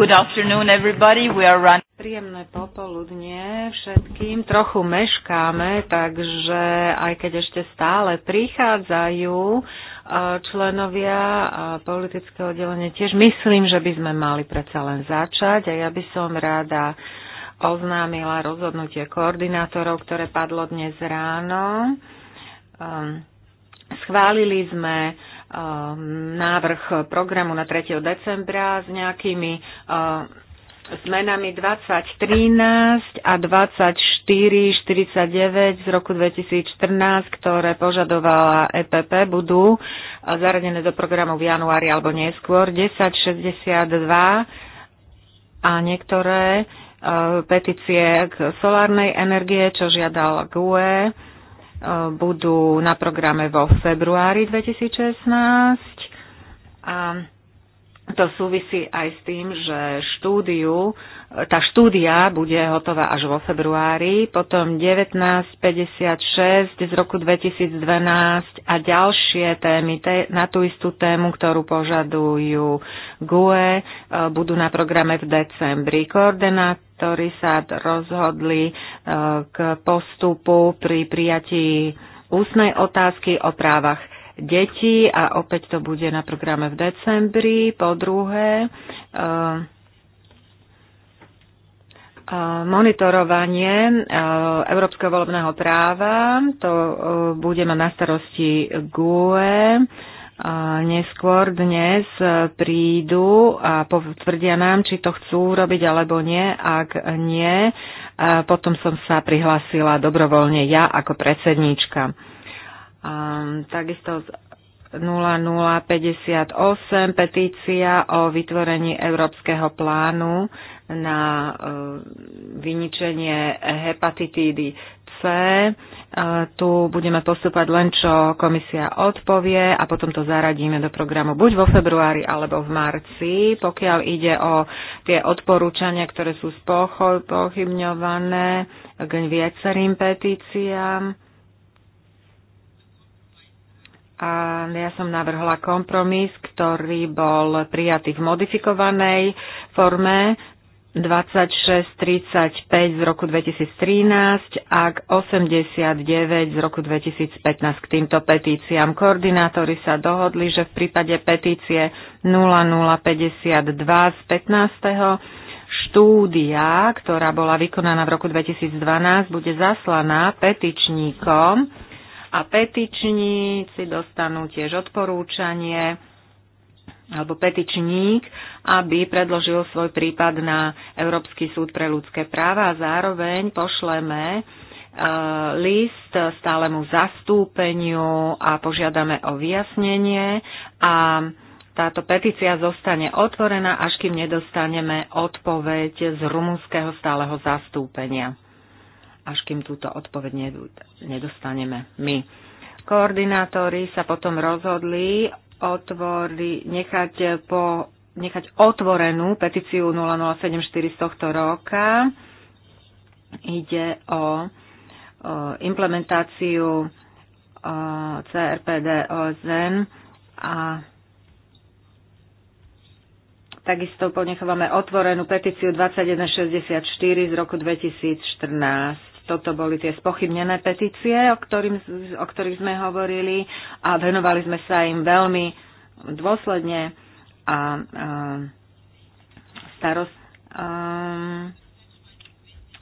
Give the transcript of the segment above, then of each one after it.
Good afternoon, everybody. We are running. Príjemné popoludnie všetkým. Trochu meškáme, takže aj keď ešte stále prichádzajú eh, členovia eh, politického oddelenia, tiež myslím, že by sme mali predsa len začať a ja by som rada oznámila rozhodnutie koordinátorov, ktoré padlo dnes ráno. Ehm, schválili sme Um, návrh programu na 3. decembra s nejakými uh, zmenami 2013 a 2449 z roku 2014, ktoré požadovala EPP, budú uh, zaradené do programu v januári alebo neskôr. 1062 a niektoré uh, petície k solárnej energie, čo žiadal GUE E, budú na programe vo februári 2016 a to súvisí aj s tým, že štúdiu, tá štúdia bude hotová až vo februári, potom 1956 z roku 2012 a ďalšie témy te, na tú istú tému, ktorú požadujú GUE, e, budú na programe v decembri. Koordinát ktorí sa rozhodli e, k postupu pri prijatí ústnej otázky o právach detí a opäť to bude na programe v decembri. Po druhé, e, e, monitorovanie Európskeho volebného práva, to budeme na starosti GUE neskôr dnes e, prídu a potvrdia nám, či to chcú robiť alebo nie. Ak nie, e, potom som sa prihlasila dobrovoľne ja ako predsedníčka. Takisto 0058 petícia o vytvorení Európskeho plánu na eh, vyničenie hepatitídy C. Eh, tu budeme postúpať len, čo komisia odpovie a potom to zaradíme do programu buď vo februári alebo v marci. Pokiaľ ide o tie odporúčania, ktoré sú spochybňované k viacerým petíciám, a ja som navrhla kompromis, ktorý bol prijatý v modifikovanej forme, 2635 z roku 2013 a k 89 z roku 2015 k týmto petíciám. Koordinátori sa dohodli, že v prípade petície 0052 z 15. štúdia, ktorá bola vykonaná v roku 2012, bude zaslaná petičníkom a petičníci dostanú tiež odporúčanie alebo petičník, aby predložil svoj prípad na Európsky súd pre ľudské práva a zároveň pošleme e, list stálemu zastúpeniu a požiadame o vyjasnenie a táto petícia zostane otvorená, až kým nedostaneme odpoveď z rumúnskeho stáleho zastúpenia. Až kým túto odpoveď nedostaneme my. Koordinátori sa potom rozhodli otvori, nechať, po, nechať otvorenú petíciu 0074 z tohto roka. Ide o, o implementáciu o, CRPD OSN a takisto ponechávame otvorenú petíciu 2164 z roku 2014 toto boli tie spochybnené petície, o, ktorým, o ktorých sme hovorili a venovali sme sa im veľmi dôsledne a a starost. A,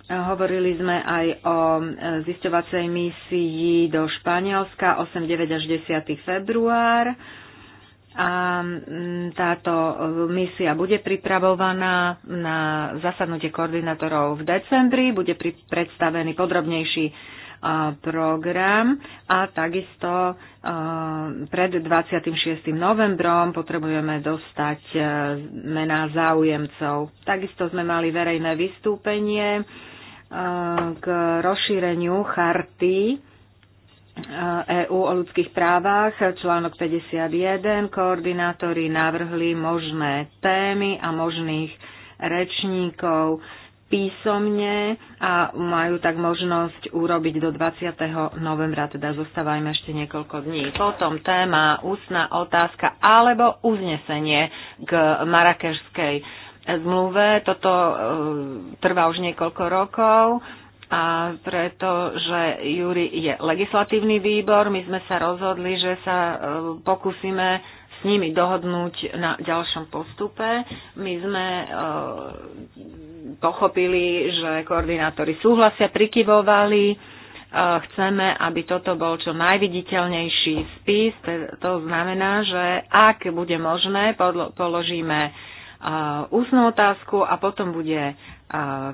hovorili sme aj o e, zisťovacej misii do Španielska 8, 9 až 10. február a mm, táto e, misia bude pripravovaná na zasadnutie koordinátorov v decembri, bude predstavený podrobnejší e, program a takisto e, pred 26. novembrom potrebujeme dostať mená záujemcov. Takisto sme mali verejné vystúpenie k rozšíreniu charty EÚ e o ľudských právach, článok 51, koordinátori navrhli možné témy a možných rečníkov písomne a majú tak možnosť urobiť do 20. novembra, teda zostávajme ešte niekoľko dní. Potom téma ústna otázka alebo uznesenie k marakežskej zmluve. Toto e, trvá už niekoľko rokov a pretože Júri je legislatívny výbor, my sme sa rozhodli, že sa e, pokúsime s nimi dohodnúť na ďalšom postupe. My sme e, pochopili, že koordinátori súhlasia, prikyvovali. E, chceme, aby toto bol čo najviditeľnejší spis. To znamená, že ak bude možné, položíme ústnu otázku a potom bude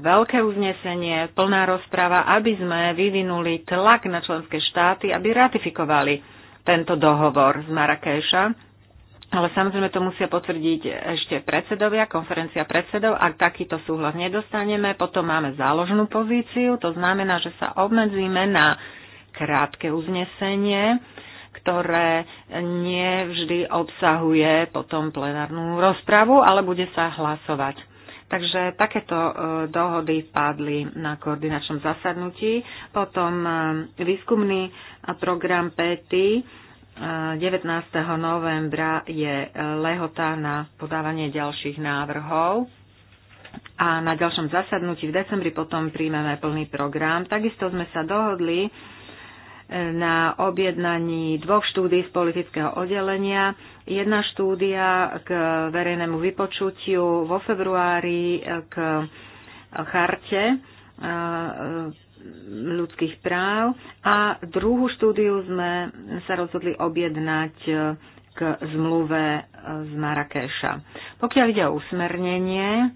veľké uznesenie, plná rozprava, aby sme vyvinuli tlak na členské štáty, aby ratifikovali tento dohovor z Marrakeša. Ale samozrejme to musia potvrdiť ešte predsedovia, konferencia predsedov. Ak takýto súhlas nedostaneme, potom máme záložnú pozíciu. To znamená, že sa obmedzíme na krátke uznesenie, ktoré nevždy obsahuje potom plenárnu rozpravu, ale bude sa hlasovať. Takže takéto e, dohody padli na koordinačnom zasadnutí. Potom e, výskumný program PETI 19. novembra je e, lehota na podávanie ďalších návrhov a na ďalšom zasadnutí v decembri potom príjmeme plný program. Takisto sme sa dohodli, na objednaní dvoch štúdí z politického oddelenia. Jedna štúdia k verejnému vypočutiu vo februári k charte e, ľudských práv a druhú štúdiu sme sa rozhodli objednať k zmluve z Marrakeša. Pokiaľ ide o usmernenie,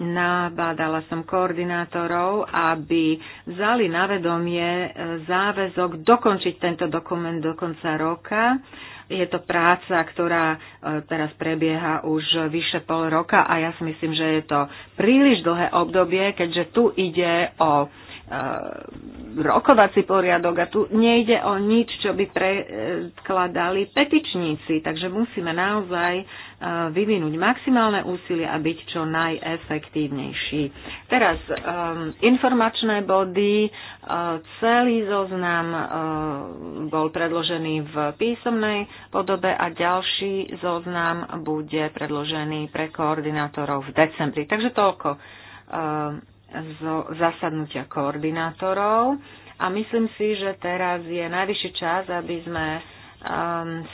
nabádala som koordinátorov, aby vzali na vedomie e, záväzok dokončiť tento dokument do konca roka. Je to práca, ktorá e, teraz prebieha už vyše pol roka a ja si myslím, že je to príliš dlhé obdobie, keďže tu ide o E, rokovací poriadok a tu nejde o nič, čo by predkladali petičníci, takže musíme naozaj e, vyvinúť maximálne úsilie a byť čo najefektívnejší. Teraz um, informačné body, uh, celý zoznam uh, bol predložený v písomnej podobe a ďalší zoznam bude predložený pre koordinátorov v decembri. Takže toľko. Uh, zo zasadnutia koordinátorov a myslím si, že teraz je najvyšší čas, aby sme um,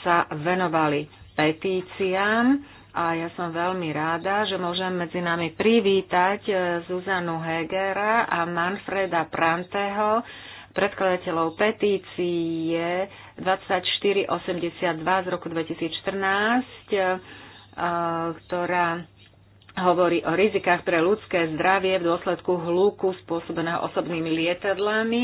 sa venovali petíciám a ja som veľmi ráda, že môžem medzi nami privítať e, Zuzanu Hegera a Manfreda Pranteho, predkladateľov petície 2482 z roku 2014, e, ktorá hovorí o rizikách pre ľudské zdravie v dôsledku hľúku spôsobeného osobnými lietadlami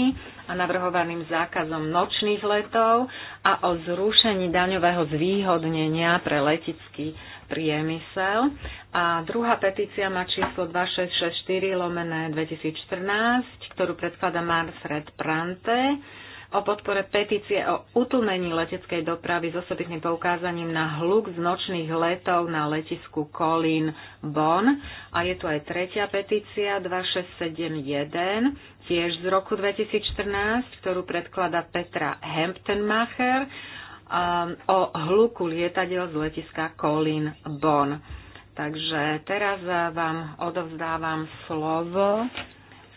a navrhovaným zákazom nočných letov a o zrušení daňového zvýhodnenia pre letický priemysel. A druhá petícia má číslo 2664 lomené 2014, ktorú predkladá Manfred Prante o podpore petície o utlmení leteckej dopravy s osobitným poukázaním na hluk z nočných letov na letisku Kolín Bon. A je tu aj tretia petícia 2671, tiež z roku 2014, ktorú predklada Petra Hemptenmacher um, o hluku lietadiel z letiska Kolín Bon. Takže teraz uh, vám odovzdávam slovo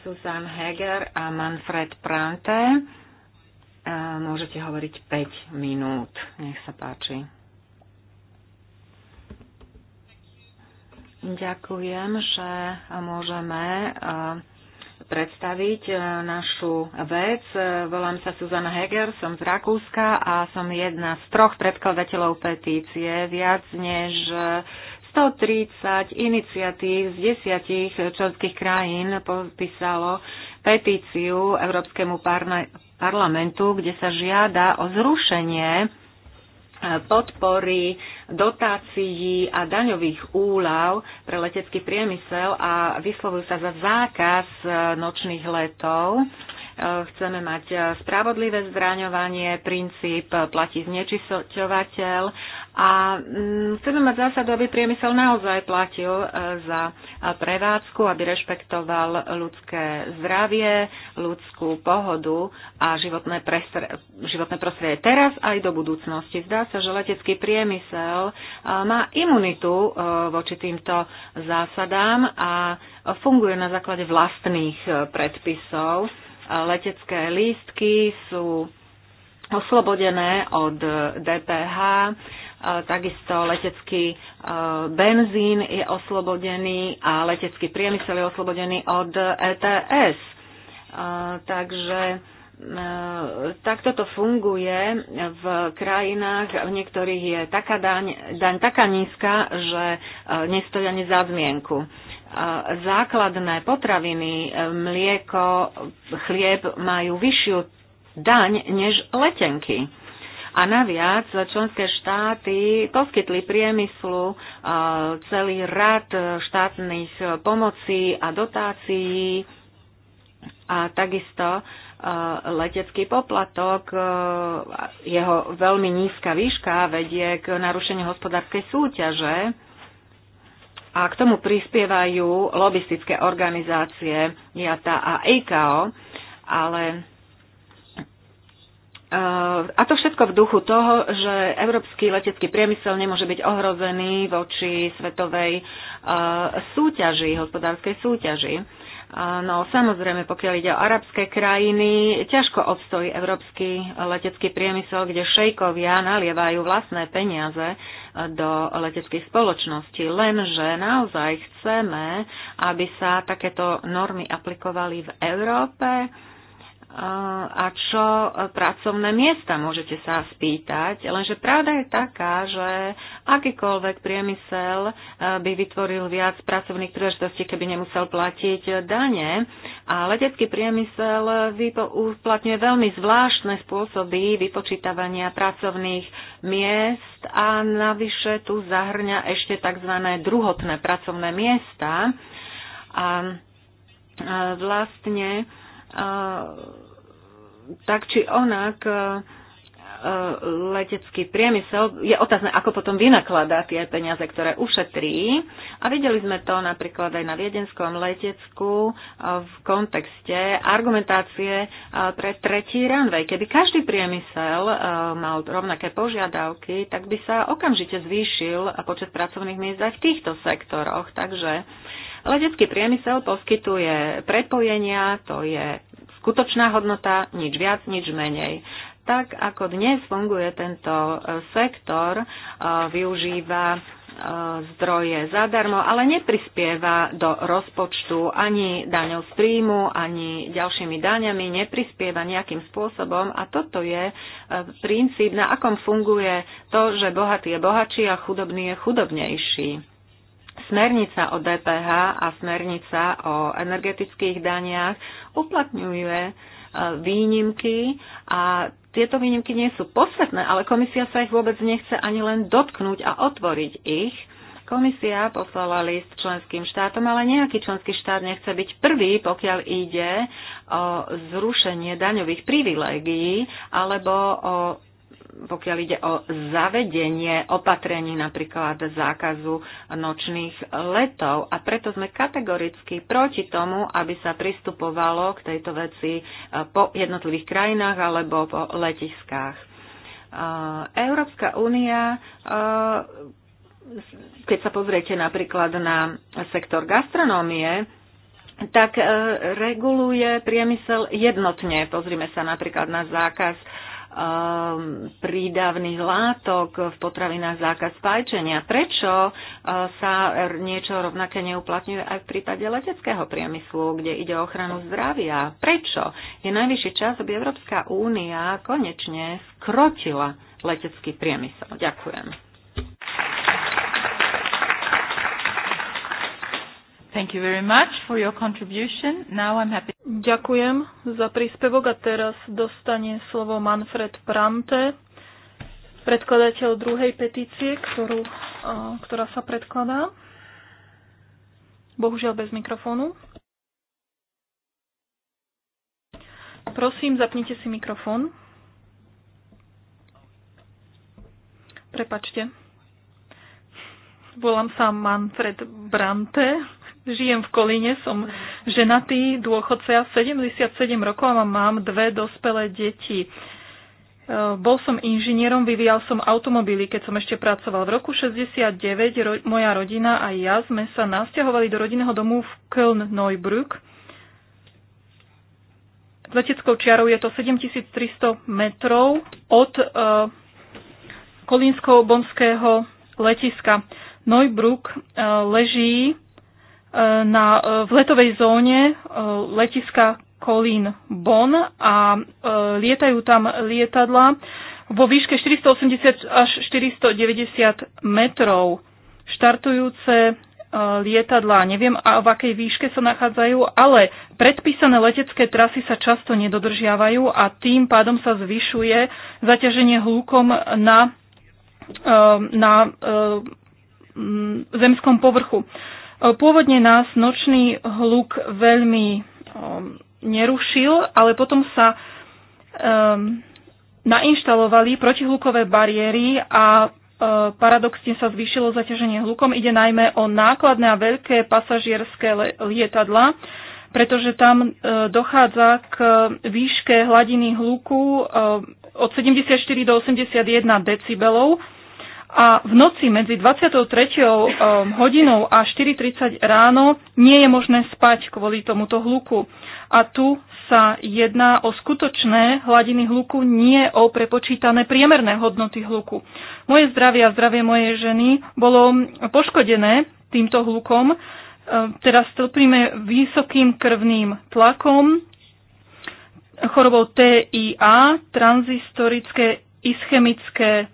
Susan Heger a Manfred Prante Môžete hovoriť 5 minút. Nech sa páči. Ďakujem, že môžeme predstaviť našu vec. Volám sa Suzana Heger, som z Rakúska a som jedna z troch predkladateľov petície. Viac než 130 iniciatív z desiatich členských krajín podpísalo petíciu Európskemu parlamentu, kde sa žiada o zrušenie e, podpory dotácií a daňových úľav pre letecký priemysel a vyslovujú sa za zákaz e, nočných letov Chceme mať e, spravodlivé zbraňovanie, princíp e, platí znečisťovateľ a mm, chceme mať zásadu, aby priemysel naozaj platil e, za prevádzku, aby rešpektoval ľudské zdravie, ľudskú pohodu a životné, životné prostredie teraz aj do budúcnosti. Zdá sa, že letecký priemysel má imunitu voči týmto zásadám a funguje na základe vlastných predpisov letecké lístky sú oslobodené od DPH, takisto letecký e, benzín je oslobodený a letecký priemysel je oslobodený od ETS. E, takže e, takto to funguje v krajinách, v niektorých je taká daň, daň taká nízka, že nestojí ani za zmienku základné potraviny, e, mlieko, chlieb majú vyššiu daň než letenky. A naviac členské štáty poskytli priemyslu e, celý rad štátnych pomocí a dotácií a takisto e, letecký poplatok, jeho veľmi nízka výška vedie k narušeniu hospodárskej súťaže a k tomu prispievajú lobistické organizácie IATA a ICAO, ale e, a to všetko v duchu toho, že európsky letecký priemysel nemôže byť ohrozený voči svetovej e, súťaži, hospodárskej súťaži. No samozrejme, pokiaľ ide o arabské krajiny, ťažko obstojí európsky letecký priemysel, kde šejkovia nalievajú vlastné peniaze do leteckých spoločností. Lenže naozaj chceme, aby sa takéto normy aplikovali v Európe a čo e, pracovné miesta, môžete sa spýtať. Lenže pravda je taká, že akýkoľvek priemysel e, by vytvoril viac pracovných príležitostí, keby nemusel platiť e, dane. A letecký priemysel uplatňuje veľmi zvláštne spôsoby vypočítavania pracovných miest a navyše tu zahrňa ešte tzv. druhotné pracovné miesta. A vlastne tak či onak e, e, letecký priemysel, je otázne, ako potom vynakladá tie peniaze, ktoré ušetrí. A videli sme to napríklad aj na viedenskom letecku e, v kontexte argumentácie pre tretí runway. Keby každý priemysel mal rovnaké požiadavky, tak by sa okamžite zvýšil počet pracovných miest aj v týchto sektoroch. Takže Letecký priemysel poskytuje prepojenia, to je skutočná hodnota, nič viac, nič menej. Tak ako dnes funguje tento e, sektor, e, využíva e, zdroje zadarmo, ale neprispieva do rozpočtu ani daňou z príjmu, ani ďalšími daňami, neprispieva nejakým spôsobom a toto je princíp, na akom funguje to, že bohatý je bohatší a chudobný je chudobnejší smernica o DPH a smernica o energetických daniach uplatňuje e, výnimky a tieto výnimky nie sú posvetné, ale komisia sa ich vôbec nechce ani len dotknúť a otvoriť ich. Komisia poslala list členským štátom, ale nejaký členský štát nechce byť prvý, pokiaľ ide o zrušenie daňových privilégií alebo o pokiaľ ide o zavedenie opatrení napríklad zákazu nočných letov. A preto sme kategoricky proti tomu, aby sa pristupovalo k tejto veci e, po jednotlivých krajinách alebo po letiskách. E, Európska únia e, keď sa pozriete napríklad na sektor gastronómie, tak reguluje priemysel jednotne. Pozrime sa napríklad na zákaz Um, prídavných látok v potravinách zákaz spajčenia. Prečo uh, sa niečo rovnaké neuplatňuje aj v prípade leteckého priemyslu, kde ide o ochranu zdravia? Prečo? Je najvyšší čas, aby Európska únia konečne skrotila letecký priemysel. Ďakujem. Thank you very much for your contribution. Now I'm happy. Ďakujem za príspevok a teraz dostane slovo Manfred Prante, predkladateľ druhej petície, ktorú, ktorá sa predkladá. Bohužiaľ bez mikrofónu. Prosím, zapnite si mikrofón. Prepačte. Volám sa Manfred Brante Žijem v Kolíne, som ženatý dôchodca, 77 rokov a mám dve dospelé deti. E, bol som inžinierom, vyvíjal som automobily, keď som ešte pracoval. V roku 69 ro- moja rodina a ja sme sa nasťahovali do rodinného domu v Köln Neubrück. Leteckou čiarou je to 7300 metrov od uh, e, Kolínsko-Bomského letiska. Neubrück uh, leží na, v letovej zóne e, letiska Kolín Bon a e, lietajú tam lietadla vo výške 480 až 490 metrov. Štartujúce e, lietadlá, neviem a v akej výške sa nachádzajú, ale predpísané letecké trasy sa často nedodržiavajú a tým pádom sa zvyšuje zaťaženie hľukom na, na zemskom povrchu. Pôvodne nás nočný hluk veľmi um, nerušil, ale potom sa um, nainštalovali protihlukové bariéry a uh, paradoxne sa zvýšilo zaťaženie hlukom. Ide najmä o nákladné a veľké pasažierské lietadla, pretože tam uh, dochádza k výške hladiny hluku uh, od 74 do 81 decibelov a v noci medzi 23. Um, hodinou a 4.30 ráno nie je možné spať kvôli tomuto hluku. A tu sa jedná o skutočné hladiny hluku, nie o prepočítané priemerné hodnoty hluku. Moje zdravie a zdravie mojej ženy bolo poškodené týmto hlukom. Um, teraz stĺpime vysokým krvným tlakom, chorobou TIA, tranzistorické ischemické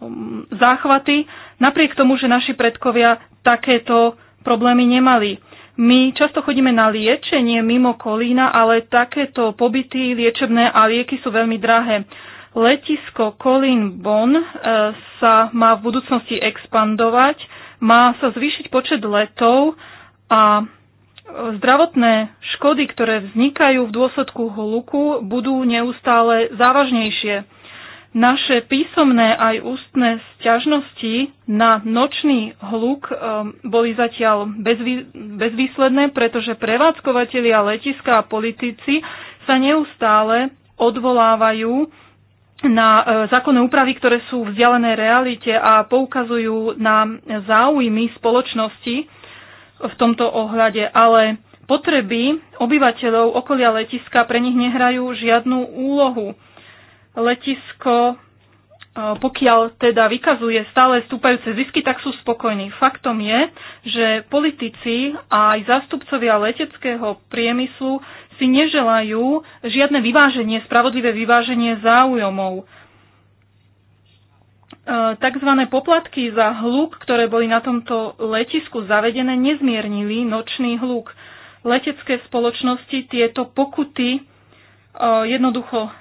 Um, záchvaty, napriek tomu, že naši predkovia takéto problémy nemali. My často chodíme na liečenie mimo Kolína, ale takéto pobyty liečebné a lieky sú veľmi drahé. Letisko Kolín Bon eh, sa má v budúcnosti expandovať, má sa zvýšiť počet letov a eh, zdravotné škody, ktoré vznikajú v dôsledku hluku, budú neustále závažnejšie. Naše písomné aj ústne sťažnosti na nočný hluk um, boli zatiaľ bezvý, bezvýsledné, pretože prevádzkovateľia letiska a politici sa neustále odvolávajú na e, zákonné úpravy, ktoré sú vzdialené realite a poukazujú na záujmy spoločnosti v tomto ohľade, ale potreby obyvateľov okolia letiska pre nich nehrajú žiadnu úlohu letisko, e, pokiaľ teda vykazuje stále stúpajúce zisky, tak sú spokojní. Faktom je, že politici a aj zástupcovia leteckého priemyslu si neželajú žiadne vyváženie, spravodlivé vyváženie záujomov. E, takzvané poplatky za hluk, ktoré boli na tomto letisku zavedené, nezmiernili nočný hluk. Letecké spoločnosti tieto pokuty e, jednoducho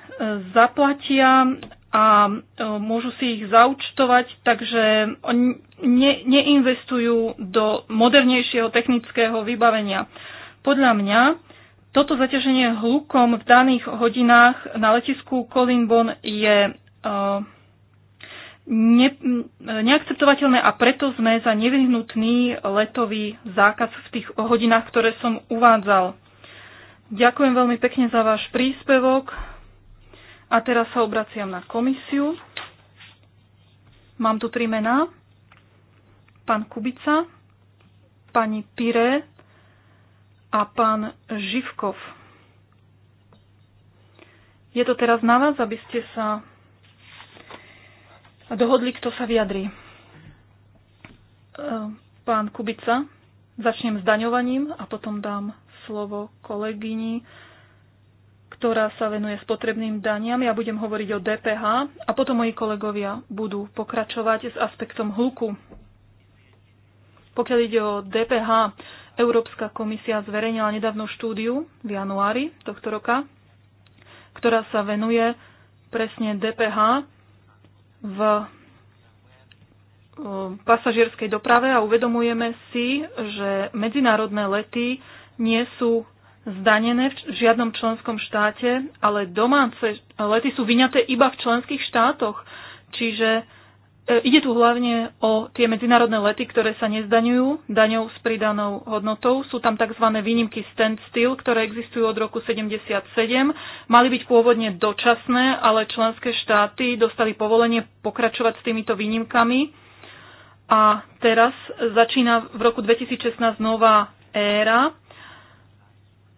zaplatia a e, môžu si ich zaučtovať, takže oni ne, neinvestujú do modernejšieho technického vybavenia. Podľa mňa toto zaťaženie hlukom v daných hodinách na letisku Colin je e, ne, neakceptovateľné a preto sme za nevyhnutný letový zákaz v tých hodinách, ktoré som uvádzal. Ďakujem veľmi pekne za váš príspevok. A teraz sa obraciam na komisiu. Mám tu tri mená. Pán Kubica, pani Pire a pán Živkov. Je to teraz na vás, aby ste sa dohodli, kto sa vyjadrí. E, pán Kubica, začnem s daňovaním a potom dám slovo kolegyni ktorá sa venuje spotrebným daniam. Ja budem hovoriť o DPH a potom moji kolegovia budú pokračovať s aspektom hluku. Pokiaľ ide o DPH, Európska komisia zverejnila nedávnu štúdiu v januári tohto roka, ktorá sa venuje presne DPH v pasažierskej doprave a uvedomujeme si, že medzinárodné lety nie sú zdanené v žiadnom členskom štáte, ale domáce lety sú vyňaté iba v členských štátoch. Čiže e, Ide tu hlavne o tie medzinárodné lety, ktoré sa nezdaňujú daňou s pridanou hodnotou. Sú tam tzv. výnimky standstill, ktoré existujú od roku 77. Mali byť pôvodne dočasné, ale členské štáty dostali povolenie pokračovať s týmito výnimkami. A teraz začína v roku 2016 nová éra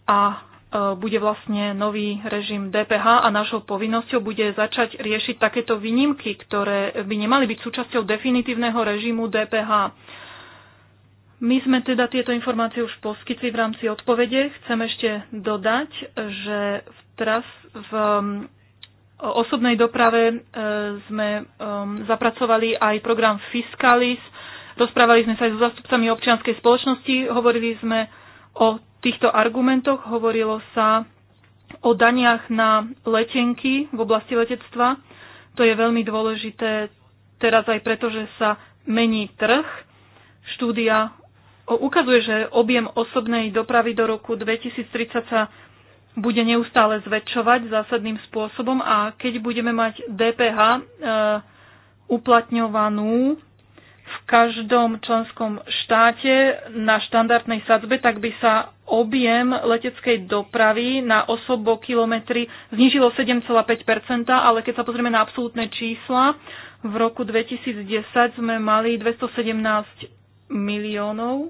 a e, bude vlastne nový režim DPH a našou povinnosťou bude začať riešiť takéto výnimky, ktoré by nemali byť súčasťou definitívneho režimu DPH. My sme teda tieto informácie už poskytli v rámci odpovede. Chcem ešte dodať, že teraz v osobnej doprave e, sme e, zapracovali aj program Fiscalis. Rozprávali sme sa aj so zastupcami občianskej spoločnosti, hovorili sme o týchto argumentoch hovorilo sa o daniach na letenky v oblasti letectva. To je veľmi dôležité teraz aj preto, že sa mení trh. Štúdia ukazuje, že objem osobnej dopravy do roku 2030 sa bude neustále zväčšovať zásadným spôsobom a keď budeme mať DPH e, uplatňovanú v každom členskom štáte na štandardnej sadzbe, tak by sa objem leteckej dopravy na osobo kilometry znižilo 7,5%, ale keď sa pozrieme na absolútne čísla, v roku 2010 sme mali 217 miliónov e,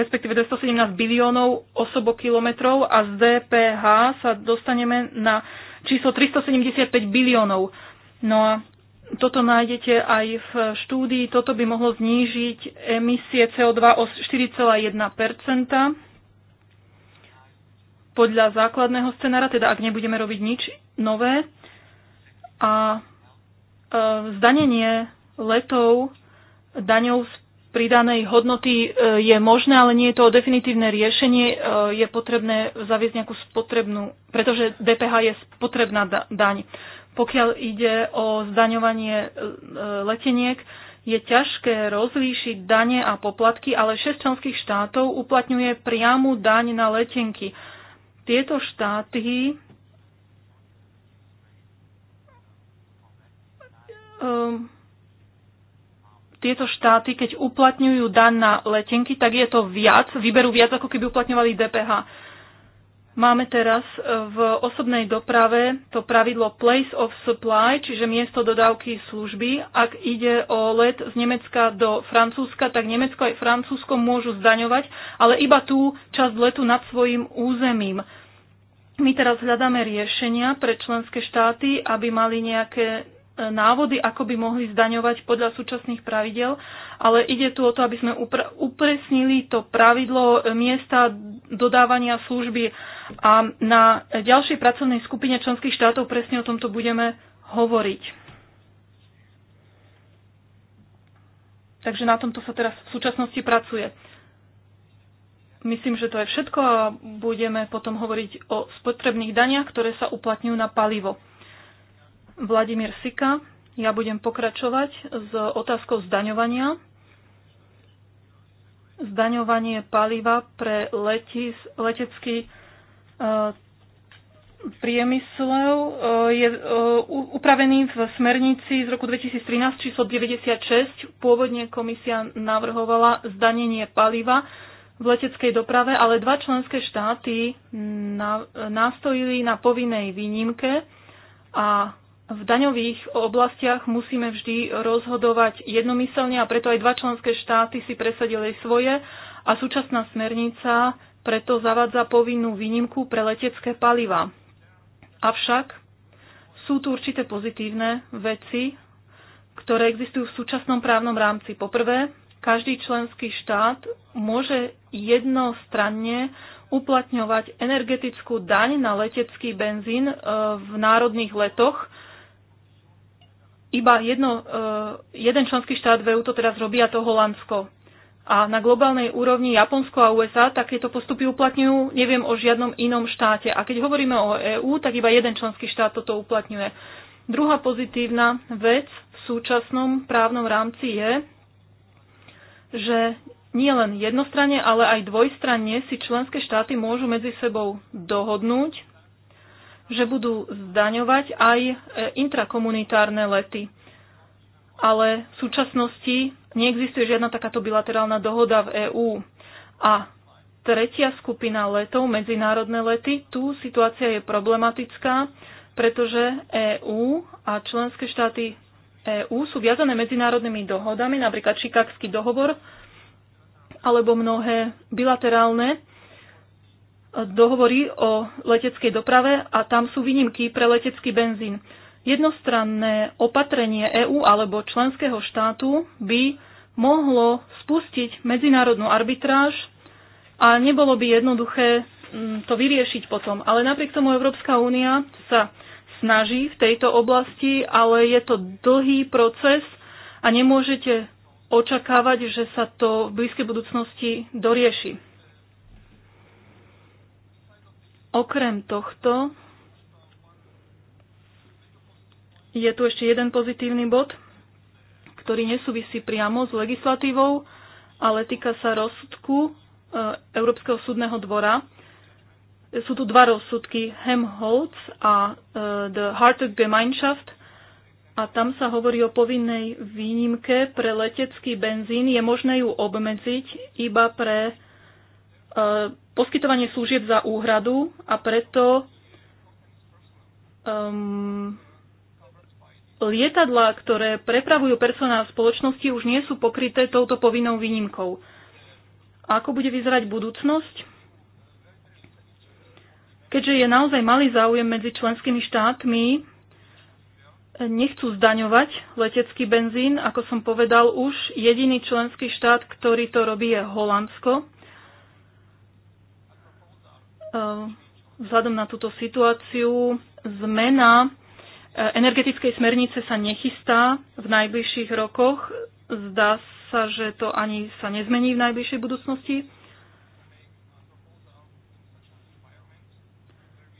respektíve 217 biliónov osobokilometrov a z DPH sa dostaneme na číslo 375 biliónov. No a toto nájdete aj v štúdii. Toto by mohlo znížiť emisie CO2 o 4,1 podľa základného scenára, teda ak nebudeme robiť nič nové. A e, zdanenie letov daňou z pridanej hodnoty e, je možné, ale nie je to definitívne riešenie. E, je potrebné zaviesť nejakú spotrebnú, pretože DPH je spotrebná daň. Pokiaľ ide o zdaňovanie e, e, leteniek, je ťažké rozlíšiť dane a poplatky, ale 6 členských štátov uplatňuje priamu daň na letenky. Tieto štáty ehm, tieto štáty, keď uplatňujú dan na letenky, tak je to viac, vyberú viac, ako keby uplatňovali DPH. Máme teraz e, v osobnej doprave to pravidlo place of supply, čiže miesto dodávky služby. Ak ide o let z Nemecka do Francúzska, tak Nemecko aj Francúzsko môžu zdaňovať, ale iba tú časť letu nad svojim územím. My teraz hľadáme riešenia pre členské štáty, aby mali nejaké e, návody, ako by mohli zdaňovať podľa súčasných pravidel, ale ide tu o to, aby sme upresnili to pravidlo e, miesta dodávania služby a na ďalšej pracovnej skupine členských štátov presne o tomto budeme hovoriť. Takže na tomto sa teraz v súčasnosti pracuje. Myslím, že to je všetko a budeme potom hovoriť o spotrebných daniach, ktoré sa uplatňujú na palivo. Vladimír Sika, ja budem pokračovať s otázkou zdaňovania. Zdaňovanie paliva pre letis, letecký priemyslov e, je e, upravený v smernici z roku 2013 číslo 96. Pôvodne komisia navrhovala zdanenie paliva v leteckej doprave, ale dva členské štáty nastojili na povinnej výnimke a v daňových oblastiach musíme vždy rozhodovať jednomyselne a preto aj dva členské štáty si presadili svoje a súčasná smernica preto zavadza povinnú výnimku pre letecké paliva. Avšak sú tu určité pozitívne veci, ktoré existujú v súčasnom právnom rámci. Poprvé, každý členský štát môže jednostranne uplatňovať energetickú daň na letecký benzín e, v národných letoch. Iba jedno, e, jeden členský štát v EU to teraz robí a to Holandsko. A na globálnej úrovni Japonsko a USA takéto postupy uplatňujú, neviem o žiadnom inom štáte. A keď hovoríme o EÚ, tak iba jeden členský štát toto uplatňuje. Druhá pozitívna vec v súčasnom právnom rámci je, že nie len jednostranne, ale aj dvojstranne si členské štáty môžu medzi sebou dohodnúť, že budú zdaňovať aj intrakomunitárne lety. Ale v súčasnosti Neexistuje žiadna takáto bilaterálna dohoda v EÚ. A tretia skupina letov, medzinárodné lety, tu situácia je problematická, pretože EÚ a členské štáty EÚ sú viazané medzinárodnými dohodami, napríklad Čikagský dohovor alebo mnohé bilaterálne dohovory o leteckej doprave a tam sú výnimky pre letecký benzín. Jednostranné opatrenie EÚ alebo členského štátu by mohlo spustiť medzinárodnú arbitráž a nebolo by jednoduché mm, to vyriešiť potom. Ale napriek tomu Európska únia sa snaží v tejto oblasti, ale je to dlhý proces a nemôžete očakávať, že sa to v blízkej budúcnosti dorieši. Okrem tohto je tu ešte jeden pozitívny bod – ktorý nesúvisí priamo s legislatívou, ale týka sa rozsudku e, Európskeho súdneho dvora. Sú tu dva rozsudky, Hemholtz a e, The of Gemeinschaft, a tam sa hovorí o povinnej výnimke pre letecký benzín. Je možné ju obmedziť iba pre e, poskytovanie služieb za úhradu a preto um, lietadlá, ktoré prepravujú personál spoločnosti, už nie sú pokryté touto povinnou výnimkou. Ako bude vyzerať budúcnosť? Keďže je naozaj malý záujem medzi členskými štátmi, nechcú zdaňovať letecký benzín. Ako som povedal už, jediný členský štát, ktorý to robí, je Holandsko. Ehm, vzhľadom na túto situáciu zmena energetickej smernice sa nechystá v najbližších rokoch. Zdá sa, že to ani sa nezmení v najbližšej budúcnosti,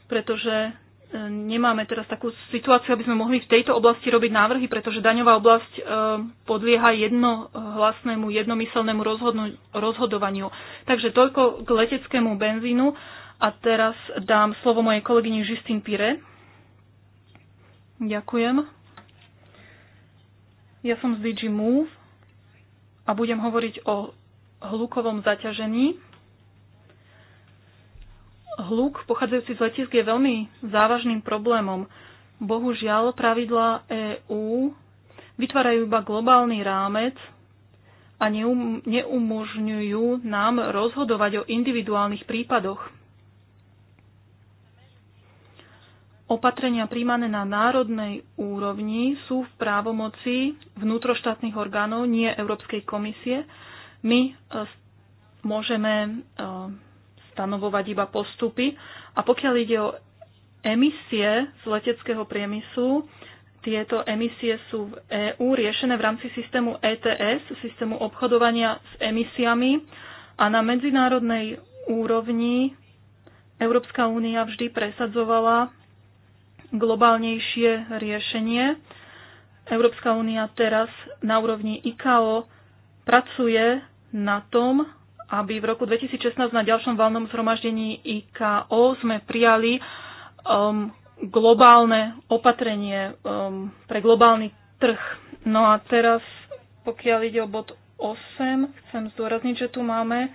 pretože e, nemáme teraz takú situáciu, aby sme mohli v tejto oblasti robiť návrhy, pretože daňová oblasť e, podlieha jednohlasnému, jednomyselnému rozhodovaniu. Takže toľko k leteckému benzínu a teraz dám slovo mojej kolegyni Justine Pire. Ďakujem. Ja som z DG Move a budem hovoriť o hlukovom zaťažení. Hluk pochádzajúci z letisk je veľmi závažným problémom. Bohužiaľ, pravidlá EÚ vytvárajú iba globálny rámec a neum, neumožňujú nám rozhodovať o individuálnych prípadoch. Opatrenia príjmané na národnej úrovni sú v právomoci vnútroštátnych orgánov, nie Európskej komisie. My e, môžeme e, stanovovať iba postupy a pokiaľ ide o emisie z leteckého priemyslu, tieto emisie sú v EÚ riešené v rámci systému ETS, systému obchodovania s emisiami a na medzinárodnej úrovni Európska únia vždy presadzovala globálnejšie riešenie. Európska únia teraz na úrovni ICAO pracuje na tom, aby v roku 2016 na ďalšom valnom zhromaždení IKO sme prijali um, globálne opatrenie um, pre globálny trh. No a teraz, pokiaľ ide o bod 8, chcem zdôrazniť, že tu máme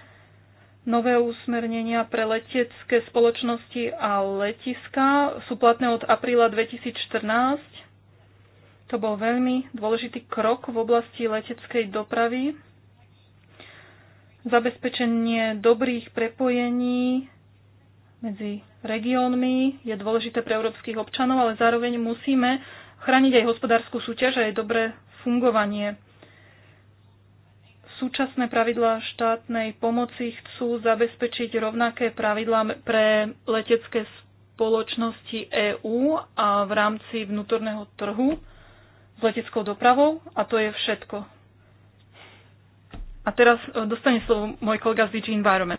Nové úsmernenia pre letecké spoločnosti a letiska sú platné od apríla 2014. To bol veľmi dôležitý krok v oblasti leteckej dopravy. Zabezpečenie dobrých prepojení medzi regiónmi je dôležité pre európskych občanov, ale zároveň musíme chrániť aj hospodárskú súťaž a aj dobré fungovanie Súčasné pravidlá štátnej pomoci chcú zabezpečiť rovnaké pravidlá pre letecké spoločnosti EÚ a v rámci vnútorného trhu s leteckou dopravou a to je všetko. A teraz e, dostane slovo môj kolega z DG Environment.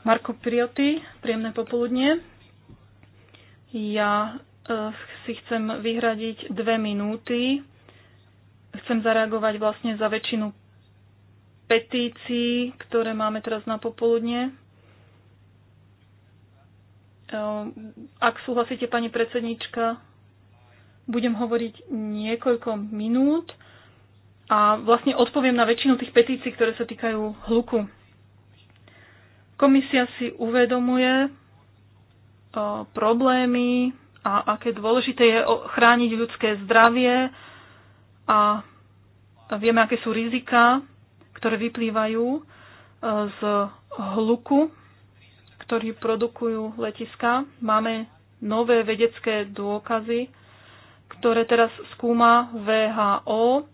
Marko Prioty, príjemné popoludnie. Ja e, si chcem vyhradiť dve minúty chcem zareagovať vlastne za väčšinu petícií, ktoré máme teraz na popoludne. Ehm, ak súhlasíte, pani predsednička, budem hovoriť niekoľko minút a vlastne odpoviem na väčšinu tých petícií, ktoré sa týkajú hluku. Komisia si uvedomuje ehm, problémy a aké dôležité je chrániť ľudské zdravie, a vieme, aké sú rizika, ktoré vyplývajú e, z hluku, ktorý produkujú letiska. Máme nové vedecké dôkazy, ktoré teraz skúma VHO.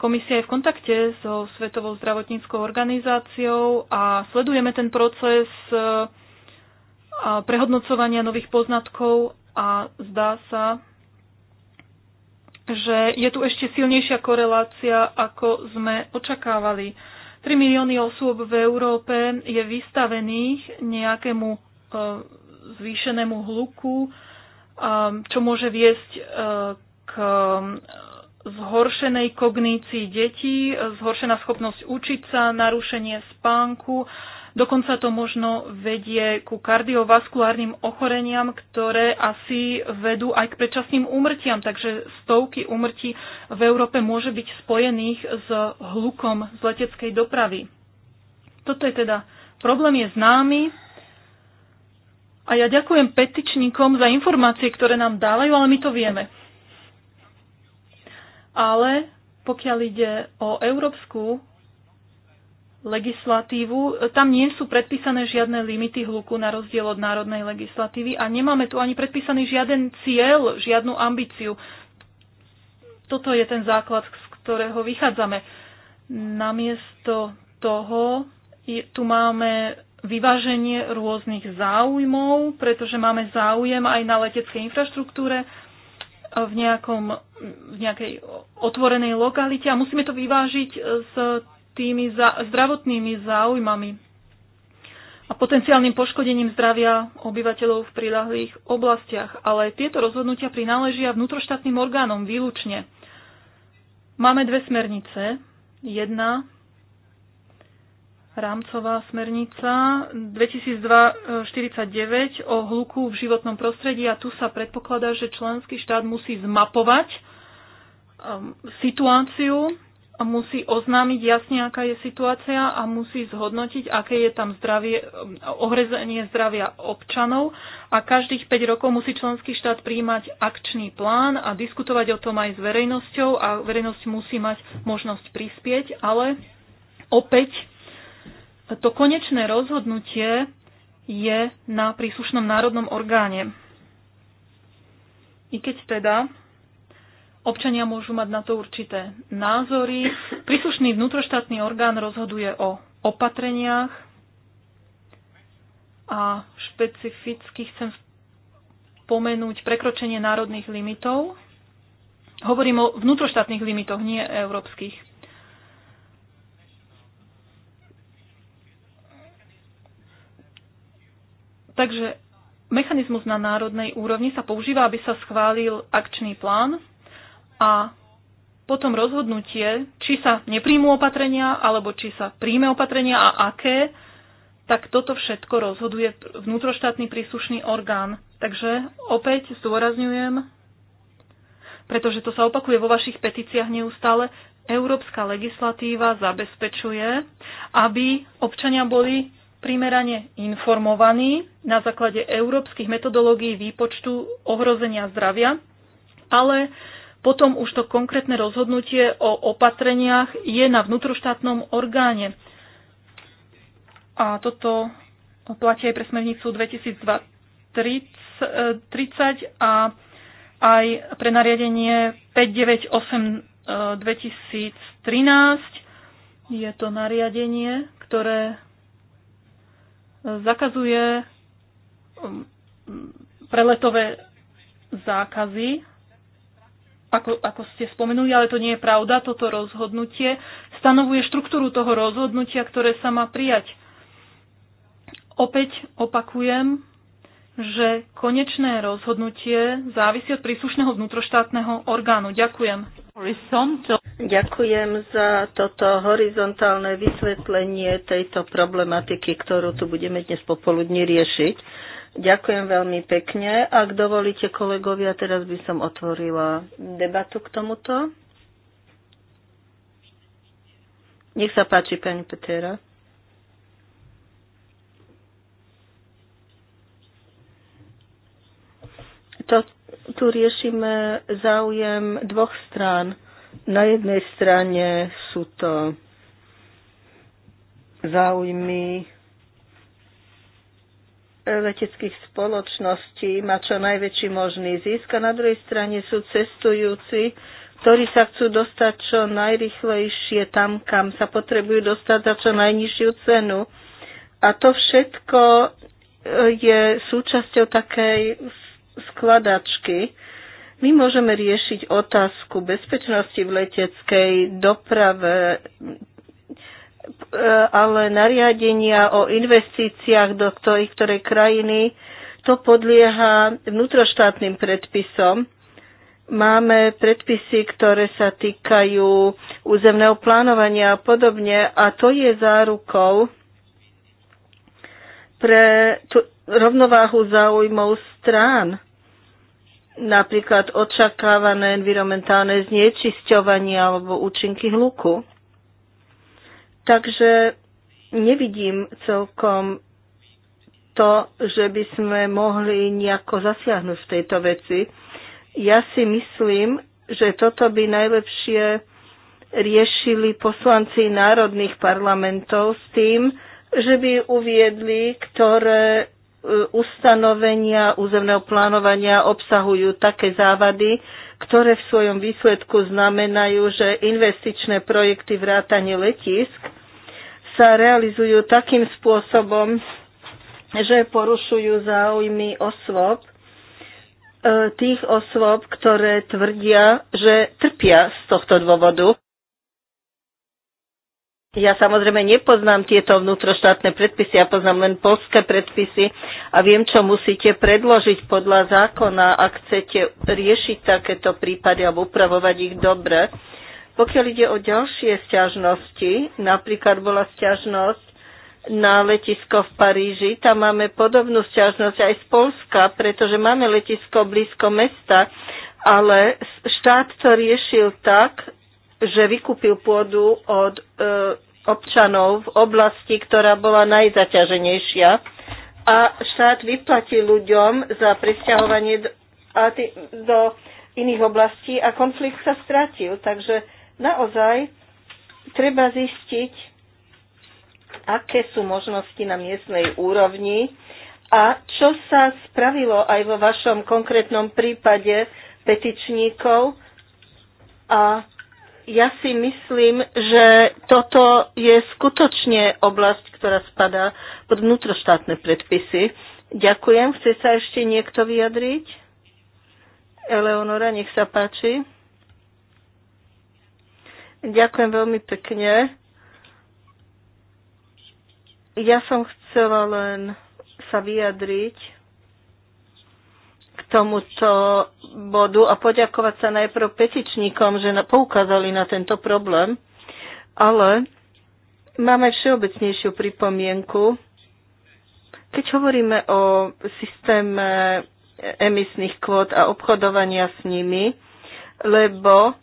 Komisia je v kontakte so Svetovou zdravotníckou organizáciou a sledujeme ten proces e, prehodnocovania nových poznatkov a zdá sa, že je tu ešte silnejšia korelácia, ako sme očakávali. 3 milióny osôb v Európe je vystavených nejakému e, zvýšenému hluku, e, čo môže viesť e, k zhoršenej kognícii detí, zhoršená schopnosť učiť sa, narušenie spánku Dokonca to možno vedie ku kardiovaskulárnym ochoreniam, ktoré asi vedú aj k predčasným úmrtiam. Takže stovky úmrtí v Európe môže byť spojených s hlukom z leteckej dopravy. Toto je teda, problém je známy a ja ďakujem petičníkom za informácie, ktoré nám dávajú, ale my to vieme. Ale pokiaľ ide o Európsku legislatívu. Tam nie sú predpísané žiadne limity hluku na rozdiel od národnej legislatívy a nemáme tu ani predpísaný žiaden cieľ, žiadnu ambíciu. Toto je ten základ, z ktorého vychádzame. Namiesto toho je, tu máme vyváženie rôznych záujmov, pretože máme záujem aj na leteckej infraštruktúre, v, nejakom, v nejakej otvorenej lokalite a musíme to vyvážiť s tými za- zdravotnými záujmami a potenciálnym poškodením zdravia obyvateľov v prilahlých oblastiach. Ale tieto rozhodnutia prináležia vnútroštátnym orgánom výlučne. Máme dve smernice. Jedna rámcová smernica 2002-49 o hluku v životnom prostredí a tu sa predpokladá, že členský štát musí zmapovať um, situáciu musí oznámiť jasne, aká je situácia a musí zhodnotiť, aké je tam zdravie, ohrezenie zdravia občanov a každých 5 rokov musí členský štát príjmať akčný plán a diskutovať o tom aj s verejnosťou a verejnosť musí mať možnosť prispieť, ale opäť to konečné rozhodnutie je na príslušnom národnom orgáne. I keď teda Občania môžu mať na to určité názory. Príslušný vnútroštátny orgán rozhoduje o opatreniach a špecificky chcem spomenúť prekročenie národných limitov. Hovorím o vnútroštátnych limitoch, nie európskych. Takže mechanizmus na národnej úrovni sa používa, aby sa schválil akčný plán a potom rozhodnutie, či sa nepríjmú opatrenia, alebo či sa príjme opatrenia a aké, tak toto všetko rozhoduje vnútroštátny príslušný orgán. Takže opäť zdôrazňujem, pretože to sa opakuje vo vašich petíciách neustále, európska legislatíva zabezpečuje, aby občania boli primerane informovaní na základe európskych metodológií výpočtu ohrozenia zdravia, ale potom už to konkrétne rozhodnutie o opatreniach je na vnútroštátnom orgáne. A toto platí aj pre smernicu 2030 eh, a aj pre nariadenie 598 2013. Je to nariadenie, ktoré eh, zakazuje mm, mm, preletové zákazy ako, ako ste spomenuli, ale to nie je pravda, toto rozhodnutie stanovuje štruktúru toho rozhodnutia, ktoré sa má prijať. Opäť opakujem, že konečné rozhodnutie závisí od príslušného vnútroštátneho orgánu. Ďakujem. Ďakujem za toto horizontálne vysvetlenie tejto problematiky, ktorú tu budeme dnes popoludní riešiť. Ďakujem veľmi pekne. Ak dovolíte, kolegovia, teraz by som otvorila debatu k tomuto. Nech sa páči, pani Petera. To, tu riešime záujem dvoch strán. Na jednej strane sú to záujmy leteckých spoločností má čo najväčší možný zisk a na druhej strane sú cestujúci, ktorí sa chcú dostať čo najrychlejšie tam, kam sa potrebujú dostať za čo najnižšiu cenu. A to všetko eh, je súčasťou takej skladačky. My môžeme riešiť otázku bezpečnosti v leteckej doprave, E, ale nariadenia o investíciách do ktorej, ktorej krajiny, to podlieha vnútroštátnym predpisom. Máme predpisy, ktoré sa týkajú územného plánovania a podobne a to je zárukou pre tú rovnováhu záujmov strán napríklad očakávané environmentálne znečisťovanie alebo účinky hluku. Takže nevidím celkom to, že by sme mohli nejako zasiahnuť v tejto veci. Ja si myslím, že toto by najlepšie riešili poslanci národných parlamentov s tým, že by uviedli, ktoré e, ustanovenia územného plánovania obsahujú také závady, ktoré v svojom výsledku znamenajú, že investičné projekty vrátane letisk sa realizujú takým spôsobom, že porušujú záujmy osôb, e, tých osôb, ktoré tvrdia, že trpia z tohto dôvodu. Ja samozrejme nepoznám tieto vnútroštátne predpisy, ja poznám len polské predpisy a viem, čo musíte predložiť podľa zákona, ak chcete riešiť takéto prípady alebo upravovať ich dobre. Pokiaľ ide o ďalšie sťažnosti, napríklad bola sťažnosť na letisko v Paríži. Tam máme podobnú sťažnosť aj z Polska, pretože máme letisko blízko mesta, ale štát to riešil tak, že vykúpil pôdu od e, občanov v oblasti, ktorá bola najzaťaženejšia a štát vyplatil ľuďom za presťahovanie do, a do iných oblastí a konflikt sa stratil. Takže Naozaj treba zistiť, aké sú možnosti na miestnej úrovni a čo sa spravilo aj vo vašom konkrétnom prípade petičníkov. A ja si myslím, že toto je skutočne oblasť, ktorá spadá pod vnútroštátne predpisy. Ďakujem. Chce sa ešte niekto vyjadriť? Eleonora, nech sa páči. Ďakujem veľmi pekne. Ja som chcela len sa vyjadriť k tomuto bodu a poďakovať sa najprv petičníkom, že poukázali na tento problém, ale máme všeobecnejšiu pripomienku. Keď hovoríme o systéme emisných kvót a obchodovania s nimi, lebo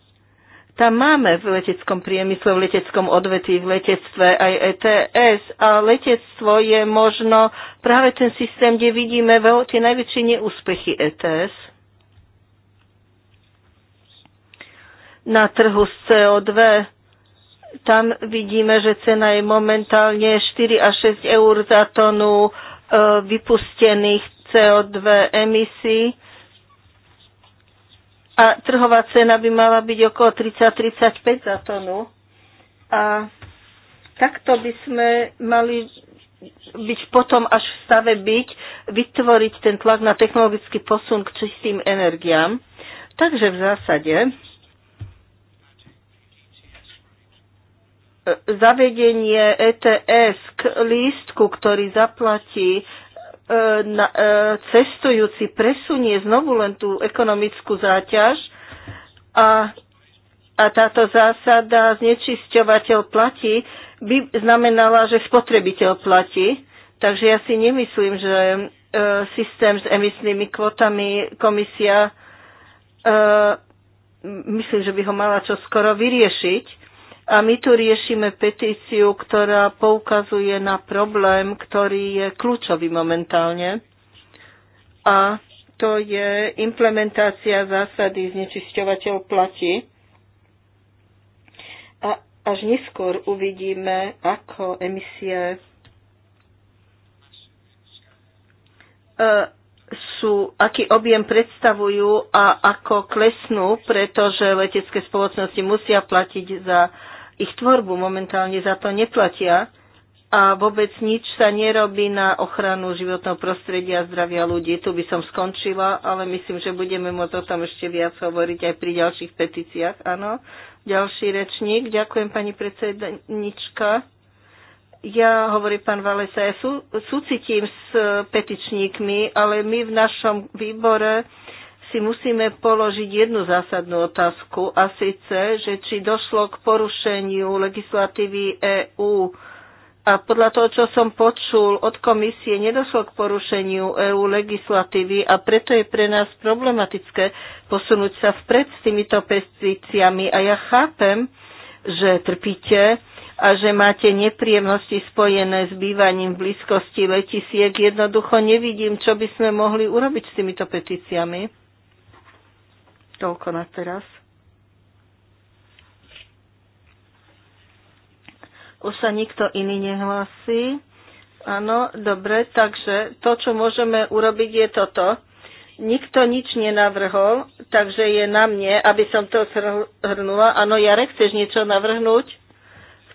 tam máme v leteckom priemysle, v leteckom odvetví, v letectve aj ETS a letectvo je možno práve ten systém, kde vidíme tie najväčšie neúspechy ETS. Na trhu s CO2 tam vidíme, že cena je momentálne 4 až 6 eur za tonu e, vypustených CO2 emisí a trhová cena by mala byť okolo 30-35 za tonu. A takto by sme mali byť potom až v stave byť, vytvoriť ten tlak na technologický posun k čistým energiám. Takže v zásade e, zavedenie ETS k lístku, ktorý zaplatí E, na, e, cestujúci presunie znovu len tú ekonomickú záťaž a, a táto zásada znečisťovateľ platí by znamenala, že spotrebiteľ platí. Takže ja si nemyslím, že e, systém s emisnými kvotami komisia e, myslím, že by ho mala čo skoro vyriešiť. A my tu riešime petíciu, ktorá poukazuje na problém, ktorý je kľúčový momentálne. A to je implementácia zásady znečisťovateľ platí. A až neskôr uvidíme, ako emisie e, sú, aký objem predstavujú a ako klesnú, pretože letecké spoločnosti musia platiť za uh, ich tvorbu momentálne za to neplatia a vôbec nič sa nerobí na ochranu životného prostredia a zdravia ľudí. Tu by som skončila, ale myslím, že budeme môcť o tom ešte viac hovoriť aj pri ďalších petíciách. Áno, ďalší rečník. Ďakujem, pani predsednička. Ja, hovorí pán Valesa, ja sú, súcitím s petičníkmi, ale my v našom výbore si musíme položiť jednu zásadnú otázku a síce, že či došlo k porušeniu legislatívy EÚ. A podľa toho, čo som počul od komisie, nedošlo k porušeniu EÚ legislatívy a preto je pre nás problematické posunúť sa vpred s týmito pesticiami. A ja chápem, že trpíte a že máte nepríjemnosti spojené s bývaním v blízkosti letisiek. Jednoducho nevidím, čo by sme mohli urobiť s týmito petíciami. Toľko na teraz. Už sa nikto iný nehlási. Áno, dobre, takže to, čo môžeme urobiť, je toto. Nikto nič nenavrhol, takže je na mne, aby som to zhrnula. Áno, Jarek, chceš niečo navrhnúť?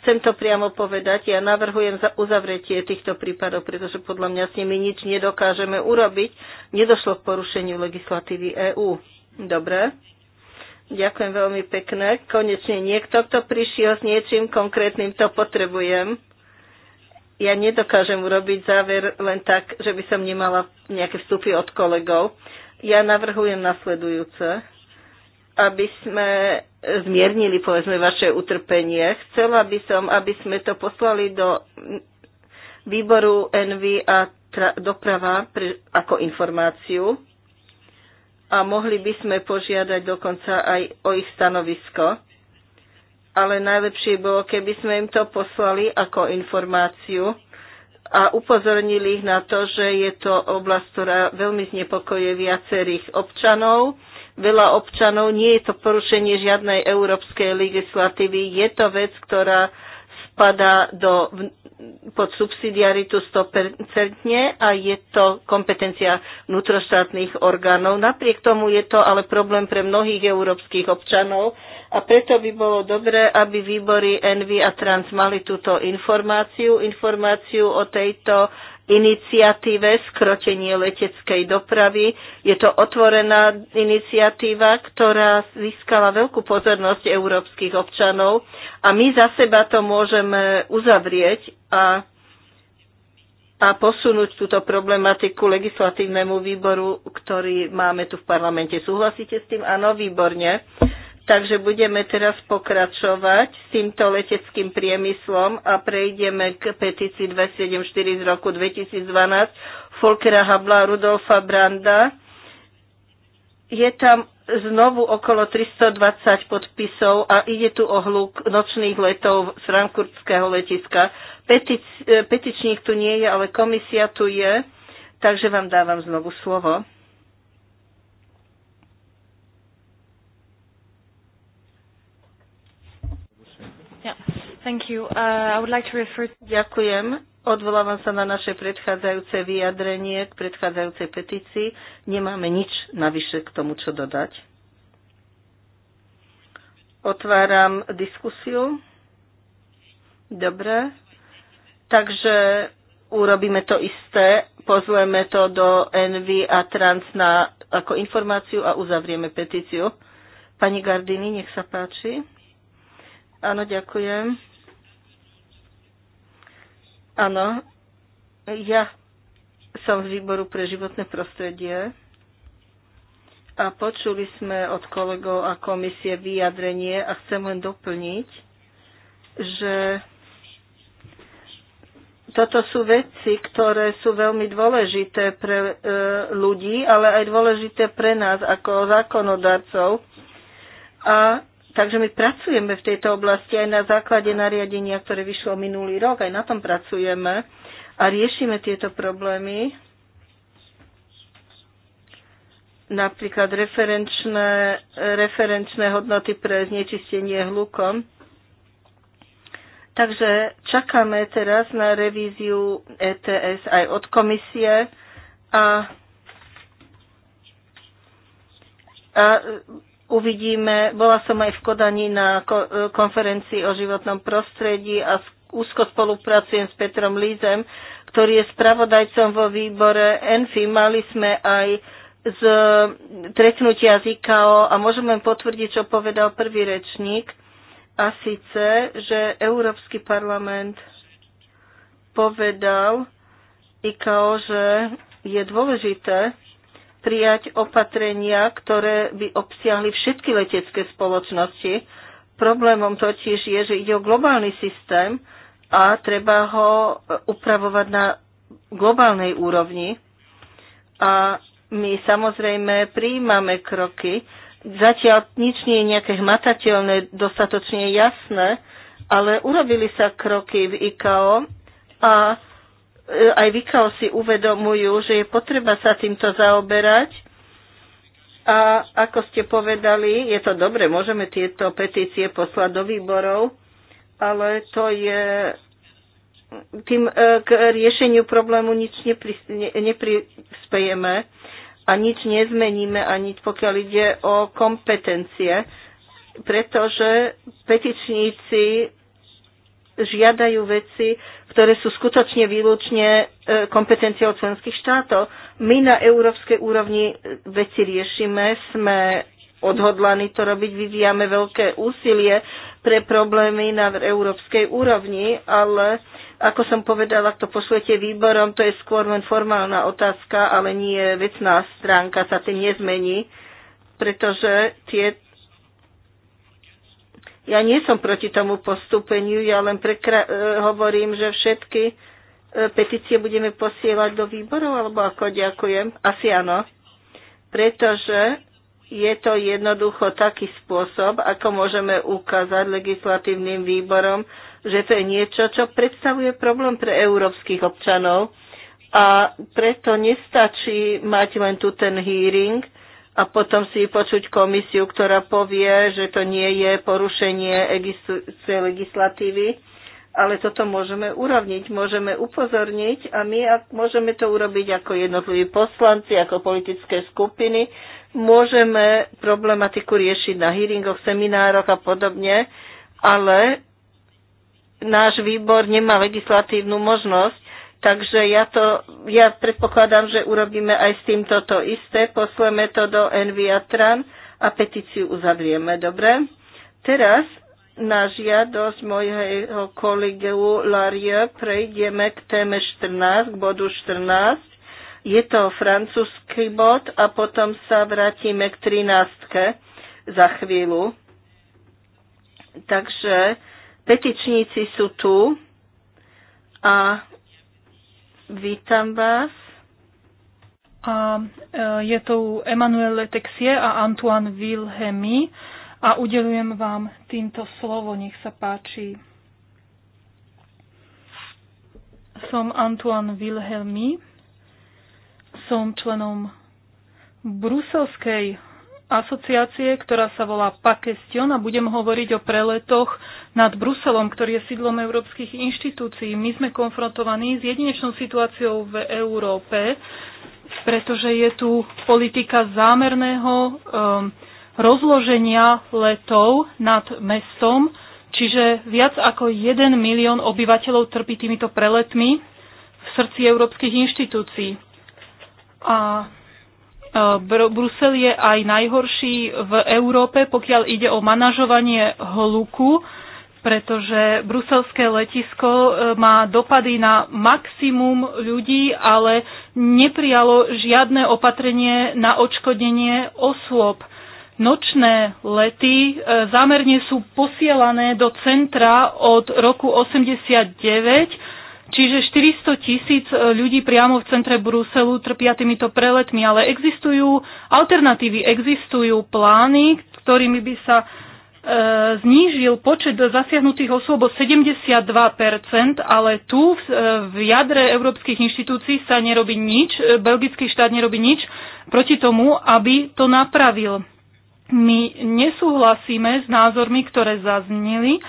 Chcem to priamo povedať. Ja navrhujem za uzavretie týchto prípadov, pretože podľa mňa s nimi nič nedokážeme urobiť. Nedošlo k porušeniu legislatívy EÚ. Dobre. Ďakujem veľmi pekne. Konečne niekto, kto prišiel s niečím konkrétnym, to potrebujem. Ja nedokážem urobiť záver len tak, že by som nemala nejaké vstupy od kolegov. Ja navrhujem nasledujúce, aby sme zmiernili, povedzme, vaše utrpenie. Chcela by som, aby sme to poslali do výboru NV a doprava pre, ako informáciu a mohli by sme požiadať dokonca aj o ich stanovisko. Ale najlepšie bolo, keby sme im to poslali ako informáciu a upozornili ich na to, že je to oblasť, ktorá veľmi znepokoje viacerých občanov. Veľa občanov, nie je to porušenie žiadnej európskej legislatívy, je to vec, ktorá spada do pod subsidiaritu 100% a je to kompetencia vnútroštátnych orgánov. Napriek tomu je to ale problém pre mnohých európskych občanov a preto by bolo dobré, aby výbory Envy a Trans mali túto informáciu, informáciu o tejto iniciatíve skrotenie leteckej dopravy. Je to otvorená iniciatíva, ktorá získala veľkú pozornosť európskych občanov a my za seba to môžeme uzavrieť a, a posunúť túto problematiku legislatívnemu výboru, ktorý máme tu v parlamente. Súhlasíte s tým? Áno, výborne. Uh, Takže budeme teraz pokračovať s týmto leteckým priemyslom a prejdeme k petícii 274 z roku 2012 Folkera Habla Rudolfa Branda. Je tam znovu okolo 320 podpisov a ide tu o hluk nočných letov z frankfurtského letiska. Petič, eh, petičník tu nie je, ale komisia tu je, takže vám dávam znovu slovo. Thank you. Uh, I would like to refer... Ďakujem. Odvolávam sa na naše predchádzajúce vyjadrenie k predchádzajúcej petícii. Nemáme nič navyše k tomu, čo dodať. Otváram diskusiu. Dobre. Takže urobíme to isté. Pozveme to do NV a Trans na, ako informáciu a uzavrieme petíciu. Pani Gardini, nech sa páči. Áno, ďakujem Áno, ja som z výboru pre životné prostredie a počuli sme od kolegov a komisie vyjadrenie a chcem len doplniť, že toto sú veci, ktoré sú veľmi dôležité pre e, ľudí, ale aj dôležité pre nás ako zákonodarcov. A Takže my pracujeme v tejto oblasti aj na základe nariadenia, ktoré vyšlo minulý rok, aj na tom pracujeme a riešime tieto problémy. Napríklad referenčné, referenčné hodnoty pre znečistenie hlukom. Takže čakáme teraz na revíziu ETS aj od komisie a, a uvidíme. Bola som aj v Kodani na konferencii o životnom prostredí a úzko spolupracujem s Petrom Lízem, ktorý je spravodajcom vo výbore ENFI. Mali sme aj z tretnutia z IKO a môžeme potvrdiť, čo povedal prvý rečník, a síce, že Európsky parlament povedal IKO, že je dôležité, prijať opatrenia, ktoré by obsiahli všetky letecké spoločnosti. Problémom totiž je, že ide o globálny systém a treba ho e, upravovať na globálnej úrovni. A my samozrejme prijímame kroky. Zatiaľ nič nie je nejaké hmatateľné, dostatočne jasné, ale urobili sa kroky v IKO a E, aj vykal si uvedomujú, že je potreba sa týmto zaoberať. A ako ste povedali, je to dobre, môžeme tieto petície poslať do výborov, ale to je tým e, k riešeniu problému nič neprispejeme a nič nezmeníme ani pokiaľ ide o kompetencie, pretože petičníci žiadajú veci, ktoré sú skutočne výlučne e, kompetenciou členských štátov. My na európskej úrovni e, veci riešime, sme odhodlaní to robiť, vyvíjame veľké úsilie pre problémy na európskej úrovni, ale ako som povedala, ak to pošlete výborom, to je skôr len formálna otázka, ale nie vecná stránka sa tým nezmení, pretože tie ja nie som proti tomu postúpeniu, ja len prekra- e, hovorím, že všetky e, petície budeme posielať do výborov, alebo ako ďakujem? Asi áno. Pretože je to jednoducho taký spôsob, ako môžeme ukázať legislatívnym výborom, že to je niečo, čo predstavuje problém pre európskych občanov. A preto nestačí mať len tu ten hearing, a potom si počuť komisiu, ktorá povie, že to nie je porušenie existujúcej legislatívy. Ale toto môžeme urovniť, môžeme upozorniť a my ak, môžeme to urobiť ako jednotliví poslanci, ako politické skupiny. Môžeme problematiku riešiť na hearingoch, seminároch a podobne, ale náš výbor nemá legislatívnu možnosť Takže ja, to, ja predpokladám, že urobíme aj s týmto to isté, posleme to do Enviatran a petíciu uzavrieme, dobre? Teraz na žiadosť mojho kolegu Larie prejdeme k téme 14, k bodu 14. Je to francúzsky bod a potom sa vrátime k 13 za chvíľu. Takže petičníci sú tu a Vítam vás. A e, je tu Emanuel Letexie a Antoine Wilhemy a udelujem vám týmto slovo, nech sa páči. Som Antoine Wilhelmy, som členom Bruselskej asociácie, ktorá sa volá Pakestion a budem hovoriť o preletoch nad Bruselom, ktorý je sídlom európskych inštitúcií. My sme konfrontovaní s jedinečnou situáciou v Európe, pretože je tu politika zámerného um, rozloženia letov nad mestom, čiže viac ako 1 milión obyvateľov trpí týmito preletmi v srdci európskych inštitúcií. A E, Brusel je aj najhorší v Európe, pokiaľ ide o manažovanie hluku, pretože bruselské letisko e, má dopady na maximum ľudí, ale neprijalo žiadne opatrenie na odškodnenie osôb. Nočné lety e, zámerne sú posielané do centra od roku 89 Čiže 400 tisíc e, ľudí priamo v centre Bruselu trpia týmito preletmi, ale existujú alternatívy, existujú plány, ktorými by sa e, znížil počet zasiahnutých osôb o 72%, ale tu v, e, v jadre európskych inštitúcií sa nerobí nič, e, belgický štát nerobí nič proti tomu, aby to napravil. My nesúhlasíme s názormi, ktoré zaznili.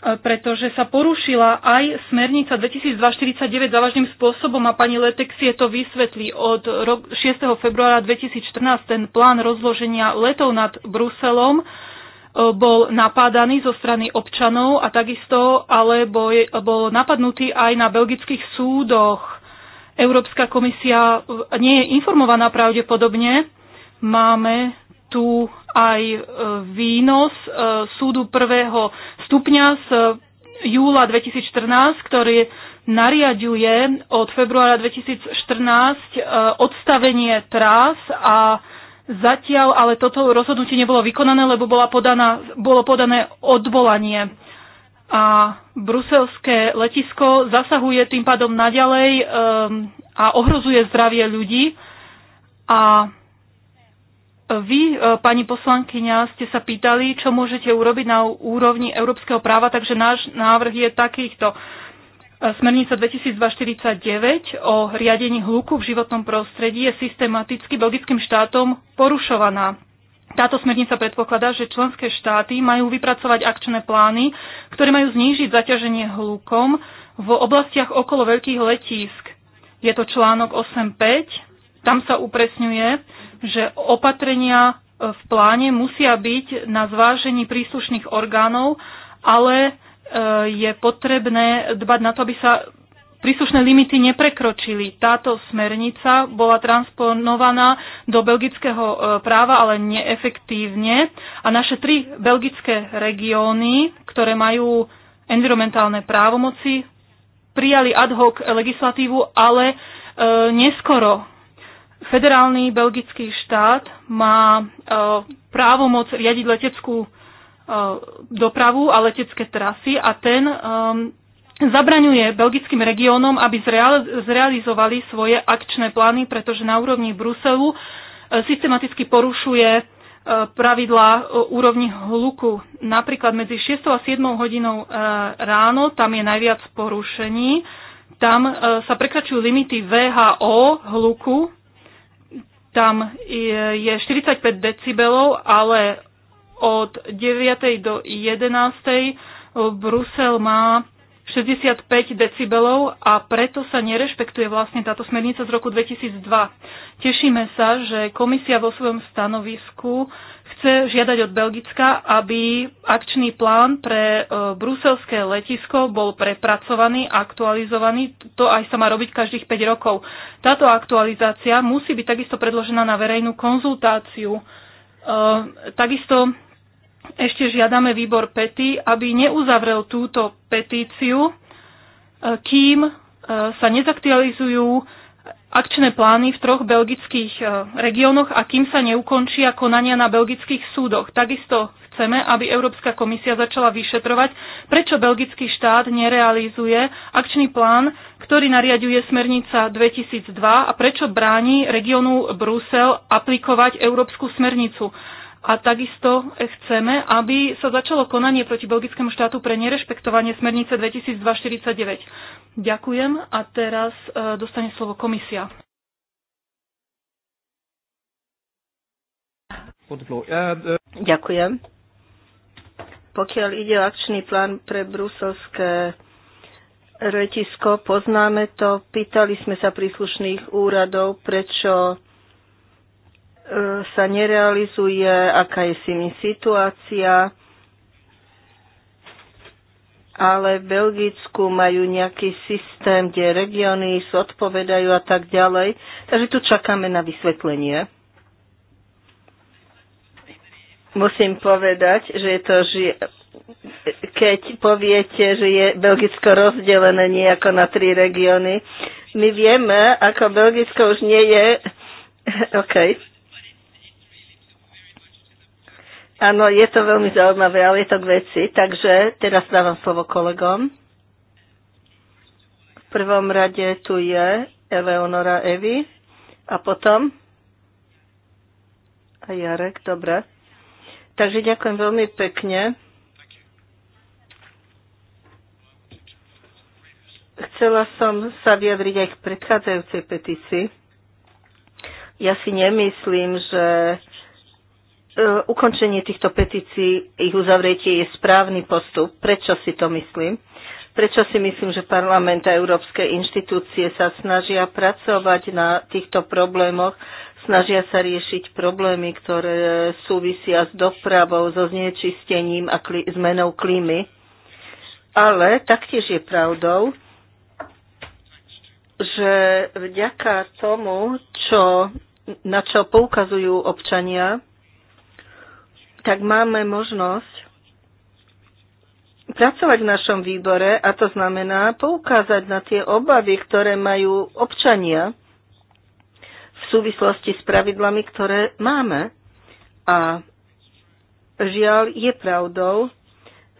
E, pretože sa porušila aj smernica 2249 závažným spôsobom a pani Letexie to vysvetlí od 6. februára 2014 ten plán rozloženia letov nad Bruselom e, bol napádaný zo strany občanov a takisto ale bol napadnutý aj na belgických súdoch. Európska komisia nie je informovaná pravdepodobne. Máme tu aj e, výnos e, súdu prvého stupňa z e, júla 2014, ktorý nariaduje od februára 2014 odstavenie trás a zatiaľ ale toto rozhodnutie nebolo vykonané, lebo bola podaná, bolo podané odvolanie. A bruselské letisko zasahuje tým pádom naďalej um, a ohrozuje zdravie ľudí. A vy, e, pani poslankyňa, ste sa pýtali, čo môžete urobiť na úrovni európskeho práva, takže náš návrh je takýchto. E, smernica 2249 o riadení hluku v životnom prostredí je systematicky belgickým štátom porušovaná. Táto smernica predpokladá, že členské štáty majú vypracovať akčné plány, ktoré majú znížiť zaťaženie hlukom v oblastiach okolo veľkých letísk. Je to článok 8.5, tam sa upresňuje, že opatrenia e, v pláne musia byť na zvážení príslušných orgánov, ale e, je potrebné dbať na to, aby sa príslušné limity neprekročili. Táto smernica bola transponovaná do belgického e, práva, ale neefektívne. A naše tri belgické regióny, ktoré majú environmentálne právomoci, prijali ad hoc legislatívu, ale neskoro Federálny belgický štát má e, právomoc riadiť leteckú e, dopravu a letecké trasy a ten e, zabraňuje belgickým regiónom, aby zrealizovali svoje akčné plány, pretože na úrovni Bruselu systematicky porušuje pravidlá úrovni hluku. Napríklad medzi 6 a 7 hodinou ráno, tam je najviac porušení, tam sa prekračujú limity VHO hluku tam je 45 decibelov, ale od 9. do 11. Eh, Brusel má 65 decibelov a preto sa nerešpektuje vlastne táto smernica z roku 2002. Tešíme sa, že komisia vo svojom stanovisku chce žiadať od Belgicka, aby akčný plán pre e, bruselské letisko bol prepracovaný, aktualizovaný. To aj sa má robiť každých 5 rokov. Táto aktualizácia musí byť takisto predložená na verejnú konzultáciu. E, takisto ešte žiadame výbor PETI, aby neuzavrel túto petíciu, e, kým sa nezaktualizujú akčné plány v troch belgických e, regiónoch a kým sa neukončia konania na belgických súdoch. Takisto chceme, aby Európska komisia začala vyšetrovať, prečo belgický štát nerealizuje akčný plán, ktorý nariaduje smernica 2002 a prečo bráni regiónu Brusel aplikovať európsku smernicu. A takisto chceme, aby sa začalo konanie proti belgickému štátu pre nerešpektovanie smernice 2249. Ďakujem a teraz e, dostane slovo komisia. Ďakujem. Pokiaľ ide o akčný plán pre bruselské letisko, poznáme to. Pýtali sme sa príslušných úradov, prečo sa nerealizuje, aká je s nimi situácia, ale v Belgicku majú nejaký systém, kde regióny zodpovedajú a tak ďalej. Takže tu čakáme na vysvetlenie. Musím povedať, že je to, že keď poviete, že je Belgicko rozdelené nejako na tri regióny, my vieme, ako Belgicko už nie je, OK, Áno, je to veľmi zaujímavé, ale je to k veci. Takže teraz dávam slovo kolegom. V prvom rade tu je Eleonora Evi a potom a Jarek, dobre. Takže ďakujem veľmi pekne. Chcela som sa vyjadriť aj k predchádzajúcej petícii. Ja si nemyslím, že E, ukončenie týchto petícií, ich uzavretie je správny postup. Prečo si to myslím? Prečo si myslím, že parlament a európske inštitúcie sa snažia pracovať na týchto problémoch, snažia sa riešiť problémy, ktoré súvisia s dopravou, so znečistením a kli- zmenou klímy. Ale taktiež je pravdou, že vďaka tomu, čo, na čo poukazujú občania, tak máme možnosť pracovať v našom výbore a to znamená poukázať na tie obavy, ktoré majú občania v súvislosti s pravidlami, ktoré máme. A žiaľ je pravdou,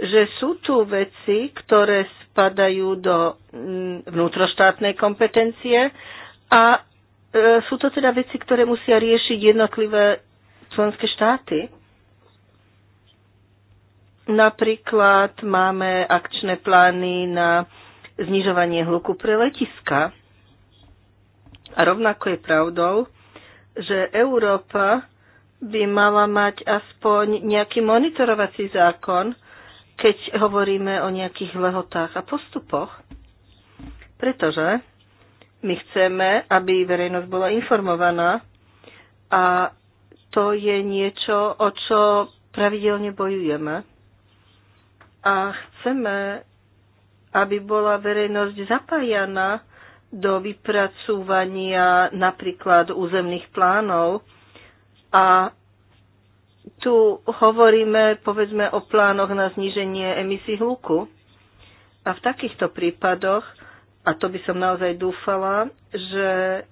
že sú tu veci, ktoré spadajú do mm, vnútroštátnej kompetencie a e, sú to teda veci, ktoré musia riešiť jednotlivé členské štáty. Napríklad máme akčné plány na znižovanie hluku pre letiska. A rovnako je pravdou, že Európa by mala mať aspoň nejaký monitorovací zákon, keď hovoríme o nejakých lehotách a postupoch. Pretože my chceme, aby verejnosť bola informovaná a to je niečo, o čo pravidelne bojujeme a chceme, aby bola verejnosť zapájana do vypracúvania napríklad územných plánov a tu hovoríme, povedzme, o plánoch na zníženie emisí hluku. A v takýchto prípadoch, a to by som naozaj dúfala, že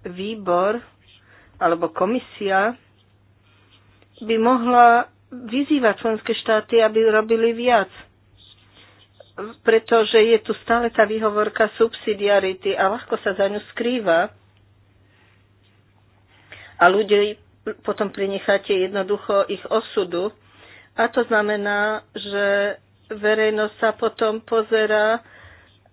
výbor alebo komisia by mohla vyzývať členské štáty, aby robili viac pretože je tu stále tá výhovorka subsidiarity a ľahko sa za ňu skrýva a ľudí potom prinecháte jednoducho ich osudu. A to znamená, že verejnosť sa potom pozera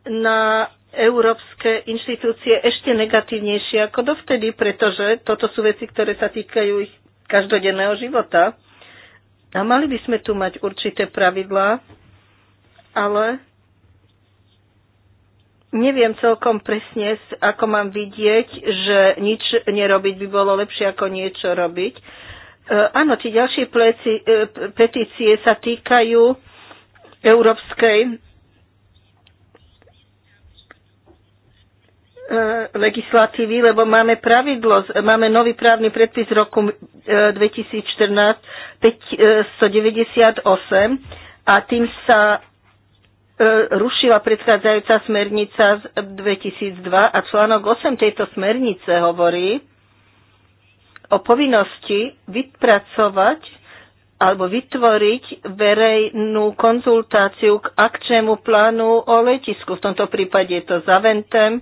na európske inštitúcie ešte negatívnejšie ako dovtedy, pretože toto sú veci, ktoré sa týkajú ich každodenného života. A mali by sme tu mať určité pravidlá, ale neviem celkom presne, ako mám vidieť, že nič nerobiť by bolo lepšie ako niečo robiť. E, áno, tie ďalšie pleci, e, petície sa týkajú európskej e, legislatívy, lebo máme pravidlo, máme nový právny predpis roku 2014 598 e, e, a tým sa E, rušila predchádzajúca smernica z 2002 a článok 8 tejto smernice hovorí o povinnosti vypracovať alebo vytvoriť verejnú konzultáciu k akčnému plánu o letisku. V tomto prípade je to Zaventem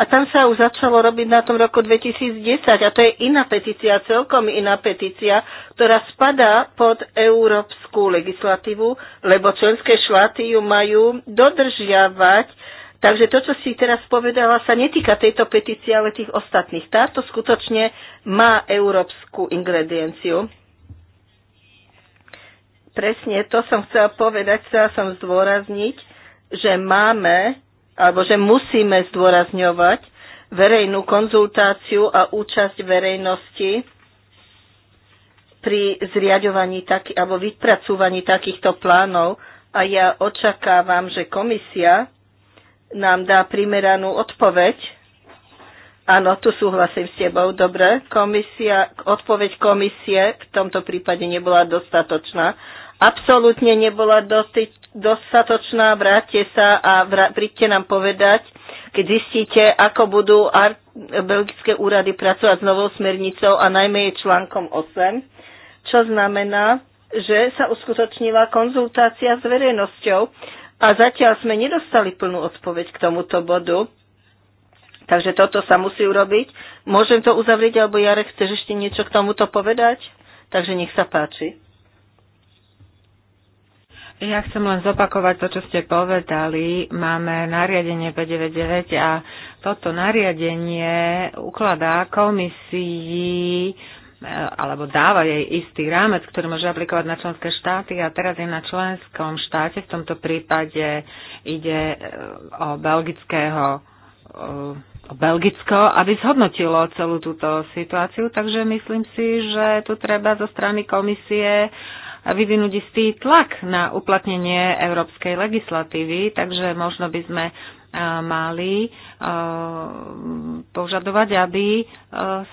a tam sa už začalo robiť na tom roku 2010 a to je iná petícia, celkom iná petícia, ktorá spadá pod európsku legislatívu, lebo členské šváty ju majú dodržiavať. Takže to, čo si teraz povedala, sa netýka tejto petície, ale tých ostatných. Táto skutočne má európsku ingredienciu. Presne to som chcela povedať, chcela som zdôrazniť, že máme alebo že musíme zdôrazňovať verejnú konzultáciu a účasť verejnosti pri zriadovaní taký, alebo vypracúvaní takýchto plánov a ja očakávam, že komisia nám dá primeranú odpoveď. Áno, tu súhlasím s tebou, dobre. Komisia, odpoveď komisie v tomto prípade nebola dostatočná absolútne nebola dosti, dostatočná. Vráťte sa a vrá, príďte nám povedať, keď zistíte, ako budú ar, belgické úrady pracovať s novou smernicou a najmä je článkom 8, čo znamená, že sa uskutočnila konzultácia s verejnosťou a zatiaľ sme nedostali plnú odpoveď k tomuto bodu. Takže toto sa musí urobiť. Môžem to uzavrieť, alebo Jarek, chceš ešte niečo k tomuto povedať? Takže nech sa páči. Ja chcem len zopakovať to, čo ste povedali. Máme nariadenie 599 a toto nariadenie ukladá komisii eh, alebo dáva jej istý rámec, ktorý môže aplikovať na členské štáty a teraz je na členskom štáte. V tomto prípade ide eh, o belgického eh, o Belgicko, aby zhodnotilo celú túto situáciu. Takže myslím si, že tu treba zo strany komisie uh, vyvinúť istý tlak na uplatnenie európskej legislatívy, takže možno by sme e, mali e, požadovať, aby e,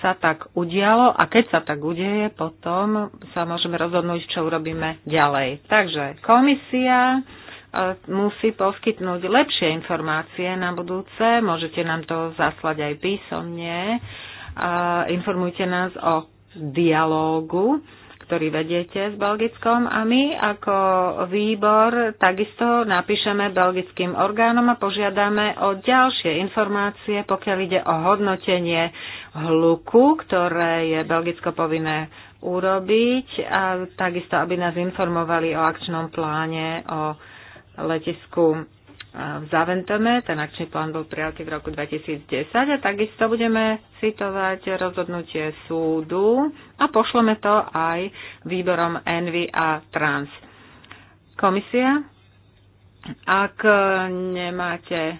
sa tak udialo a keď sa tak udeje, potom sa môžeme rozhodnúť, čo urobíme ďalej. Takže komisia musí poskytnúť lepšie informácie na budúce, môžete nám to zaslať aj písomne, informujte nás o dialógu ktorý vediete s Belgickom a my ako výbor takisto napíšeme belgickým orgánom a požiadame o ďalšie informácie, pokiaľ ide o hodnotenie hluku, ktoré je Belgicko povinné urobiť a takisto, aby nás informovali o akčnom pláne, o letisku v Zaventome. Ten akčný plán bol prijatý v roku 2010 a takisto budeme citovať rozhodnutie súdu a pošleme to aj výborom Envy a Trans. Komisia, ak nemáte e,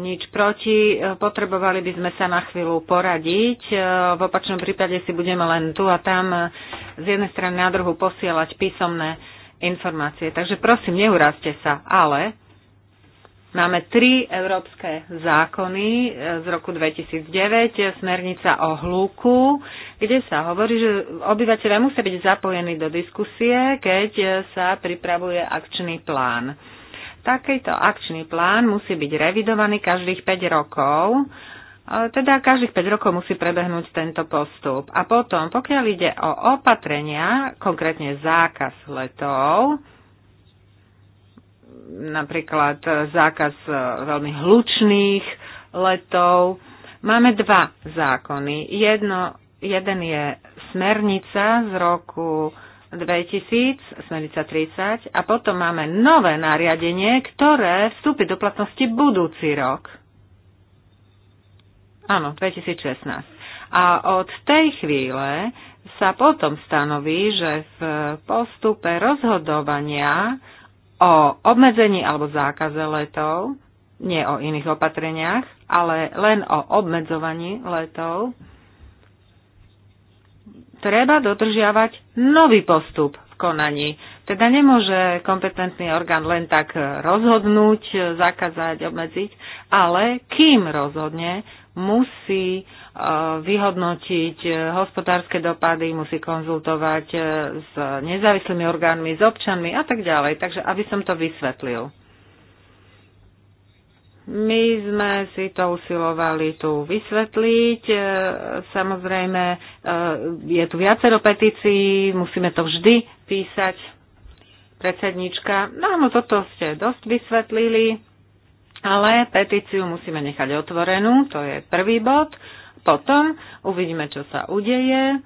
nič proti, potrebovali by sme sa na chvíľu poradiť. E, v opačnom prípade si budeme len tu a tam e, z jednej strany na druhu posielať písomné informácie. Takže prosím, neurazte sa, ale Máme tri európske zákony e, z roku 2009, e, smernica o hluku, kde sa hovorí, že obyvateľe musia byť zapojení do diskusie, keď e, sa pripravuje akčný plán. Takýto akčný plán musí byť revidovaný každých 5 rokov, teda každých 5 rokov musí prebehnúť tento postup. A potom, pokiaľ ide o opatrenia, konkrétne zákaz letov, napríklad zákaz e, veľmi hlučných letov. Máme dva zákony. Jedno, jeden je smernica z roku 2000, smernica 30, a potom máme nové nariadenie, ktoré vstúpi do platnosti budúci rok. Áno, 2016. A od tej chvíle sa potom stanoví, že v postupe rozhodovania o obmedzení alebo zákaze letov, nie o iných opatreniach, ale len o obmedzovaní letov, treba dodržiavať nový postup v konaní. Teda nemôže kompetentný orgán len tak rozhodnúť, zakázať, obmedziť, ale kým rozhodne, musí e, vyhodnotiť e, hospodárske dopady, musí konzultovať e, s nezávislými orgánmi, s občanmi a tak ďalej. Takže aby som to vysvetlil. My sme si to usilovali tu vysvetliť. Samozrejme, je tu viacero petícií, musíme to vždy písať. Predsednička, no áno, toto ste dosť vysvetlili. Ale petíciu musíme nechať otvorenú, to je prvý bod. Potom uvidíme, čo sa udeje,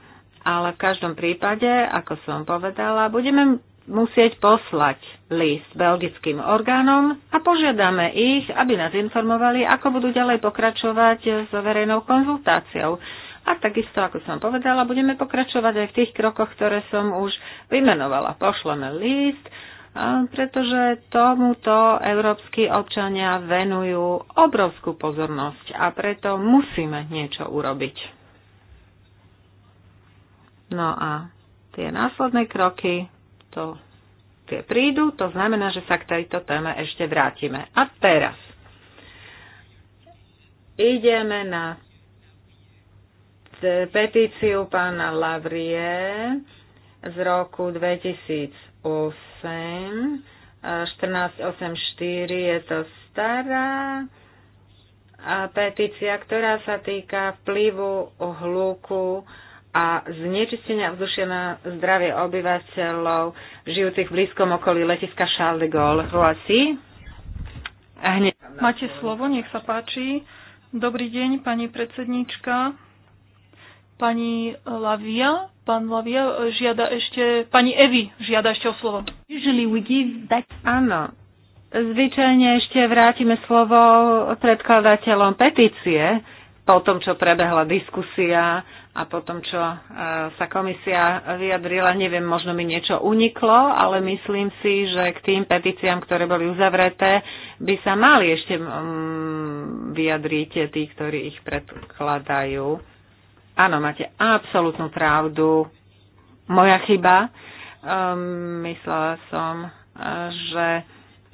ale v každom prípade, ako som povedala, budeme musieť poslať list belgickým orgánom a požiadame ich, aby nás informovali, ako budú ďalej pokračovať so verejnou konzultáciou. A takisto, ako som povedala, budeme pokračovať aj v tých krokoch, ktoré som už vymenovala. Pošleme list, pretože tomuto európsky občania venujú obrovskú pozornosť a preto musíme niečo urobiť. No a tie následné kroky, to, tie prídu, to znamená, že sa k tejto téme ešte vrátime. A teraz ideme na petíciu pána Lavrie z roku 2000. 8, 4 je to stará petícia, ktorá sa týka vplyvu hluku a znečistenia vzdušia na zdravie obyvateľov žijúcich v blízkom okolí letiska Charles de Gaulle. Hlasí? Máte slovo, nech sa páči. Dobrý deň, pani predsedníčka. Pani Lavia, pán Lavia žiada ešte, pani Evi žiada ešte o slovo. Áno, zvyčajne ešte vrátime slovo predkladateľom petície po tom, čo prebehla diskusia a po tom, čo e, sa komisia vyjadrila, neviem, možno mi niečo uniklo, ale myslím si, že k tým petíciám, ktoré boli uzavreté, by sa mali ešte mm, vyjadriť tí, ktorí ich predkladajú. Áno, máte absolútnu pravdu. Moja chyba. Um, myslela som, eh, že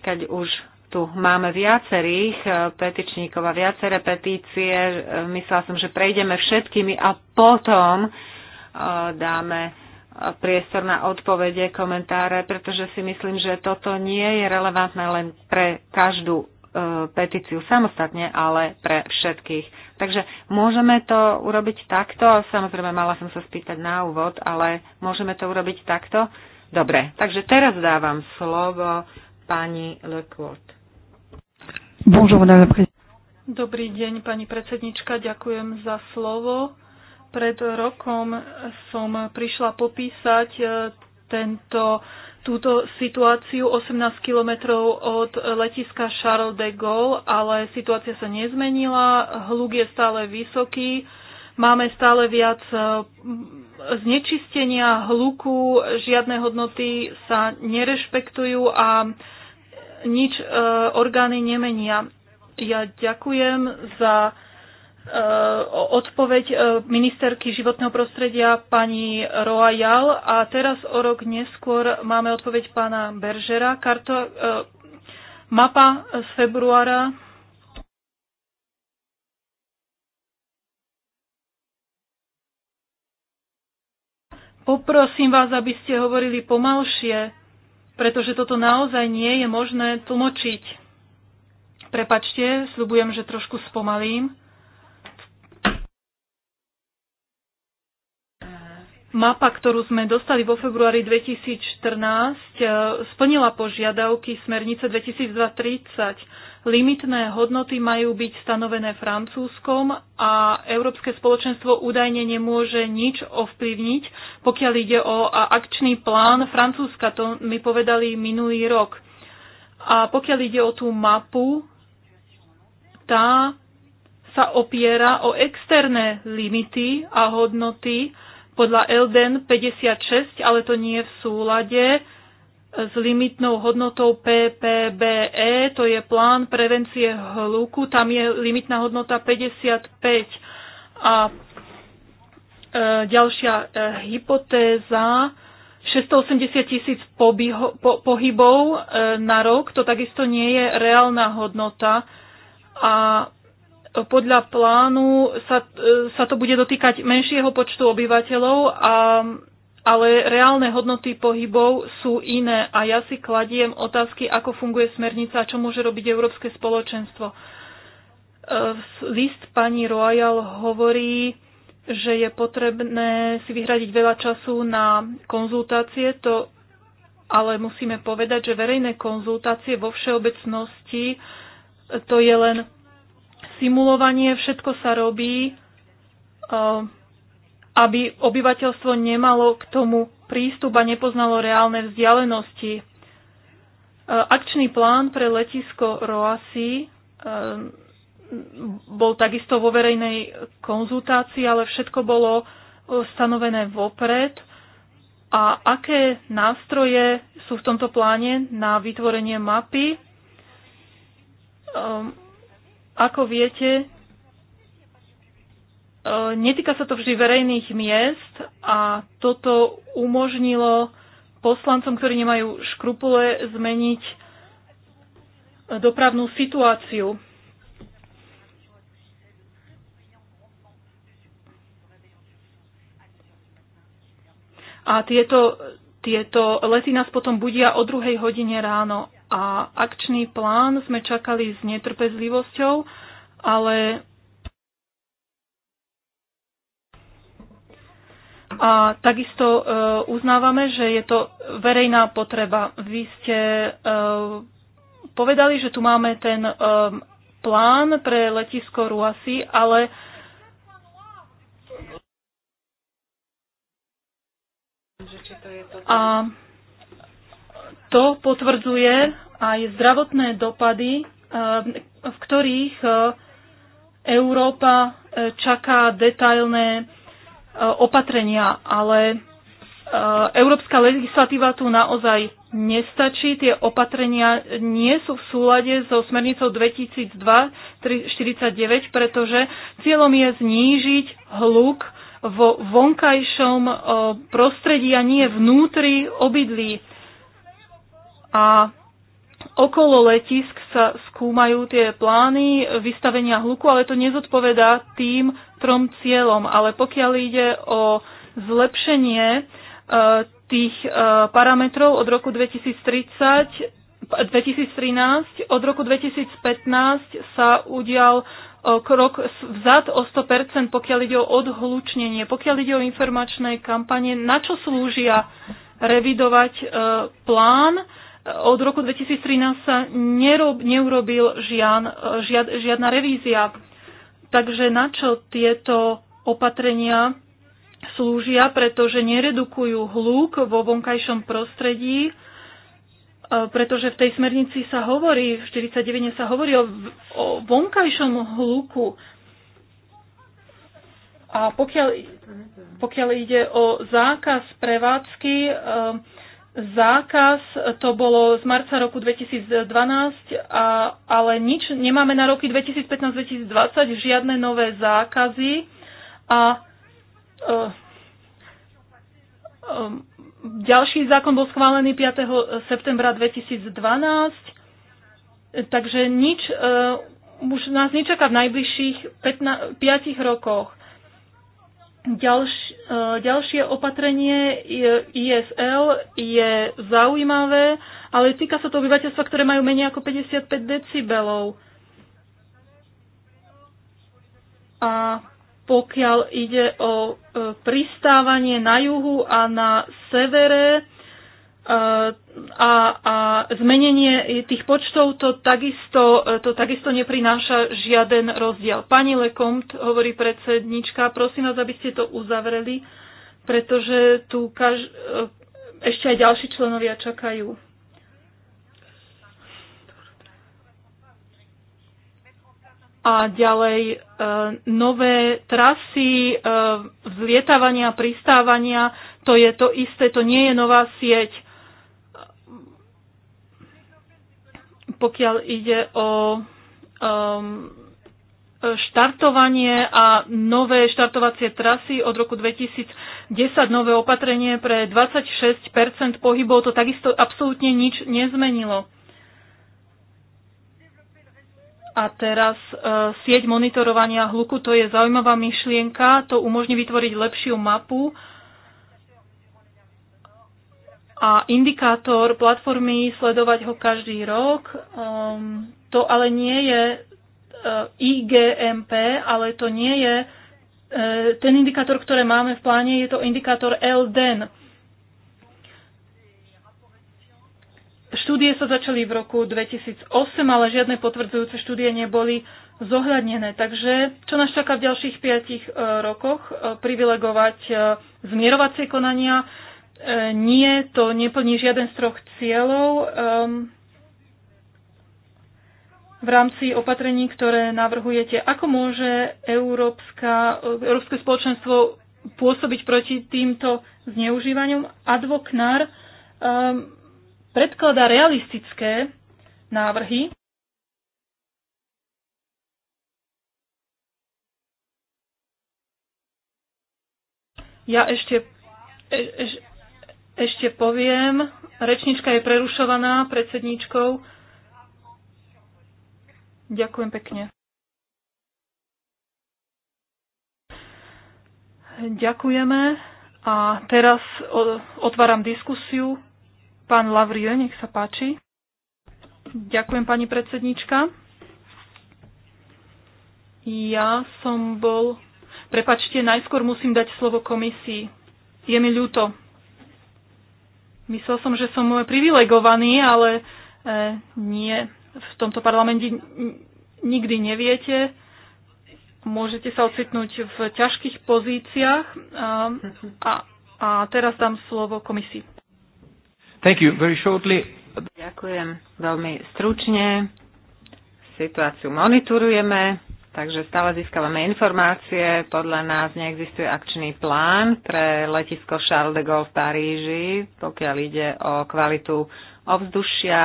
keď už tu máme viacerých eh, petičníkov a viaceré petície, eh, myslela som, že prejdeme všetkými a potom dáme priestor na odpovede, komentáre, pretože si myslím, že toto nie je relevantné len pre každú petíciu samostatne, ale pre všetkých. Takže môžeme to urobiť takto? Samozrejme, mala som sa spýtať na úvod, ale môžeme to urobiť takto? Dobre, takže teraz dávam slovo pani Lecourt. Dobrý deň, pani predsednička, ďakujem za slovo. Pred rokom som prišla popísať eh, tento túto situáciu 18 kilometrov od letiska Charles de Gaulle, ale situácia sa nezmenila, hluk je stále vysoký, máme stále viac e, znečistenia, hluku, žiadne hodnoty sa nerešpektujú a nič e, orgány nemenia. Ja ďakujem za odpoveď e, ministerky životného prostredia pani Royal a teraz o rok neskôr máme odpoveď pána Beržera. Karto, e, mapa z februára Poprosím vás, aby ste hovorili pomalšie, pretože toto naozaj nie je možné tlmočiť. Prepačte, slubujem, že trošku spomalím. Mapa, ktorú sme dostali vo februári 2014, e, splnila požiadavky smernice 2030. Limitné hodnoty majú byť stanovené Francúzskom a Európske spoločenstvo údajne nemôže nič ovplyvniť, pokiaľ ide o akčný plán Francúzska. To mi povedali minulý rok. A pokiaľ ide o tú mapu, tá sa opiera o externé limity a hodnoty, podľa LDN 56, ale to nie je v súlade s limitnou hodnotou PPBE, to je plán prevencie hluku, tam je limitná hodnota 55 a e, ďalšia e, hypotéza 680 tisíc po, pohybov e, na rok, to takisto nie je reálna hodnota a podľa plánu sa, e, sa to bude dotýkať menšieho počtu obyvateľov, a, ale reálne hodnoty pohybov sú iné a ja si kladiem otázky, ako funguje smernica a čo môže robiť Európske spoločenstvo. E, list pani Royal hovorí, že je potrebné si vyhradiť veľa času na konzultácie, to ale musíme povedať, že verejné konzultácie vo všeobecnosti to je len simulovanie, všetko sa robí, eh, aby obyvateľstvo nemalo k tomu prístup a nepoznalo reálne vzdialenosti. Eh, akčný plán pre letisko Roasi eh, bol takisto vo verejnej konzultácii, ale všetko bolo stanovené vopred. A aké nástroje sú v tomto pláne na vytvorenie mapy? Ako viete, e, netýka sa to vždy verejných miest a toto umožnilo poslancom, ktorí nemajú škrupule, zmeniť dopravnú situáciu. A tieto, tieto lety nás potom budia o druhej hodine ráno a akčný plán sme čakali s netrpezlivosťou, ale A takisto e, uznávame, že je to verejná potreba. Vy ste e, povedali, že tu máme ten e, plán pre letisko Ruasi, ale a to potvrdzuje aj zdravotné dopady, eh, v ktorých eh, Európa eh, čaká detailné opatrenia, ale európska legislatíva tu naozaj nestačí. Tie opatrenia nie sú v súlade so smernicou 2002-49, pretože cieľom je znížiť hluk vo vonkajšom prostredí a nie vnútri obydlí a okolo letisk sa skúmajú tie plány vystavenia hluku, ale to nezodpovedá tým trom cieľom. Ale pokiaľ ide o zlepšenie e, tých e, parametrov od roku 2030, 2013, od roku 2015 sa udial e, krok vzad o 100%, pokiaľ ide o odhlučnenie, pokiaľ ide o informačné kampanie, na čo slúžia revidovať plán, od roku 2013 sa nerob, neurobil žian, žiad, žiadna revízia. Takže na čo tieto opatrenia slúžia, pretože neredukujú hluk vo vonkajšom prostredí, e, pretože v tej smernici sa hovorí, v 49 sa hovorí o, o vonkajšom hluku. A pokiaľ, pokiaľ ide o zákaz prevádzky, e, zákaz, to bolo z marca roku 2012, a, ale nič, nemáme na roky 2015-2020 žiadne nové zákazy a e, e, ďalší zákon bol schválený 5. septembra 2012, takže nič, e, už nás nečaká v najbližších 5 rokoch. Ďalš, e, ďalšie opatrenie ISL je zaujímavé, ale týka sa to obyvateľstva, ktoré majú menej ako 55 decibelov. A pokiaľ ide o e, pristávanie na juhu a na severe, a, a zmenenie tých počtov to takisto, to takisto neprináša žiaden rozdiel. Pani Lekomt, hovorí predsednička, prosím vás, aby ste to uzavreli, pretože tu kaž, ešte aj ďalší členovia čakajú. A ďalej e, nové trasy e, vzlietávania, pristávania, to je to isté, to nie je nová sieť pokiaľ ide o um, štartovanie a nové štartovacie trasy od roku 2010, nové opatrenie pre 26 pohybov, to takisto absolútne nič nezmenilo. A teraz e, sieť monitorovania hluku, to je zaujímavá myšlienka, to umožní vytvoriť lepšiu mapu a indikátor platformy, sledovať ho každý rok. Um, to ale nie je uh, IGMP, ale to nie je uh, ten indikátor, ktoré máme v pláne, je to indikátor LDEN. Štúdie sa začali v roku 2008, ale žiadne potvrdzujúce štúdie neboli zohľadnené. Takže čo nás čaká v ďalších 5 uh, rokoch? Uh, privilegovať uh, zmierovacie konania, E, nie, to neplní žiaden z troch cieľov. V rámci opatrení, ktoré navrhujete, ako môže Európska, Európske spoločenstvo pôsobiť proti týmto zneužívaniom? Advoknár um, predkladá realistické návrhy. Ja ešte, e, e, ešte poviem, rečnička je prerušovaná predsedníčkou. Ďakujem pekne. Ďakujeme. A teraz otváram diskusiu. Pán Lavrie, nech sa páči. Ďakujem, pani predsednička. Ja som bol... Prepačte, najskôr musím dať slovo komisii. Je mi ľúto, Myslel som, že som privilegovaný, ale e, nie. V tomto parlamente nikdy neviete. Môžete sa ocitnúť v ťažkých pozíciách. A, a teraz dám slovo komisii. Thank you. Very shortly. Ďakujem veľmi stručne. Situáciu monitorujeme. Takže stále získavame informácie, podľa nás neexistuje akčný plán pre letisko Charles de Gaulle v Paríži, pokiaľ ide o kvalitu ovzdušia.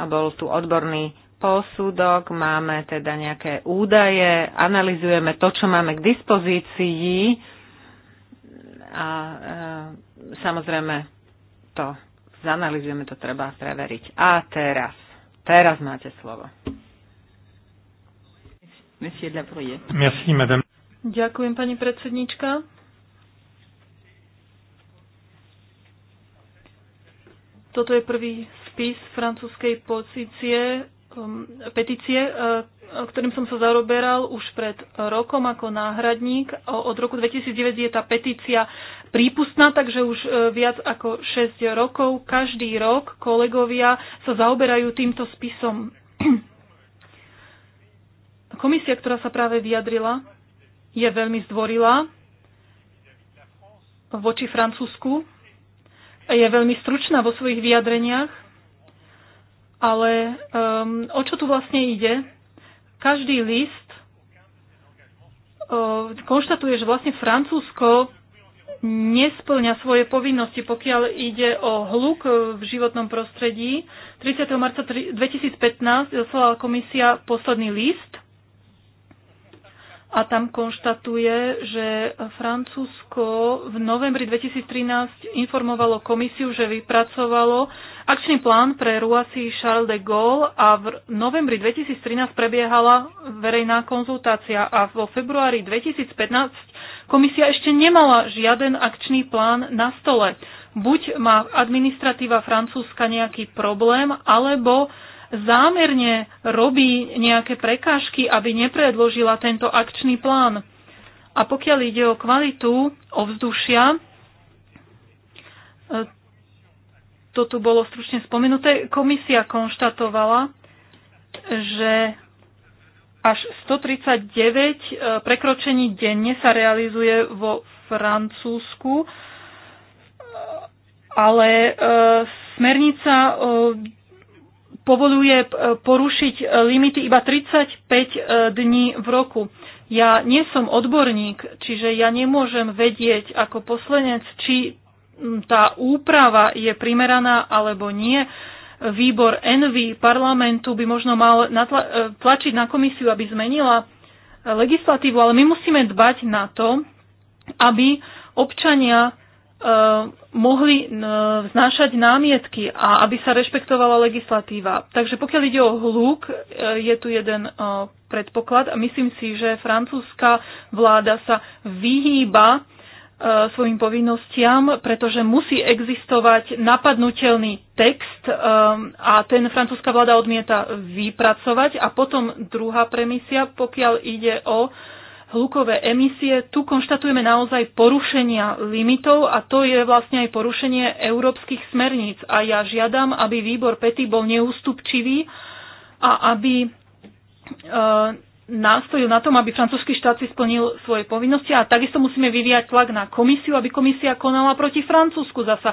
A bol tu odborný posudok, máme teda nejaké údaje, analizujeme to, čo máme k dispozícii a e, samozrejme to zanalizujeme, to treba preveriť. A teraz, teraz máte slovo. Monsieur Merci, madame. Ďakujem, pani predsednička. Toto je prvý spis francúzskej pozície, um, petície, uh, ktorým som sa zaoberal už pred rokom ako náhradník. Od roku 2009 je tá petícia prípustná, takže už uh, viac ako 6 rokov. Každý rok kolegovia sa zaoberajú týmto spisom. Komisia, ktorá sa práve vyjadrila, je veľmi zdvorila voči Francúzsku. Je veľmi stručná vo svojich vyjadreniach, ale um, o čo tu vlastne ide? Každý list um, konštatuje, že vlastne Francúzsko nesplňa svoje povinnosti, pokiaľ ide o hluk v životnom prostredí. 30. marca 2015 zaslala komisia posledný list a tam konštatuje, že Francúzsko v novembri 2013 informovalo komisiu, že vypracovalo akčný plán pre Ruasi Charles de Gaulle a v novembri 2013 prebiehala verejná konzultácia a vo februári 2015 komisia ešte nemala žiaden akčný plán na stole. Buď má administratíva Francúzska nejaký problém, alebo zámerne robí nejaké prekážky, aby nepredložila tento akčný plán. A pokiaľ ide o kvalitu ovzdušia, e, to tu bolo stručne spomenuté, komisia konštatovala, že až 139 e, prekročení denne sa realizuje vo Francúzsku, ale e, smernica povoluje e, porušiť e, limity iba 35 e, dní v roku. Ja nie som odborník, čiže ja nemôžem vedieť ako poslanec, či tá úprava je primeraná alebo nie. Výbor Envy parlamentu by možno mal natla- tlačiť na komisiu, aby zmenila legislatívu, ale my musíme dbať na to, aby občania Eh, mohli eh, vznášať námietky a aby sa rešpektovala legislatíva. Takže pokiaľ ide o hľúk, eh, je tu jeden predpoklad a myslím si, že francúzska vláda sa vyhýba svojim povinnostiam, pretože musí existovať napadnutelný text a ten francúzska vláda odmieta vypracovať. A potom druhá premisia, pokiaľ ide o uh, hlukové emisie. Tu konštatujeme naozaj porušenia limitov a to je vlastne aj porušenie európskych smerníc. A ja žiadam, aby výbor PETI bol neústupčivý a aby e, nástojil na tom, aby francúzsky štát si splnil svoje povinnosti a takisto musíme vyvíjať tlak na komisiu, aby komisia konala proti Francúzsku zasa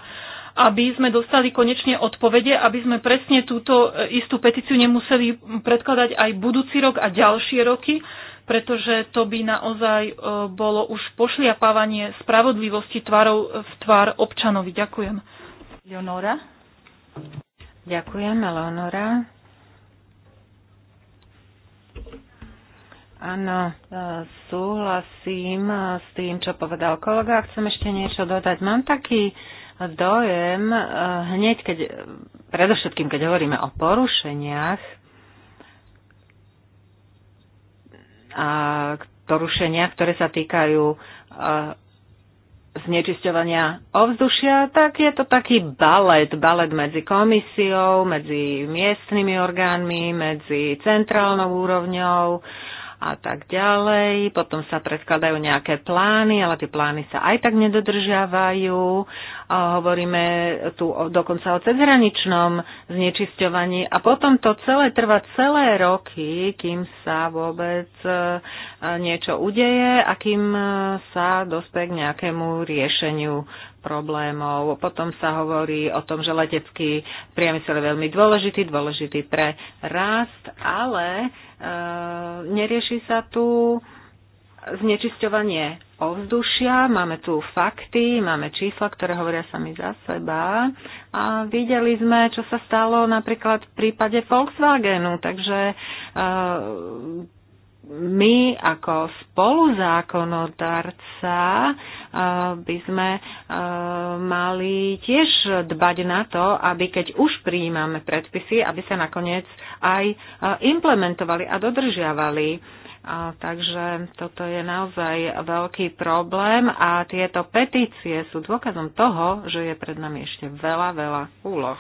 aby sme dostali konečne odpovede, aby sme presne túto e, istú petíciu nemuseli predkladať aj budúci rok a ďalšie roky pretože to by naozaj e, bolo už pošliapávanie spravodlivosti tvarov v tvár občanovi. Ďakujem. Leonora? Ďakujem, Leonora. Áno, e, súhlasím e, s tým, čo povedal kolega. Chcem ešte niečo dodať. Mám taký dojem, hneď keď, predovšetkým keď hovoríme o porušeniach, porušenia, ktoré sa týkajú e, znečisťovania ovzdušia, tak je to taký balet, balet medzi komisiou, medzi miestnymi orgánmi, medzi centrálnou úrovňou a tak ďalej. Potom sa predkladajú nejaké plány, ale tie plány sa aj tak nedodržiavajú hovoríme tu o, dokonca o cezhraničnom znečisťovaní a potom to celé trvá celé roky, kým sa vôbec e, niečo udeje a kým e, sa dospe k nejakému riešeniu problémov. Potom sa hovorí o tom, že letecký priemysel je veľmi dôležitý, dôležitý pre rast, ale e, nerieši sa tu znečisťovanie ovzdušia, máme tu fakty, máme čísla, ktoré hovoria sami za seba a videli sme, čo sa stalo napríklad v prípade Volkswagenu, takže uh, my ako spoluzákonodarca eh, by sme eh, mali tiež dbať na to, aby keď už prijímame predpisy, aby sa nakoniec aj implementovali a dodržiavali Takže toto je naozaj veľký problém a tieto petície sú dôkazom toho, že je pred nami ešte veľa, veľa úloh.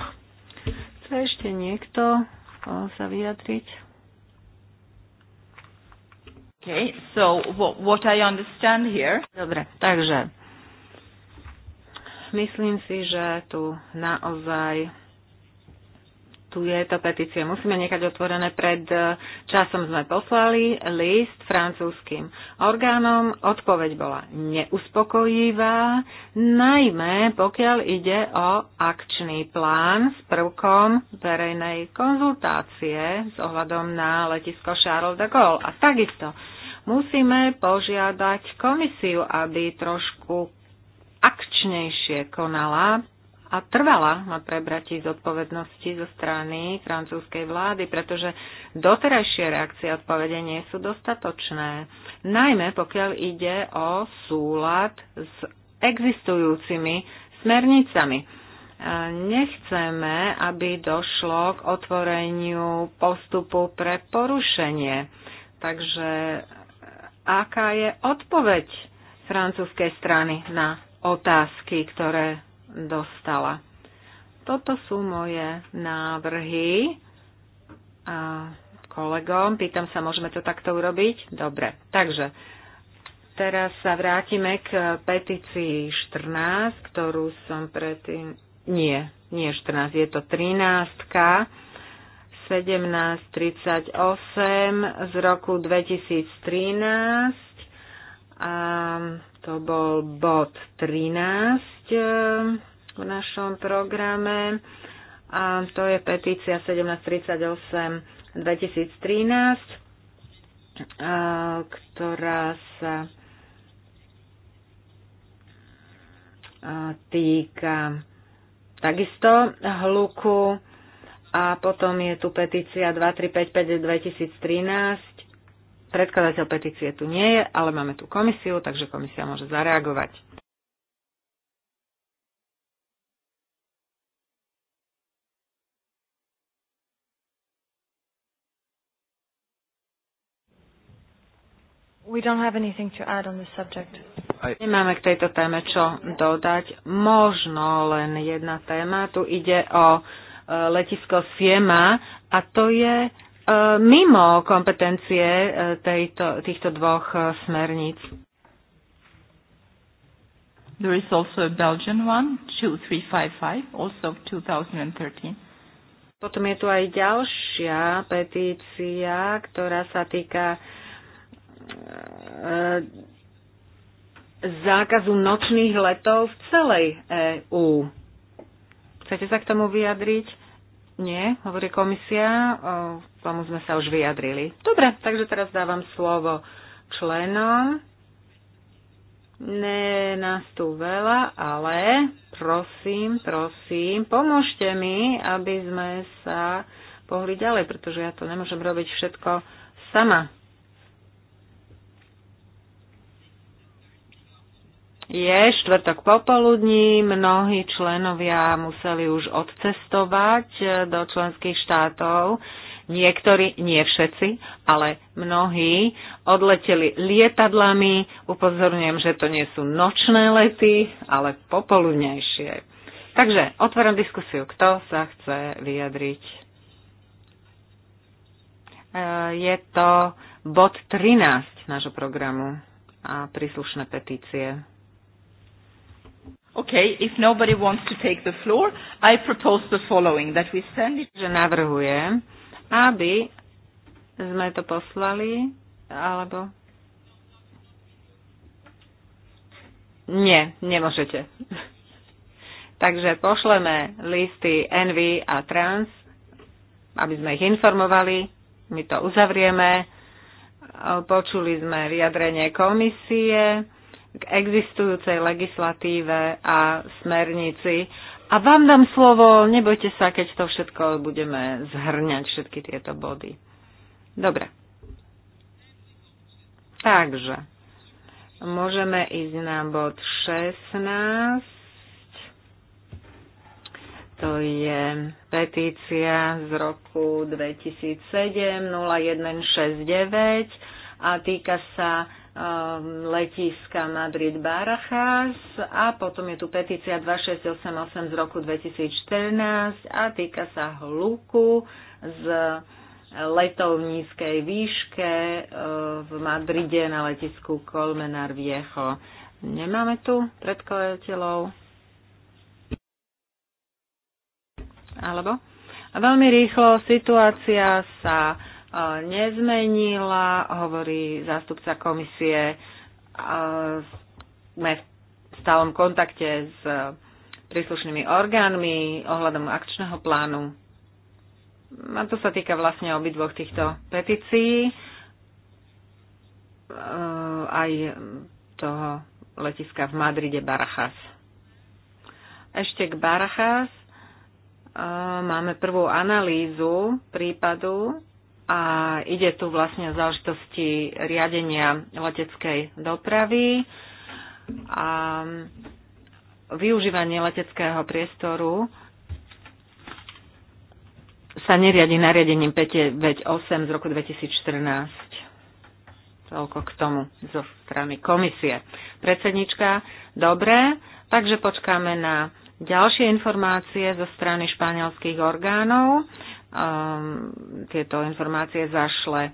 Chce ešte niekto e, sa vyjadriť? Okay, so what I understand here... Dobre, takže myslím si, že tu naozaj tieto petície musíme nechať otvorené. Pred e, časom sme poslali list francúzským orgánom. Odpoveď bola neuspokojivá, najmä pokiaľ ide o akčný plán s prvkom verejnej konzultácie s ohľadom na letisko Charles de Gaulle. A takisto musíme požiadať komisiu, aby trošku akčnejšie konala a trvala na prebratí zodpovednosti zo strany francúzskej vlády, pretože doterajšie reakcie a odpovede nie sú dostatočné, najmä pokiaľ ide o súlad s existujúcimi smernicami. Nechceme, aby došlo k otvoreniu postupu pre porušenie. Takže aká je odpoveď francúzskej strany na otázky, ktoré dostala. Toto sú moje návrhy. A kolegom, pýtam sa, môžeme to takto urobiť? Dobre, takže teraz sa vrátime k petícii 14, ktorú som predtým... Nie, nie 14, je to 13. 1738 z roku 2013. A to bol bod 13 eh, v našom programe a to je petícia 1738 2013, eh, ktorá sa eh, týka takisto hluku a potom je tu petícia 2355 2013 Predkladateľ petície tu nie je, ale máme tu komisiu, takže komisia môže zareagovať. We don't have anything to add on this subject. Nemáme k tejto téme čo dodať. Možno len jedna téma. Tu ide o e, letisko Siema a to je E, mimo kompetencie e, tejto, týchto dvoch e, smerníc. There is also a Belgian one, 2355, also 2013. Potom je tu aj ďalšia petícia, ktorá sa týka uh, zákazu nočných letov v celej EÚ. Chcete sa k tomu vyjadriť? Nie, hovorí komisia, o tomu sme sa už vyjadrili. Dobre, takže teraz dávam slovo členom. Ne nás tu veľa, ale prosím, prosím, pomôžte mi, aby sme sa pohli ďalej, pretože ja to nemôžem robiť všetko sama. je štvrtok popoludní, mnohí členovia museli už odcestovať e, do členských štátov. Niektorí, nie všetci, ale mnohí odleteli lietadlami. Upozorňujem, že to nie sú nočné lety, ale popoludnejšie. Takže otváram diskusiu. Kto sa chce vyjadriť? E, je to bod 13 nášho programu a príslušné petície. Okay, if nobody wants to take the floor, I propose the following, that we send it... Že navrhujem, aby sme to poslali, alebo... Nie, nemôžete. Takže pošleme listy NV a Trans, aby sme ich informovali, my to uzavrieme. Počuli sme vyjadrenie komisie k existujúcej legislatíve a smernici. A vám dám slovo, nebojte sa, keď to všetko budeme zhrňať, všetky tieto body. Dobre. Takže, môžeme ísť na bod 16. To je petícia z roku 2007-0169 a týka sa Um, letiska Madrid Barajas a potom je tu petícia 2688 z roku 2014 a týka sa hluku z letovníckej výške uh, v Madride na letisku Colmenar Viejo. Nemáme tu predkladateľov? Alebo? A veľmi rýchlo situácia sa E, nezmenila, hovorí zástupca komisie. E, sme v stálom kontakte s príslušnými orgánmi ohľadom akčného plánu. A to sa týka vlastne obidvoch týchto petícií, e, aj toho letiska v Madride Barajas. Ešte k Barajas máme prvú analýzu prípadu a ide tu vlastne o záležitosti riadenia leteckej dopravy a využívanie leteckého priestoru sa neriadi nariadením 58 z roku 2014. Toľko k tomu zo strany komisie. Predsednička, dobre, takže počkáme na ďalšie informácie zo strany španielských orgánov um, tieto informácie zašle,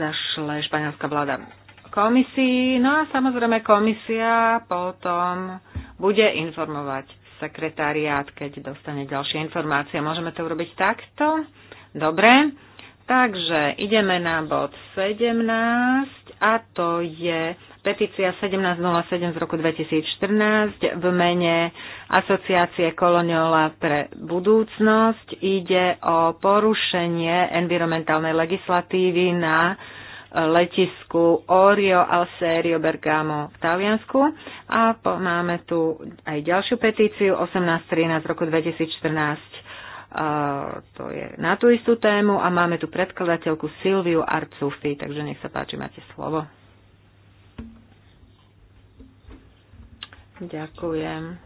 zašle španielská vláda komisii. No a samozrejme komisia potom bude informovať sekretariát, keď dostane ďalšie informácie. Môžeme to urobiť takto? Dobre. Takže ideme na bod 17 a to je petícia 1707 z roku 2014 v mene Asociácie Koloniola pre budúcnosť. Ide o porušenie environmentálnej legislatívy na e, letisku Orio al Serio Bergamo v Taliansku. A máme tu aj ďalšiu petíciu 1813 z roku 2014 to je na tú istú tému a máme tu predkladateľku Silviu Arcufi, takže nech sa páči, máte slovo. Ďakujem.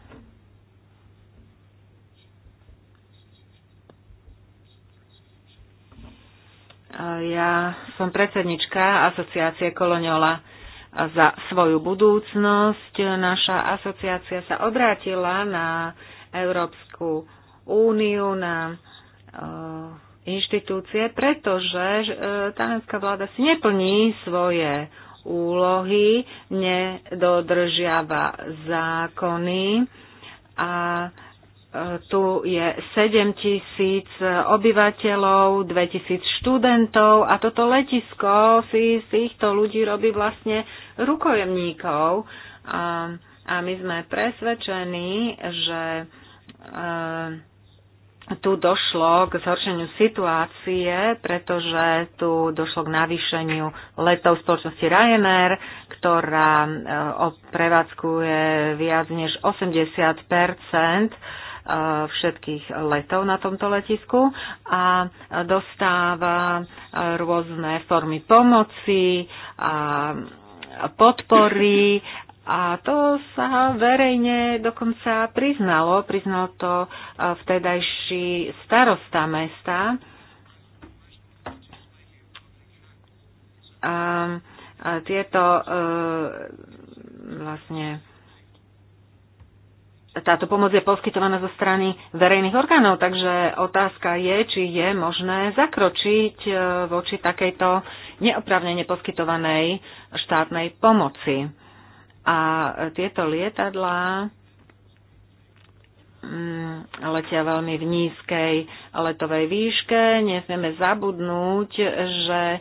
Ja som predsednička asociácie Koloniola za svoju budúcnosť. Naša asociácia sa obrátila na Európsku úniu, na eh, inštitúcie, pretože eh, talianská vláda si neplní svoje úlohy, nedodržiava zákony a eh, tu je 7 tisíc obyvateľov, 2 tisíc študentov a toto letisko si z týchto ľudí robí vlastne rukojemníkov. A, a my sme presvedčení, že e, tu došlo k zhoršeniu situácie, pretože tu došlo k navýšeniu letov spoločnosti Ryanair, ktorá e, prevádzkuje viac než 80 e, všetkých letov na tomto letisku a dostáva e, rôzne formy pomoci a podpory a to sa verejne dokonca priznalo, priznal to e, vtedajší starosta mesta. A tieto e, vlastne táto pomoc je poskytovaná zo strany verejných orgánov, takže otázka je, či je možné zakročiť e, voči takejto neoprávnene poskytovanej štátnej pomoci. A tieto lietadlá mm, letia veľmi v nízkej letovej výške. Nesmieme zabudnúť, že e,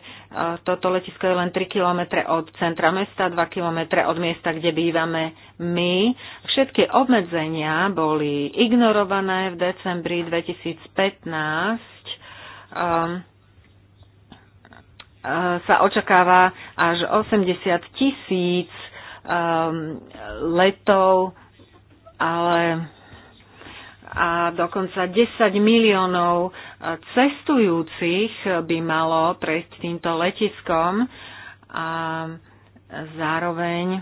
toto letisko je len 3 km od centra mesta, 2 km od miesta, kde bývame my. Všetky obmedzenia boli ignorované v decembri 2015 ehm, e, sa očakáva až 80 tisíc Um, letov, ale a dokonca 10 miliónov uh, cestujúcich by malo prejsť týmto letiskom a zároveň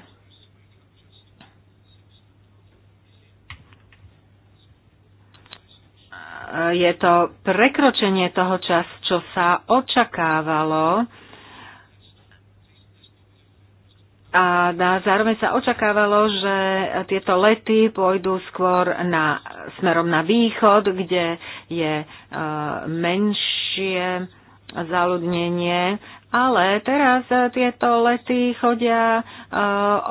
je to prekročenie toho času, čo sa očakávalo a zároveň sa očakávalo, že tieto lety pôjdu skôr na, smerom na východ, kde je e, menšie zaludnenie, ale teraz e, tieto lety chodia e,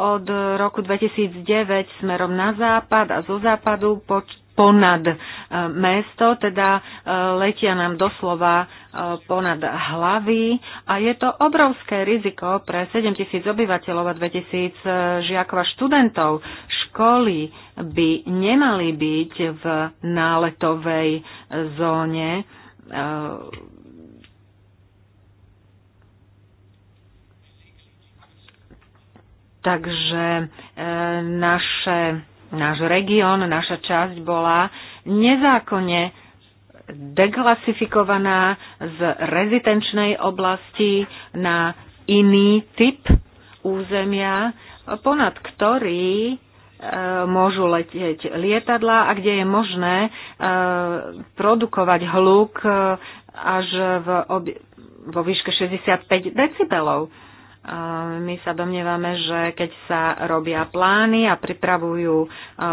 od roku 2009 smerom na západ a zo západu poč- ponad e, mesto, teda e, letia nám doslova e, ponad hlavy a je to obrovské riziko pre 7 tisíc obyvateľov a 2 tisíc žiakov a študentov. Školy by nemali byť v náletovej zóne Takže e, naše náš región, naša časť bola nezákonne deklasifikovaná z rezidenčnej oblasti na iný typ územia, ponad ktorý e, môžu letieť lietadlá a kde je možné e, produkovať hluk e, až v vo výške 65 decibelov. My sa domnievame, že keď sa robia plány a pripravujú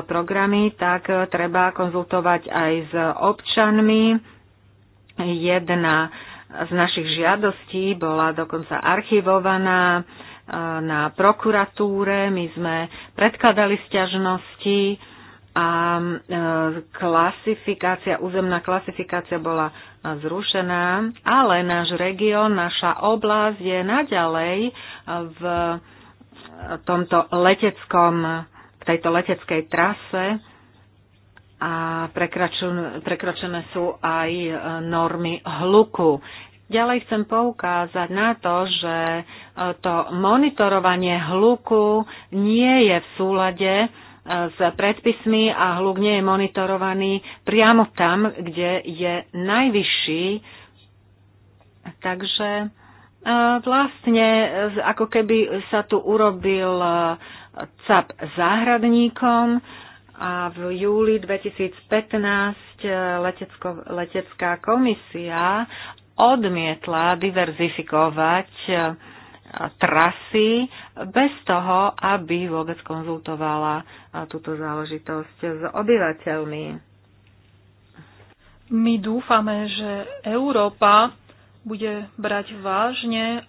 programy, tak treba konzultovať aj s občanmi. Jedna z našich žiadostí bola dokonca archivovaná na prokuratúre. My sme predkladali stiažnosti a klasifikácia, územná klasifikácia bola zrušená, ale náš región, naša oblasť je naďalej v tomto leteckom, tejto leteckej trase a prekročené sú aj e, normy hluku. Ďalej chcem poukázať na to, že e, to monitorovanie hluku nie je v súlade s predpismi a hluk nie je monitorovaný priamo tam, kde je najvyšší. Takže e, vlastne ako keby sa tu urobil e, cap záhradníkom a v júli 2015 e, letecko, letecká komisia odmietla diverzifikovať trasy bez toho, aby vôbec konzultovala túto záležitosť s obyvateľmi. My dúfame, že Európa bude brať vážne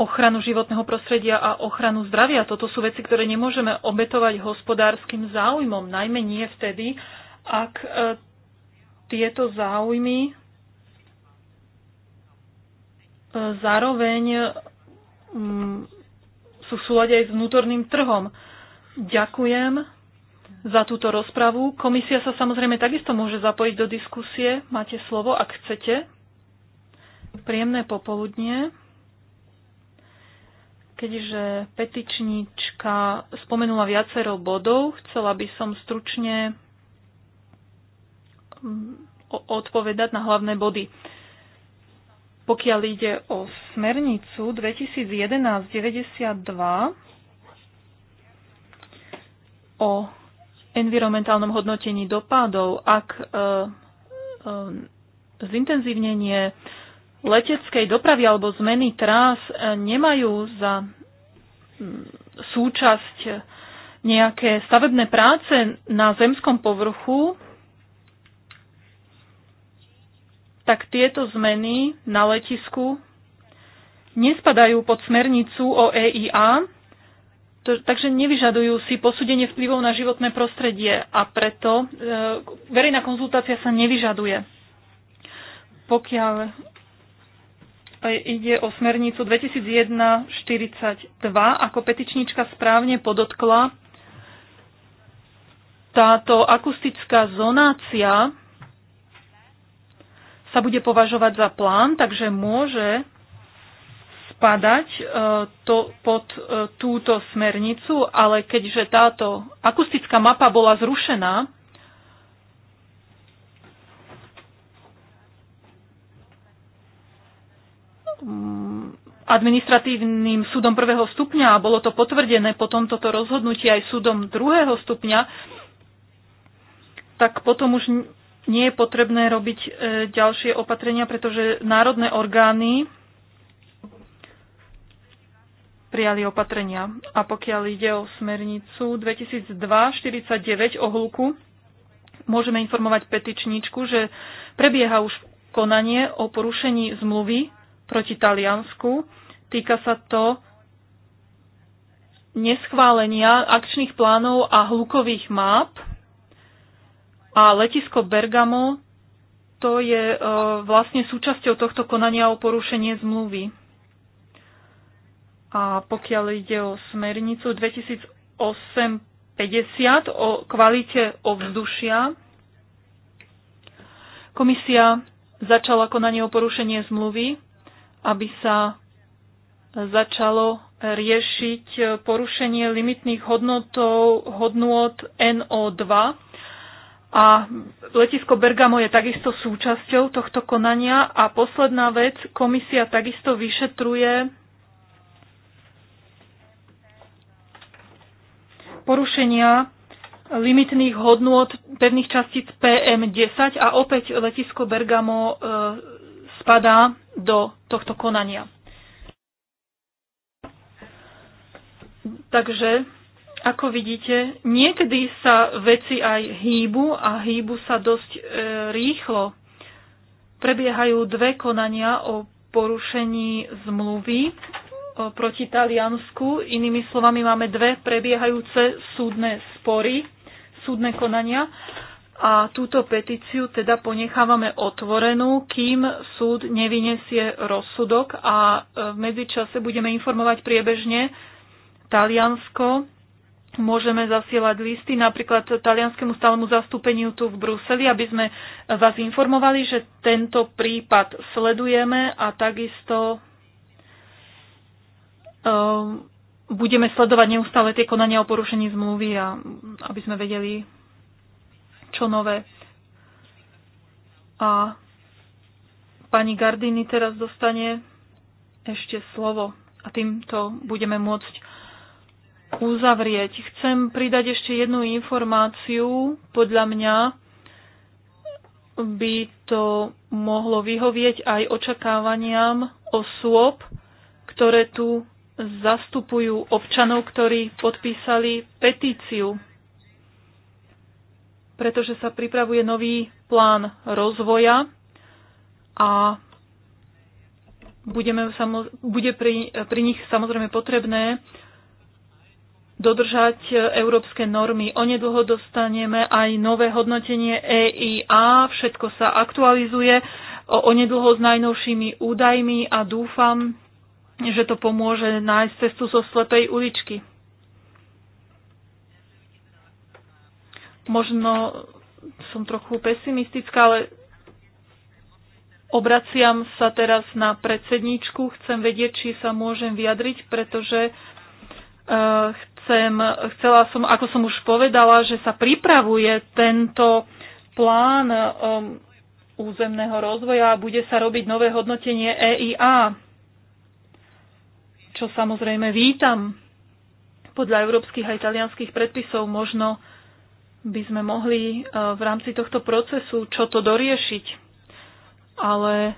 ochranu životného prostredia a ochranu zdravia. Toto sú veci, ktoré nemôžeme obetovať hospodárskym záujmom, najmä nie vtedy, ak e, tieto záujmy zároveň mm, sú v súlade aj s vnútorným trhom. Ďakujem za túto rozpravu. Komisia sa samozrejme takisto môže zapojiť do diskusie. Máte slovo, ak chcete. Príjemné popoludnie. Keďže petičníčka spomenula viacero bodov, chcela by som stručne mm, odpovedať na hlavné body. Pokiaľ ide o smernicu 2011-92 o environmentálnom hodnotení dopadov, ak e, e, zintenzívnenie leteckej dopravy alebo zmeny trás e, nemajú za súčasť nejaké stavebné práce na zemskom povrchu, tak tieto zmeny na letisku nespadajú pod smernicu o EIA, to, takže nevyžadujú si posúdenie vplyvov na životné prostredie a preto e, verejná konzultácia sa nevyžaduje. Pokiaľ ide o smernicu 2001-42, ako petičníčka správne podotkla, táto akustická zonácia sa bude považovať za plán, takže môže spadať e, to pod e, túto smernicu, ale keďže táto akustická mapa bola zrušená, mm, administratívnym súdom prvého stupňa a bolo to potvrdené potom toto rozhodnutie aj súdom druhého stupňa, tak potom už nie je potrebné robiť e, ďalšie opatrenia, pretože národné orgány prijali opatrenia. A pokiaľ ide o smernicu 2002-49 o hluku, môžeme informovať petičníčku, že prebieha už konanie o porušení zmluvy proti Taliansku. Týka sa to neschválenia akčných plánov a hlukových map a letisko Bergamo to je e, vlastne súčasťou tohto konania o porušenie zmluvy. A pokiaľ ide o smernicu 2008-50 o kvalite ovzdušia, komisia začala konanie o porušenie zmluvy, aby sa začalo riešiť porušenie limitných hodnotov, hodnôt NO2 a letisko Bergamo je takisto súčasťou tohto konania. A posledná vec, komisia takisto vyšetruje porušenia limitných hodnôt pevných častíc PM10 a opäť letisko Bergamo e, spadá do tohto konania. Takže ako vidíte, niekedy sa veci aj hýbu a hýbu sa dosť e, rýchlo. Prebiehajú dve konania o porušení zmluvy e, proti Taliansku. Inými slovami, máme dve prebiehajúce súdne spory, súdne konania. A túto petíciu teda ponechávame otvorenú, kým súd nevyniesie rozsudok a e, v medzičase budeme informovať priebežne Taliansko Môžeme zasielať listy napríklad talianskému stálemu zastúpeniu tu v Bruseli, aby sme vás informovali, že tento prípad sledujeme a takisto uh, budeme sledovať neustále tie konania o porušení zmluvy a aby sme vedeli, čo nové. A pani Gardini teraz dostane ešte slovo a týmto budeme môcť uzavrieť. Chcem pridať ešte jednu informáciu. Podľa mňa by to mohlo vyhovieť aj očakávaniam osôb, ktoré tu zastupujú občanov, ktorí podpísali petíciu, pretože sa pripravuje nový plán rozvoja a budeme, bude pri, pri nich samozrejme potrebné dodržať e, európske normy. Onedlho dostaneme aj nové hodnotenie EIA, všetko sa aktualizuje onedlho s najnovšími údajmi a dúfam, že to pomôže nájsť cestu zo slepej uličky. Možno som trochu pesimistická, ale obraciam sa teraz na predsedničku. Chcem vedieť, či sa môžem vyjadriť, pretože uh, Eh, chcem, chcela som, ako som už povedala, že sa pripravuje tento plán um, územného rozvoja a bude sa robiť nové hodnotenie EIA, čo samozrejme vítam. Podľa európskych a italianských predpisov možno by sme mohli eh, v rámci tohto procesu čo to doriešiť. Ale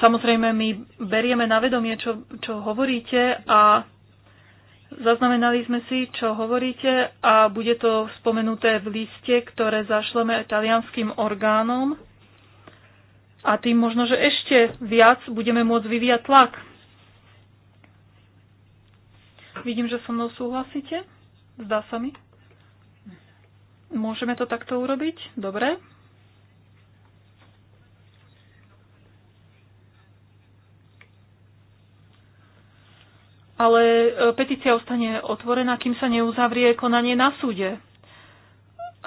samozrejme my berieme na vedomie, čo, čo hovoríte a Zaznamenali sme si, čo hovoríte a bude to spomenuté v liste, ktoré zašleme italianským orgánom a tým možno, že ešte viac budeme môcť vyvíjať tlak. Vidím, že so mnou súhlasíte. Zdá sa mi. Môžeme to takto urobiť? Dobre. ale e, petícia ostane otvorená, kým sa neuzavrie konanie na súde.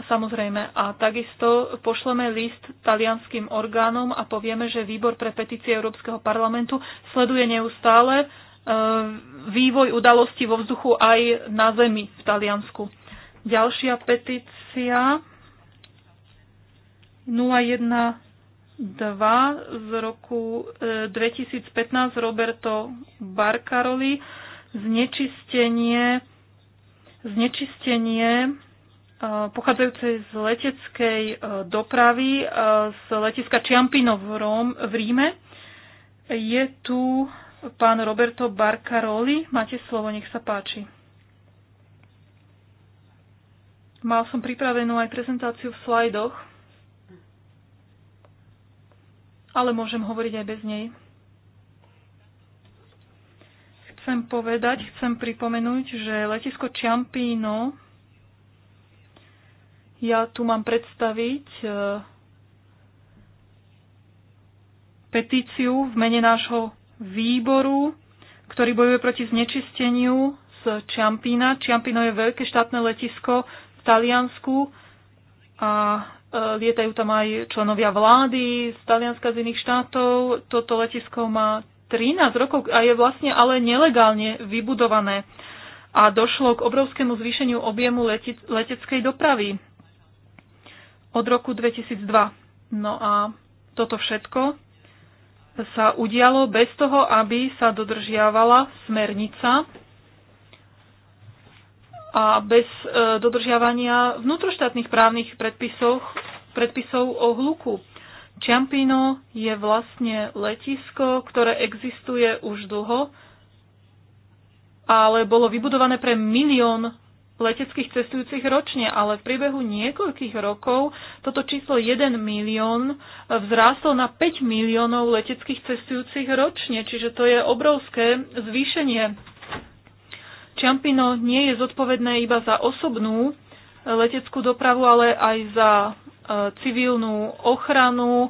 Samozrejme. A takisto pošleme list talianským orgánom a povieme, že výbor pre petície Európskeho parlamentu sleduje neustále e, vývoj udalostí vo vzduchu aj na zemi v Taliansku. Ďalšia petícia 012 z roku 2015 e, Roberto Barcaroli znečistenie, znečistenie e, pochádzajúce z leteckej e, dopravy e, z letiska Čiampino v, Róm, v Ríme. Je tu pán Roberto Barcaroli. Máte slovo, nech sa páči. Mal som pripravenú aj prezentáciu v slajdoch, ale môžem hovoriť aj bez nej chcem povedať, chcem pripomenúť, že letisko Čampíno, ja tu mám predstaviť e, petíciu v mene nášho výboru, ktorý bojuje proti znečisteniu z Čampína. Čampíno je veľké štátne letisko v Taliansku a e, lietajú tam aj členovia vlády z Talianska z iných štátov. Toto letisko má 13 rokov a je vlastne ale nelegálne vybudované a došlo k obrovskému zvýšeniu objemu leteckej dopravy od roku 2002. No a toto všetko sa udialo bez toho, aby sa dodržiavala smernica a bez e, dodržiavania vnútroštátnych právnych predpisov, predpisov o hluku. Čampino je vlastne letisko, ktoré existuje už dlho, ale bolo vybudované pre milión leteckých cestujúcich ročne, ale v priebehu niekoľkých rokov toto číslo 1 milión vzrástlo na 5 miliónov leteckých cestujúcich ročne, čiže to je obrovské zvýšenie. Čampino nie je zodpovedné iba za osobnú leteckú dopravu, ale aj za civilnú ochranu, e,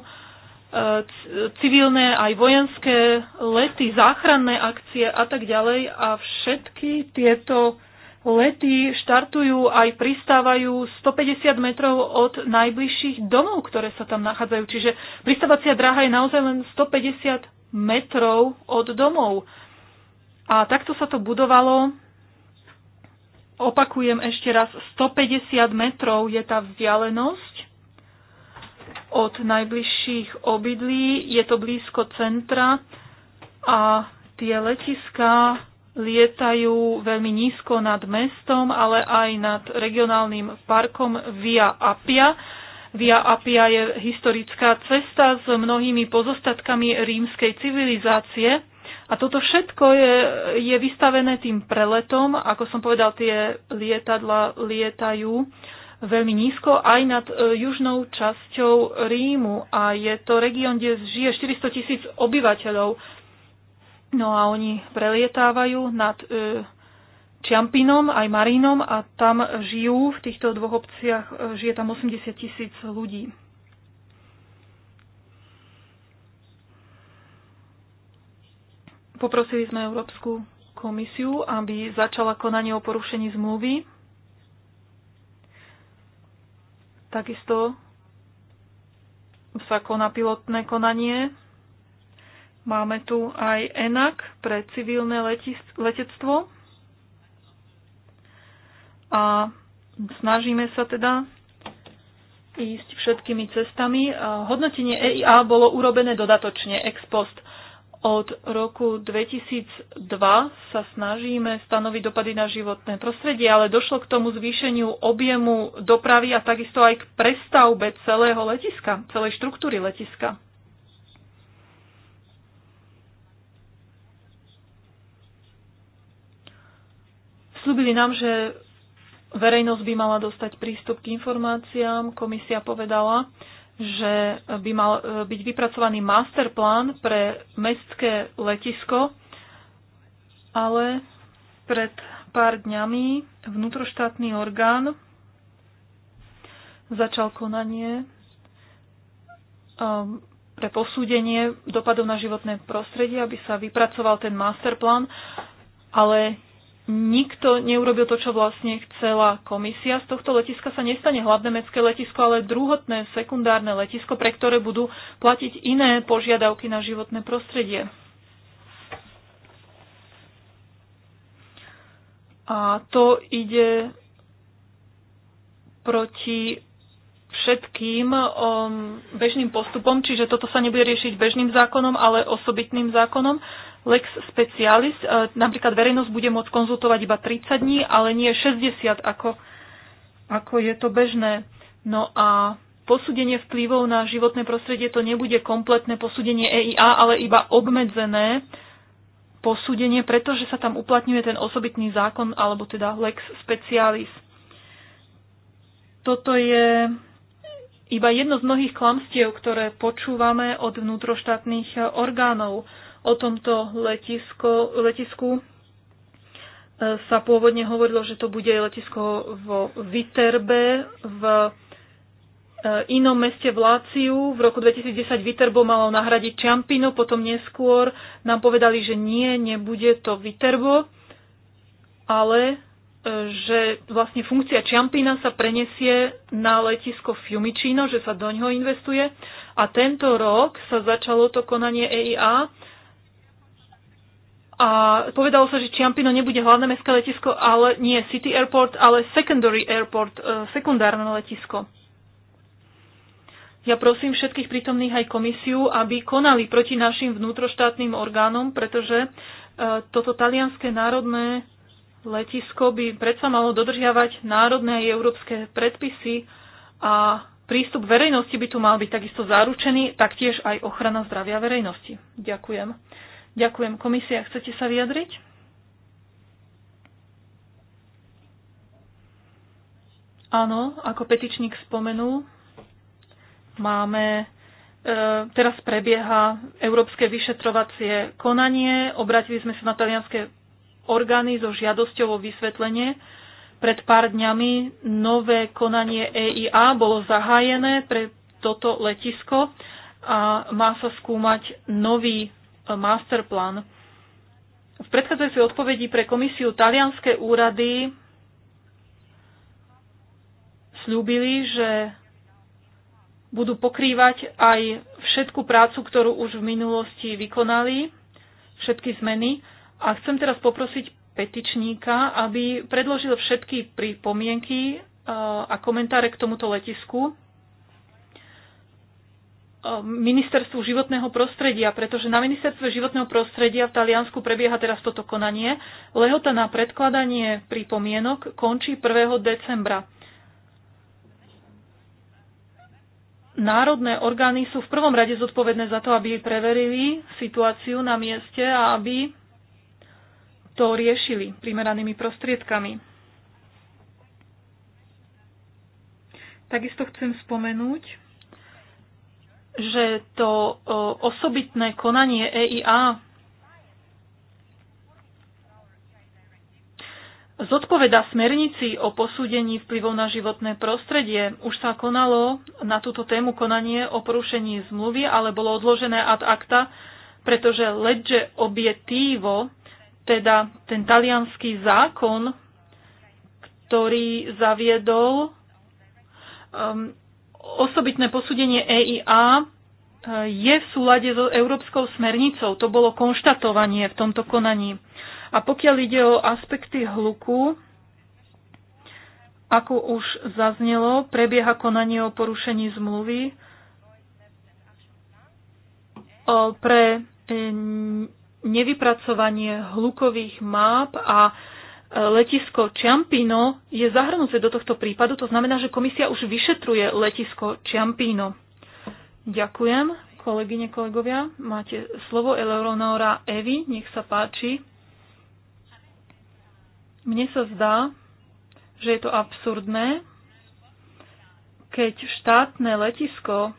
civilné aj vojenské lety, záchranné akcie a tak ďalej. A všetky tieto lety štartujú aj pristávajú 150 metrov od najbližších domov, ktoré sa tam nachádzajú. Čiže pristávacia dráha je naozaj len 150 metrov od domov. A takto sa to budovalo, opakujem ešte raz, 150 metrov je tá vzdialenosť od najbližších obydlí. Je to blízko centra a tie letiská lietajú veľmi nízko nad mestom, ale aj nad regionálnym parkom Via Appia. Via Appia je historická cesta s mnohými pozostatkami rímskej civilizácie. A toto všetko je, je vystavené tým preletom. Ako som povedal, tie lietadla lietajú veľmi nízko aj nad e, južnou časťou Rímu a je to región, kde žije 400 tisíc obyvateľov. No a oni prelietávajú nad e, Čampinom, aj Marínom a tam žijú, v týchto dvoch obciach e, žije tam 80 tisíc ľudí. Poprosili sme Európsku komisiu, aby začala konanie o porušení zmluvy Takisto sa koná pilotné konanie. Máme tu aj ENAK pre civilné letectvo. A snažíme sa teda ísť všetkými cestami. Hodnotenie EIA bolo urobené dodatočne ex post. Od roku 2002 sa snažíme stanoviť dopady na životné prostredie, ale došlo k tomu zvýšeniu objemu dopravy a takisto aj k prestavbe celého letiska, celej štruktúry letiska. Slúbili nám, že verejnosť by mala dostať prístup k informáciám, komisia povedala, že by mal e, byť vypracovaný masterplán pre mestské letisko, ale pred pár dňami vnútroštátny orgán začal konanie e, pre posúdenie dopadov na životné prostredie, aby sa vypracoval ten masterplán, ale nikto neurobil to, čo vlastne chcela komisia. Z tohto letiska sa nestane hlavné mestské letisko, ale druhotné, sekundárne letisko, pre ktoré budú platiť iné požiadavky na životné prostredie. A to ide proti všetkým um, bežným postupom, čiže toto sa nebude riešiť bežným zákonom, ale osobitným zákonom lex specialis. E, napríklad verejnosť bude môcť konzultovať iba 30 dní, ale nie 60, ako, ako je to bežné. No a posúdenie vplyvov na životné prostredie to nebude kompletné posúdenie EIA, ale iba obmedzené posúdenie, pretože sa tam uplatňuje ten osobitný zákon, alebo teda lex specialis. Toto je iba jedno z mnohých klamstiev, ktoré počúvame od vnútroštátnych orgánov. O tomto letisko, letisku e, sa pôvodne hovorilo, že to bude letisko vo Viterbe v e, inom meste v Láciu. V roku 2010 Viterbo malo nahradiť Čampino, potom neskôr nám povedali, že nie, nebude to Viterbo, ale e, že vlastne funkcia Čampina sa prenesie na letisko Fiumicino, že sa do ňoho investuje. A tento rok sa začalo to konanie EIA a povedalo sa, že Čiampino nebude hlavné mestské letisko, ale nie City Airport, ale Secondary Airport, e, sekundárne letisko. Ja prosím všetkých prítomných aj komisiu, aby konali proti našim vnútroštátnym orgánom, pretože e, toto talianské národné letisko by predsa malo dodržiavať národné a európske predpisy a prístup verejnosti by tu mal byť takisto zaručený, taktiež aj ochrana zdravia verejnosti. Ďakujem. Ďakujem. Komisia, chcete sa vyjadriť? Áno, ako petičník spomenul, máme e, teraz prebieha európske vyšetrovacie konanie. Obratili sme sa na talianské orgány so žiadosťou o vysvetlenie. Pred pár dňami nové konanie EIA bolo zahájené pre toto letisko a má sa skúmať nový masterplan. V predchádzajúcej odpovedi pre komisiu talianské úrady slúbili, že budú pokrývať aj všetku prácu, ktorú už v minulosti vykonali, všetky zmeny. A chcem teraz poprosiť petičníka, aby predložil všetky pripomienky a komentáre k tomuto letisku ministerstvu životného prostredia, pretože na ministerstve životného prostredia v Taliansku prebieha teraz toto konanie. Lehota na predkladanie pripomienok končí 1. decembra. Národné orgány sú v prvom rade zodpovedné za to, aby preverili situáciu na mieste a aby to riešili primeranými prostriedkami. Takisto chcem spomenúť, že to osobitné konanie EIA zodpoveda smernici o posúdení vplyvov na životné prostredie. Už sa konalo na túto tému konanie o porušení zmluvy, ale bolo odložené ad acta, pretože legge objektívo, teda ten talianský zákon, ktorý zaviedol um, osobitné posúdenie EIA e, je v súlade s európskou smernicou. To bolo konštatovanie v tomto konaní. A pokiaľ ide o aspekty hluku, ako už zaznelo, prebieha konanie o porušení zmluvy e, pre e, nevypracovanie hlukových máp a letisko Čiampino je zahrnuté do tohto prípadu, to znamená, že komisia už vyšetruje letisko Čiampino. Ďakujem, kolegyne, kolegovia. Máte slovo Eleonora Evi, nech sa páči. Mne sa zdá, že je to absurdné, keď štátne letisko,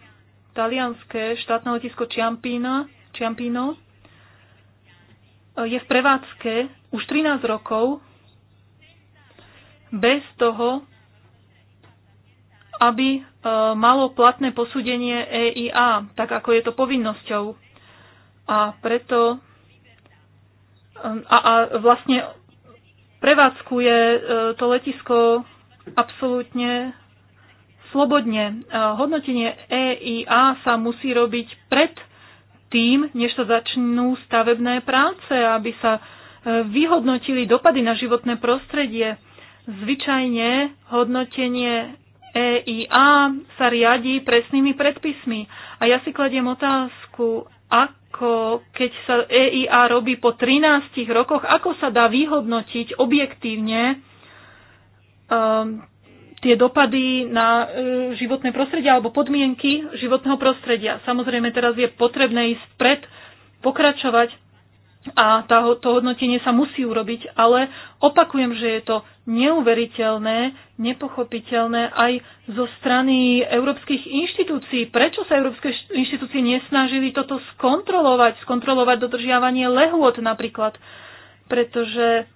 talianské štátne letisko Čiampino, Čiampino je v prevádzke už 13 rokov bez toho, aby e, malo platné posúdenie EIA, tak ako je to povinnosťou. A preto e, a, a vlastne prevádzkuje e, to letisko absolútne slobodne. Hodnotenie EIA sa musí robiť pred tým, než sa začnú stavebné práce, aby sa vyhodnotili dopady na životné prostredie. Zvyčajne hodnotenie EIA sa riadi presnými predpismi. A ja si kladiem otázku, ako keď sa EIA robí po 13 rokoch, ako sa dá vyhodnotiť objektívne um, tie dopady na uh, životné prostredie alebo podmienky životného prostredia. Samozrejme, teraz je potrebné ísť pred, pokračovať a tá, to hodnotenie sa musí urobiť, ale opakujem, že je to neuveriteľné, nepochopiteľné aj zo strany európskych inštitúcií. Prečo sa európske inštitúcie nesnažili toto skontrolovať, skontrolovať dodržiavanie lehôd napríklad? Pretože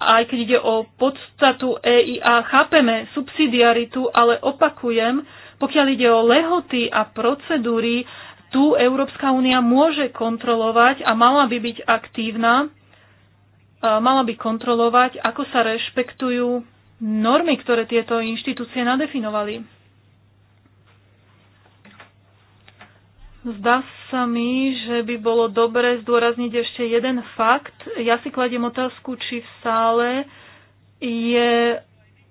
aj keď ide o podstatu EIA, chápeme subsidiaritu, ale opakujem, pokiaľ ide o lehoty a procedúry, tu Európska únia môže kontrolovať a mala by byť aktívna, mala by kontrolovať, ako sa rešpektujú normy, ktoré tieto inštitúcie nadefinovali. Zdá sa mi, že by bolo dobre zdôrazniť ešte jeden fakt. Ja si kladiem otázku, či v sále je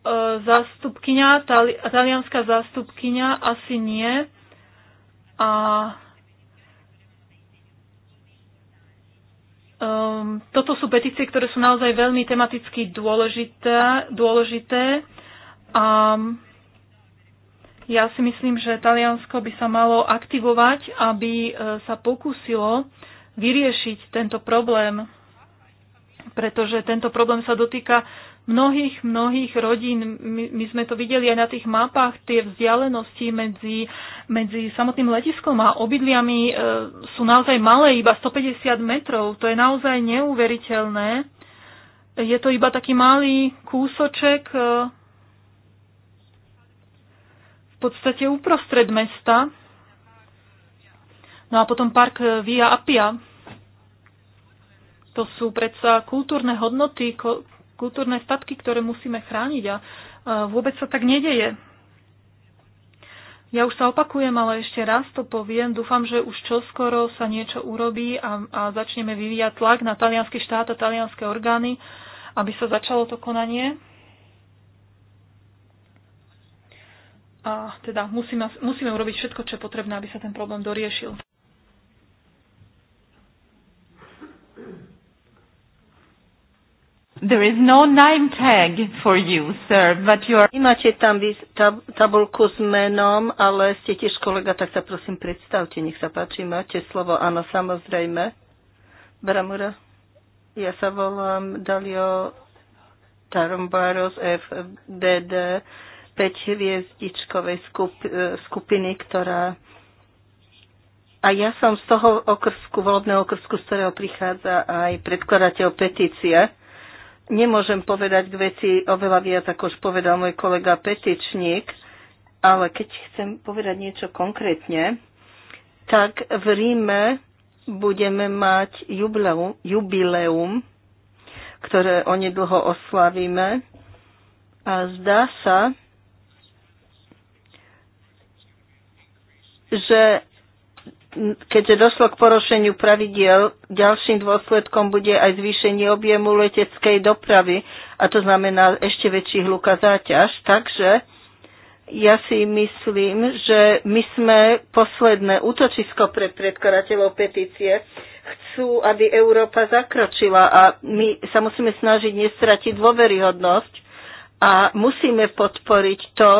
E, zástupkyňa, tali, talianská zástupkyňa asi nie. A um, toto sú petície, ktoré sú naozaj veľmi tematicky dôležité, dôležité. A ja si myslím, že Taliansko by sa malo aktivovať, aby e, sa pokúsilo vyriešiť tento problém, pretože tento problém sa dotýka mnohých, mnohých rodín. My, my sme to videli aj na tých mapách, tie vzdialenosti medzi, medzi samotným letiskom a obydliami e, sú naozaj malé, iba 150 metrov. To je naozaj neuveriteľné. Je to iba taký malý kúsoček e, v podstate uprostred mesta. No a potom park Via Appia. To sú predsa kultúrne hodnoty, kultúrne statky, ktoré musíme chrániť a vôbec sa tak nedeje. Ja už sa opakujem, ale ešte raz to poviem. Dúfam, že už čoskoro sa niečo urobí a, a začneme vyvíjať tlak na talianský štát a talianské orgány, aby sa začalo to konanie. A teda musíme, musíme urobiť všetko, čo je potrebné, aby sa ten problém doriešil. There is no name tag for you, sir, but you are... Nemáte tam tab- tabulku s menom, ale ste tiež kolega, tak sa prosím predstavte, nech sa páči, máte slovo, áno, samozrejme. Bramura, ja sa volám Dalio Tarombaros FDD, 5 hviezdičkovej skup- skupiny, ktorá a ja som z toho okrsku, volebného okrsku, z ktorého prichádza aj predkladateľ petície. Nemôžem povedať k veci oveľa viac, ako už povedal môj kolega Petičník, ale keď chcem povedať niečo konkrétne, tak v Ríme budeme mať jubileum, jubileum ktoré onedlho oslavíme. A zdá sa, že keďže došlo k porušeniu pravidiel, ďalším dôsledkom bude aj zvýšenie objemu leteckej dopravy a to znamená ešte väčší hluk a záťaž. Takže ja si myslím, že my sme posledné útočisko pre predkladateľov petície. Chcú, aby Európa zakročila a my sa musíme snažiť nestratiť dôveryhodnosť a musíme podporiť to,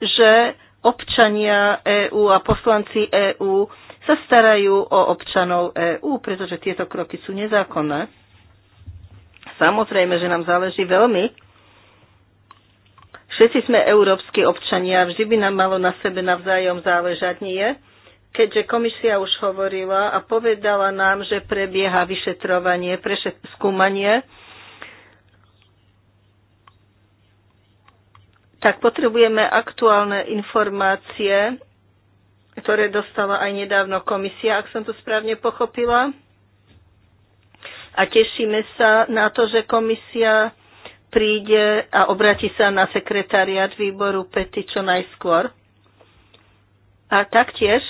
že občania EÚ a poslanci EÚ sa starajú o občanov EÚ, pretože tieto kroky sú nezákonné. Samozrejme, že nám záleží veľmi. Všetci sme európsky občania, vždy by nám malo na sebe navzájom záležať, nie? Keďže komisia už hovorila a povedala nám, že prebieha vyšetrovanie, prešet, skúmanie, tak potrebujeme aktuálne informácie, ktoré dostala aj nedávno komisia, ak som to správne pochopila. A tešíme sa na to, že komisia príde a obráti sa na sekretariat výboru PETI čo najskôr. A taktiež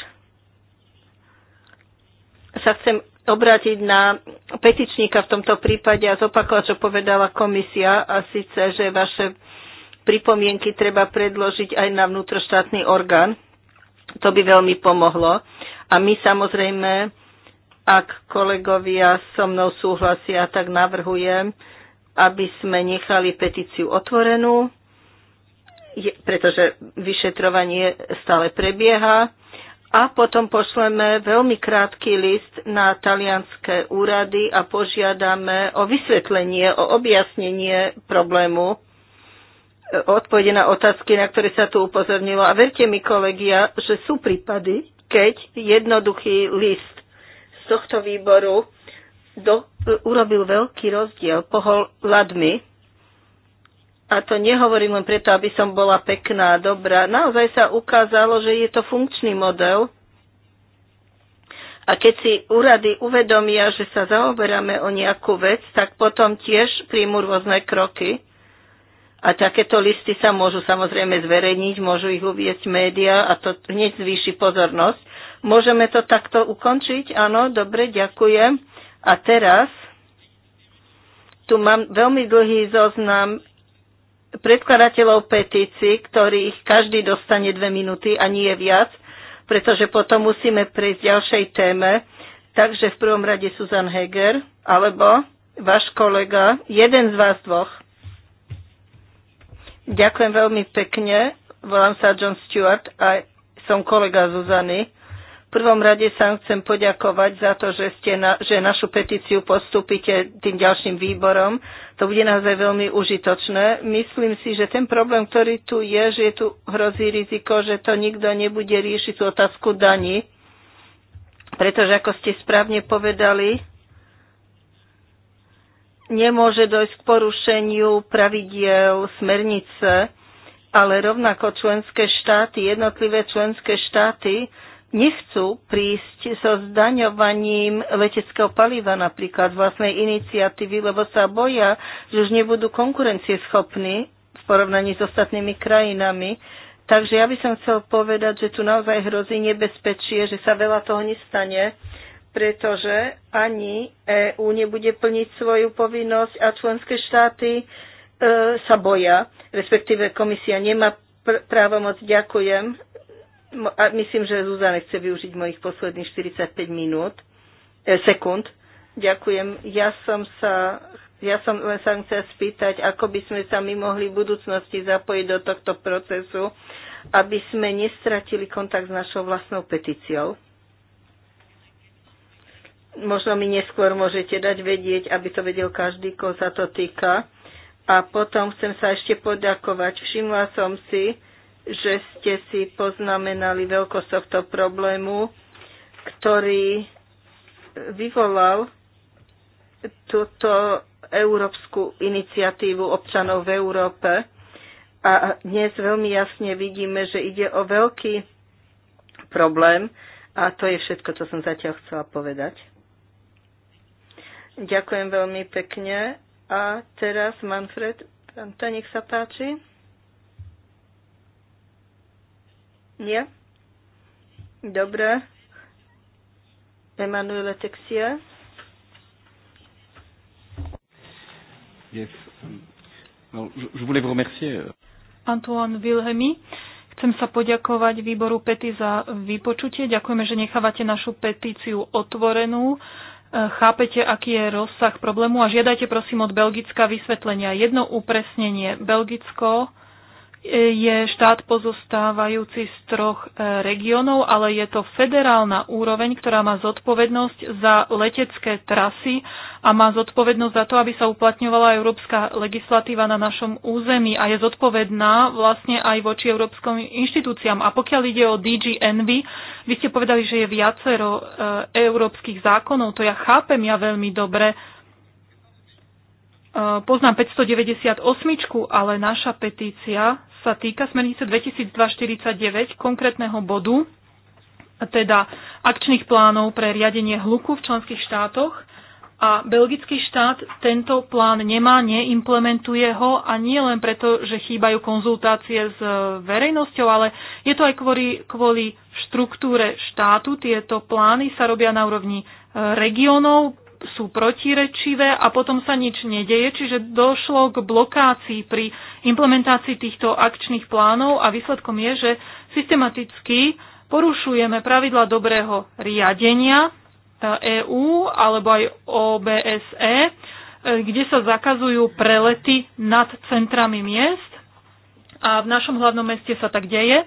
sa chcem obrátiť na petičníka v tomto prípade a zopakovať, čo povedala komisia, a síce, že vaše pripomienky treba predložiť aj na vnútroštátny orgán. To by veľmi pomohlo. A my samozrejme, ak kolegovia so mnou súhlasia, tak navrhujem, aby sme nechali petíciu otvorenú, pretože vyšetrovanie stále prebieha. A potom pošleme veľmi krátky list na talianské úrady a požiadame o vysvetlenie, o objasnenie problému odpovede na otázky, na ktoré sa tu upozornilo. A verte mi, kolegia, že sú prípady, keď jednoduchý list z tohto výboru do, urobil veľký rozdiel, pohol ladmi. A to nehovorím len preto, aby som bola pekná, dobrá. Naozaj sa ukázalo, že je to funkčný model. A keď si úrady uvedomia, že sa zaoberáme o nejakú vec, tak potom tiež príjmu rôzne kroky. A takéto listy sa môžu samozrejme zverejniť, môžu ich uviesť médiá a to hneď zvýši pozornosť. Môžeme to takto ukončiť? Áno, dobre, ďakujem. A teraz tu mám veľmi dlhý zoznam predkladateľov petícií, ktorých každý dostane dve minúty a nie viac, pretože potom musíme prejsť ďalšej téme. Takže v prvom rade Susan Heger alebo váš kolega, jeden z vás dvoch. Ďakujem veľmi pekne. Volám sa John Stewart a som kolega Zuzany. V prvom rade sa chcem poďakovať za to, že, ste na, že našu petíciu postúpite tým ďalším výborom. To bude naozaj veľmi užitočné. Myslím si, že ten problém, ktorý tu je, že tu hrozí riziko, že to nikto nebude riešiť tú otázku daní. Pretože, ako ste správne povedali, nemôže dojsť k porušeniu pravidiel smernice, ale rovnako členské štáty, jednotlivé členské štáty nechcú prísť so zdaňovaním leteckého paliva napríklad vlastnej iniciatívy, lebo sa boja, že už nebudú konkurencieschopní v porovnaní s ostatnými krajinami. Takže ja by som chcel povedať, že tu naozaj hrozí nebezpečie, že sa veľa toho nestane pretože ani EÚ nebude plniť svoju povinnosť a členské štáty e, sa boja, respektíve komisia nemá pr- právomoc. Ďakujem. A myslím, že Zuzana chce využiť mojich posledných 45 minút, e, sekúnd. Ďakujem. Ja som sa ja som len sa chcel spýtať, ako by sme sa my mohli v budúcnosti zapojiť do tohto procesu, aby sme nestratili kontakt s našou vlastnou petíciou možno mi neskôr môžete dať vedieť, aby to vedel každý, koho sa to týka. A potom chcem sa ešte poďakovať. Všimla som si, že ste si poznamenali veľkosť tohto problému, ktorý vyvolal túto európsku iniciatívu občanov v Európe. A dnes veľmi jasne vidíme, že ide o veľký problém a to je všetko, čo som zatiaľ chcela povedať. Ďakujem veľmi pekne. A teraz Manfred to nech sa páči. Nie? Dobre. Emanuele Texia. Yes. Um, je voulais vous remercier. Euh. Antoine Wilhelmi, Chcem sa poďakovať výboru PETI za vypočutie. Ďakujeme, že nechávate našu petíciu otvorenú chápete, aký je rozsah problému a žiadajte prosím od Belgická vysvetlenia. Jedno upresnenie. Belgicko je štát pozostávajúci z troch e, regiónov, ale je to federálna úroveň, ktorá má zodpovednosť za letecké trasy a má zodpovednosť za to, aby sa uplatňovala európska legislatíva na našom území a je zodpovedná vlastne aj voči európskom inštitúciám. A pokiaľ ide o DG Envy, vy ste povedali, že je viacero e, európskych zákonov, to ja chápem ja veľmi dobre, e, poznám 598, ale naša petícia sa týka smernice 2249 konkrétneho bodu, teda akčných plánov pre riadenie hluku v členských štátoch a belgický štát tento plán nemá, neimplementuje ho a nie len preto, že chýbajú konzultácie s e, verejnosťou, ale je to aj kvôli, kvôli štruktúre štátu. Tieto plány sa robia na úrovni e, regiónov sú protirečivé a potom sa nič nedeje, čiže došlo k blokácii pri implementácii týchto akčných plánov a výsledkom je, že systematicky porušujeme pravidla dobrého riadenia EÚ e alebo aj OBSE, e, kde sa zakazujú prelety nad centrami miest a v našom hlavnom meste sa tak deje. E,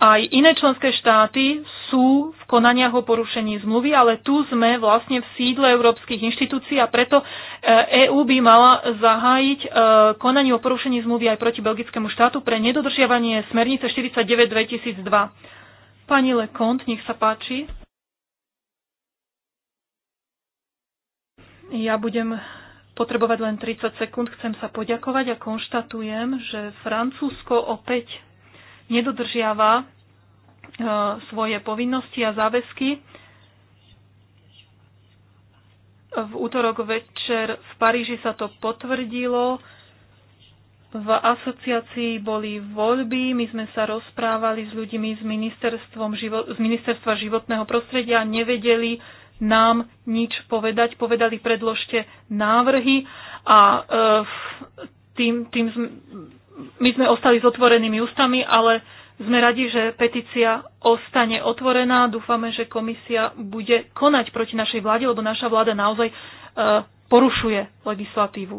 aj iné členské štáty sú v konaniach o porušení zmluvy, ale tu sme vlastne v sídle európskych inštitúcií a preto EÚ e by mala zahájiť e, konanie o porušení zmluvy aj proti belgickému štátu pre nedodržiavanie smernice 49-2002. Pani Lekont, nech sa páči. Ja budem potrebovať len 30 sekúnd. Chcem sa poďakovať a konštatujem, že Francúzsko opäť nedodržiava E, svoje povinnosti a záväzky. V útorok večer v Paríži sa to potvrdilo. V asociácii boli voľby, my sme sa rozprávali s ľuďmi z, ministerstvom živo- z ministerstva životného prostredia, nevedeli nám nič povedať, povedali predložte návrhy a e, tým, tým my sme ostali s otvorenými ústami, ale sme radi, že petícia ostane otvorená. Dúfame, že komisia bude konať proti našej vláde, lebo naša vláda naozaj e, porušuje legislatívu.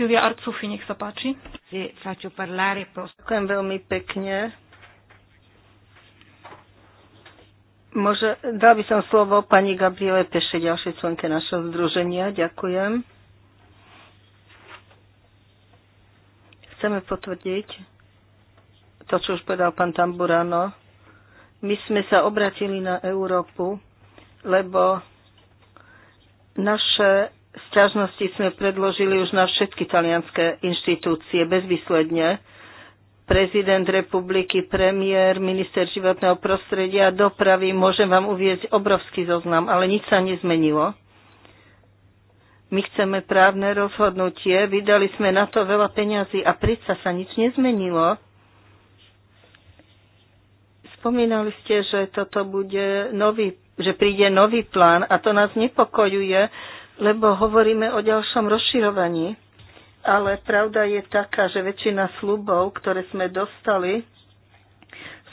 Silvia Arcufi, nech sa páči. Ďakujem veľmi pekne. Môže, dal by som slovo pani Gabriele Peše, ďalšej členke našho združenia. Ďakujem. Chceme potvrdiť, to, čo už povedal pán Tamburano, my sme sa obratili na Európu, lebo naše sťažnosti sme predložili už na všetky talianské inštitúcie bezvýsledne. Prezident republiky, premiér, minister životného prostredia, dopravy, môžem vám uvieť obrovský zoznam, ale nič sa nezmenilo. My chceme právne rozhodnutie, vydali sme na to veľa peňazí a predsa sa nič nezmenilo. Spomínali ste, že toto bude nový, že príde nový plán a to nás nepokojuje, lebo hovoríme o ďalšom rozširovaní. Ale pravda je taká, že väčšina slubov, ktoré sme dostali,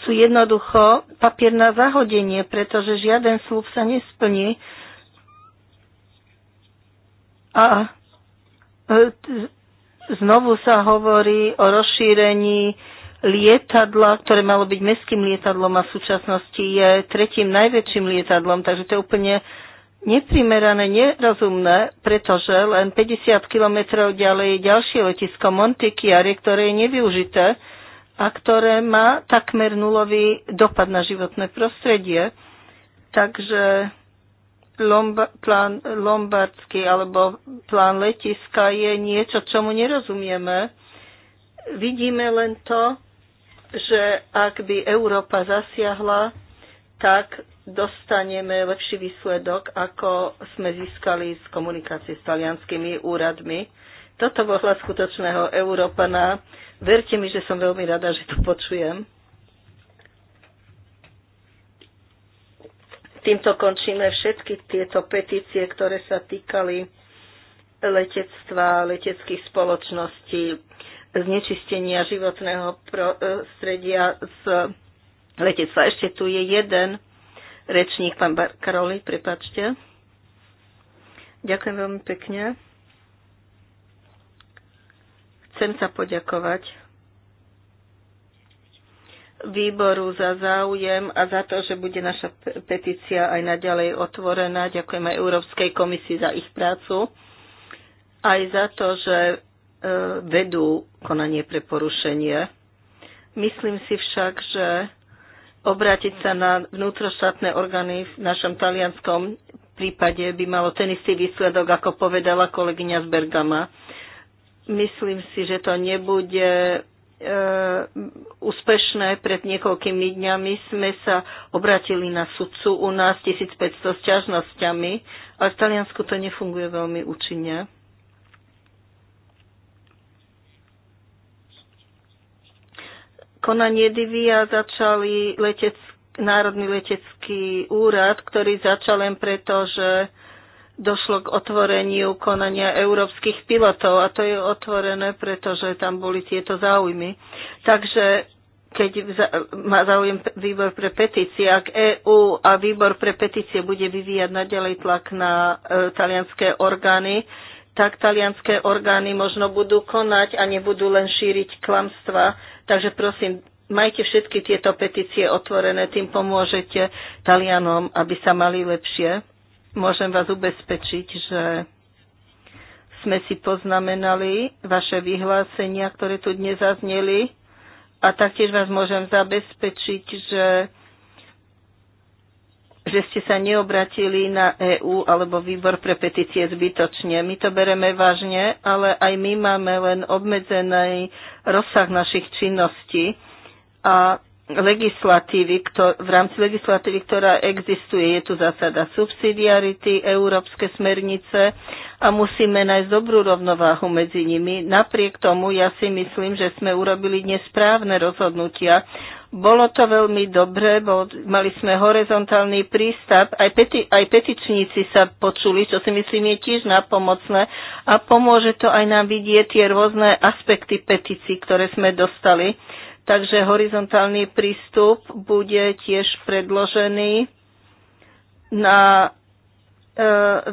sú jednoducho papier na zahodenie, pretože žiaden slúb sa nesplní. A e, znovu sa hovorí o rozšírení lietadla, ktoré malo byť mestským lietadlom a v súčasnosti je tretím najväčším lietadlom, takže to je úplne neprimerané, nerozumné, pretože len 50 kilometrov ďalej je ďalšie letisko Montichiari, ktoré je nevyužité a ktoré má takmer nulový dopad na životné prostredie. Takže Lomba, plán lombardský alebo plán letiska je niečo, čomu nerozumieme. Vidíme len to, že ak by Európa zasiahla, tak dostaneme lepší výsledok, ako sme získali z komunikácie s talianskými úradmi. Toto bol hlas skutočného Európana. Verte mi, že som veľmi rada, že to počujem. Týmto končíme všetky tieto petície, ktoré sa týkali letectva, leteckých spoločností, znečistenia životného prostredia z letectva. Ešte tu je jeden rečník, pán Karoli, prepačte. Ďakujem veľmi pekne. Chcem sa poďakovať výboru za záujem a za to, že bude naša petícia aj naďalej otvorená. Ďakujem aj Európskej komisii za ich prácu, aj za to, že vedú konanie pre porušenie. Myslím si však, že obrátiť sa na vnútroštátne orgány v našom talianskom prípade by malo ten istý výsledok, ako povedala kolegyňa z Bergama. Myslím si, že to nebude e, úspešné. Pred niekoľkými dňami sme sa obratili na sudcu u nás 1500 sťažnosťami, ale v Taliansku to nefunguje veľmi účinne. konanie Divia začali letec, Národný letecký úrad, ktorý začal len preto, že došlo k otvoreniu konania európskych pilotov a to je otvorené, pretože tam boli tieto záujmy. Takže keď má záujem výbor pre petície, ak EÚ a výbor pre petície bude vyvíjať naďalej tlak na e, talianské orgány, tak talianské orgány možno budú konať a nebudú len šíriť klamstva. Takže prosím, majte všetky tieto petície otvorené, tým pomôžete Talianom, aby sa mali lepšie. Môžem vás ubezpečiť, že sme si poznamenali vaše vyhlásenia, ktoré tu dnes zazneli a taktiež vás môžem zabezpečiť, že že ste sa neobratili na EÚ alebo výbor pre petície zbytočne. My to bereme vážne, ale aj my máme len obmedzený rozsah našich činností a legislatívy, v rámci legislatívy, ktorá existuje, je tu zásada subsidiarity, európske smernice a musíme nájsť dobrú rovnováhu medzi nimi. Napriek tomu ja si myslím, že sme urobili nesprávne rozhodnutia bolo to veľmi dobre, bol, mali sme horizontálny prístav, aj, peti, aj petičníci sa počuli, čo si myslím je tiež napomocné a pomôže to aj nám vidieť tie rôzne aspekty petícií, ktoré sme dostali. Takže horizontálny prístup bude tiež predložený na e,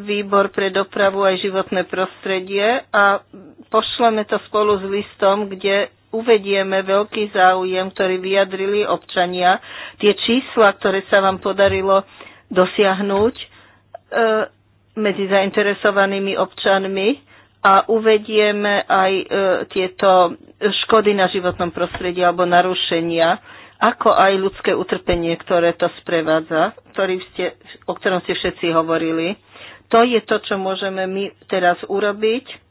výbor pre dopravu aj životné prostredie a pošleme to spolu s listom, kde uvedieme veľký záujem, ktorý vyjadrili občania, tie čísla, ktoré sa vám podarilo dosiahnuť e, medzi zainteresovanými občanmi a uvedieme aj e, tieto škody na životnom prostredí alebo narušenia, ako aj ľudské utrpenie, ktoré to sprevádza, ktorý ste, o ktorom ste všetci hovorili. To je to, čo môžeme my teraz urobiť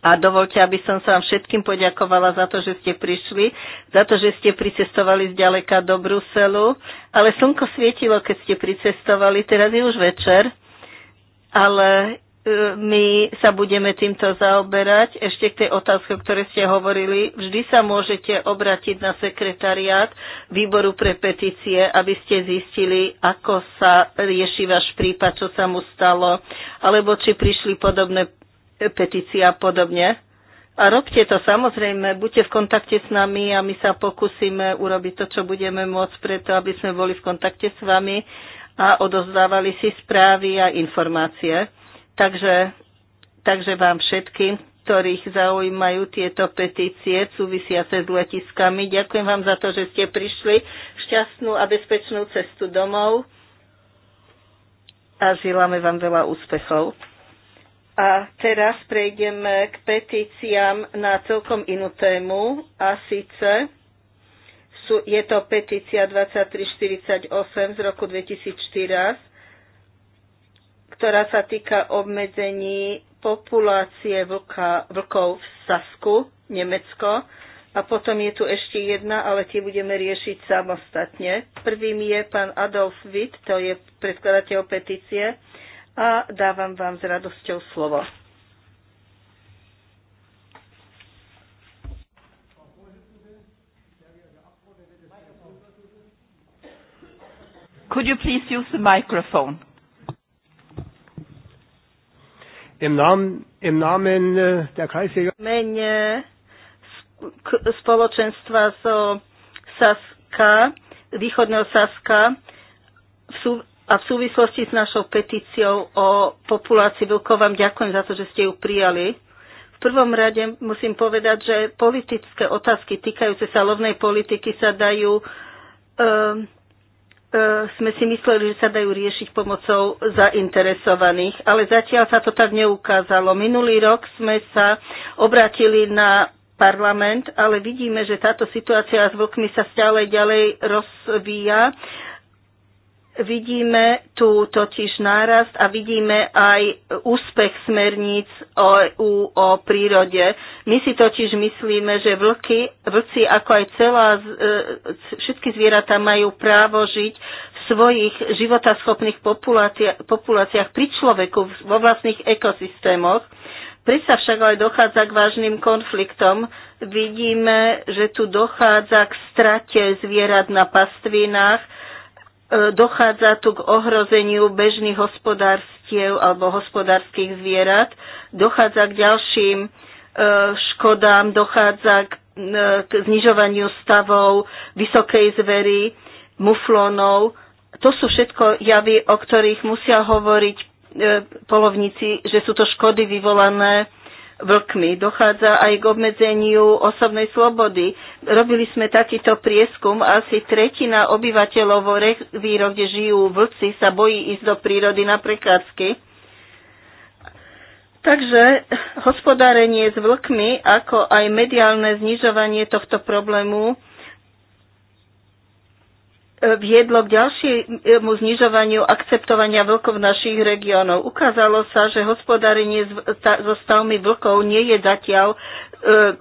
a dovolte, aby som sa vám všetkým poďakovala za to, že ste prišli, za to, že ste pricestovali zďaleka do Bruselu. Ale slnko svietilo, keď ste pricestovali, teraz je už večer, ale e, my sa budeme týmto zaoberať. Ešte k tej otázke, o ktorej ste hovorili, vždy sa môžete obratiť na sekretariát výboru pre petície, aby ste zistili, ako sa rieši váš prípad, čo sa mu stalo, alebo či prišli podobné petícia a podobne. A robte to samozrejme, buďte v kontakte s nami a my sa pokúsime urobiť to, čo budeme môcť preto, aby sme boli v kontakte s vami a odozdávali si správy a informácie. Takže, takže vám všetkým, ktorých zaujímajú tieto petície súvisiace s letiskami, ďakujem vám za to, že ste prišli šťastnú a bezpečnú cestu domov a želáme vám veľa úspechov. A teraz prejdeme k petíciám na celkom inú tému a síce sú, je to petícia 2348 z roku 2014, ktorá sa týka obmedzení populácie vlka, vlkov v Sasku, Nemecko. A potom je tu ešte jedna, ale tie budeme riešiť samostatne. Prvým je pán Adolf Witt, to je predkladateľ petície a dávam vám s radosťou slovo. Could you please use the microphone? Im Namen, im Namen äh, der Kreisjäger. Mene spoločenstva zo Saska, východného Saska, v sú, a v súvislosti s našou petíciou o populácii vlkov vám ďakujem za to, že ste ju prijali. V prvom rade musím povedať, že politické otázky týkajúce sa lovnej politiky sa dajú, e, e, sme si mysleli, že sa dajú riešiť pomocou zainteresovaných, ale zatiaľ sa to tak neukázalo. Minulý rok sme sa obratili na parlament, ale vidíme, že táto situácia s vlkmi sa stále ďalej rozvíja Vidíme tu totiž nárast a vidíme aj úspech smerníc EU o prírode. My si totiž myslíme, že vlky, vlci ako aj celá, e, všetky zvieratá majú právo žiť v svojich životaschopných populáciách, populáciách pri človeku, vo vlastných ekosystémoch. Predsa však ale dochádza k vážnym konfliktom. Vidíme, že tu dochádza k strate zvierat na pastvinách, E, dochádza tu k ohrozeniu bežných hospodárstiev alebo hospodárskych zvierat, dochádza k ďalším e, škodám, dochádza k, e, k znižovaniu stavov vysokej zvery, muflónov. To sú všetko javy, o ktorých musia hovoriť polovníci, že sú to škody vyvolané vlkmi. Dochádza aj k obmedzeniu osobnej slobody. Robili sme takýto prieskum. Asi tretina obyvateľov vo revíro, kde žijú vlci, sa bojí ísť do prírody na prekádzky. Takže hospodárenie s vlkmi, ako aj mediálne znižovanie tohto problému viedlo k ďalšiemu znižovaniu akceptovania vlkov v našich regiónoch. Ukázalo sa, že hospodárenie so stavmi vlkov nie je zatiaľ e,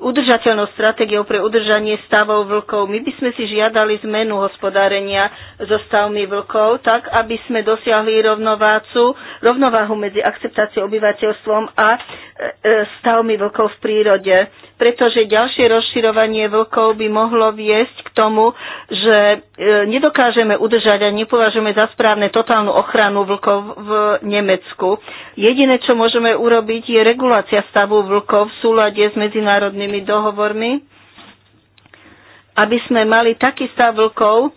udržateľnou stratégiou pre udržanie stavov vlkov. My by sme si žiadali zmenu hospodárenia so stavmi vlkov, tak aby sme dosiahli rovnovácu, rovnováhu medzi akceptáciou obyvateľstvom a e, e, stavmi vlkov v prírode pretože ďalšie rozširovanie vlkov by mohlo viesť k tomu, že nedokážeme nedokážeme udržať a nepovažujeme za správne totálnu ochranu vlkov v Nemecku. Jediné, čo môžeme urobiť, je regulácia stavu vlkov v súlade s medzinárodnými dohovormi, aby sme mali taký stav vlkov,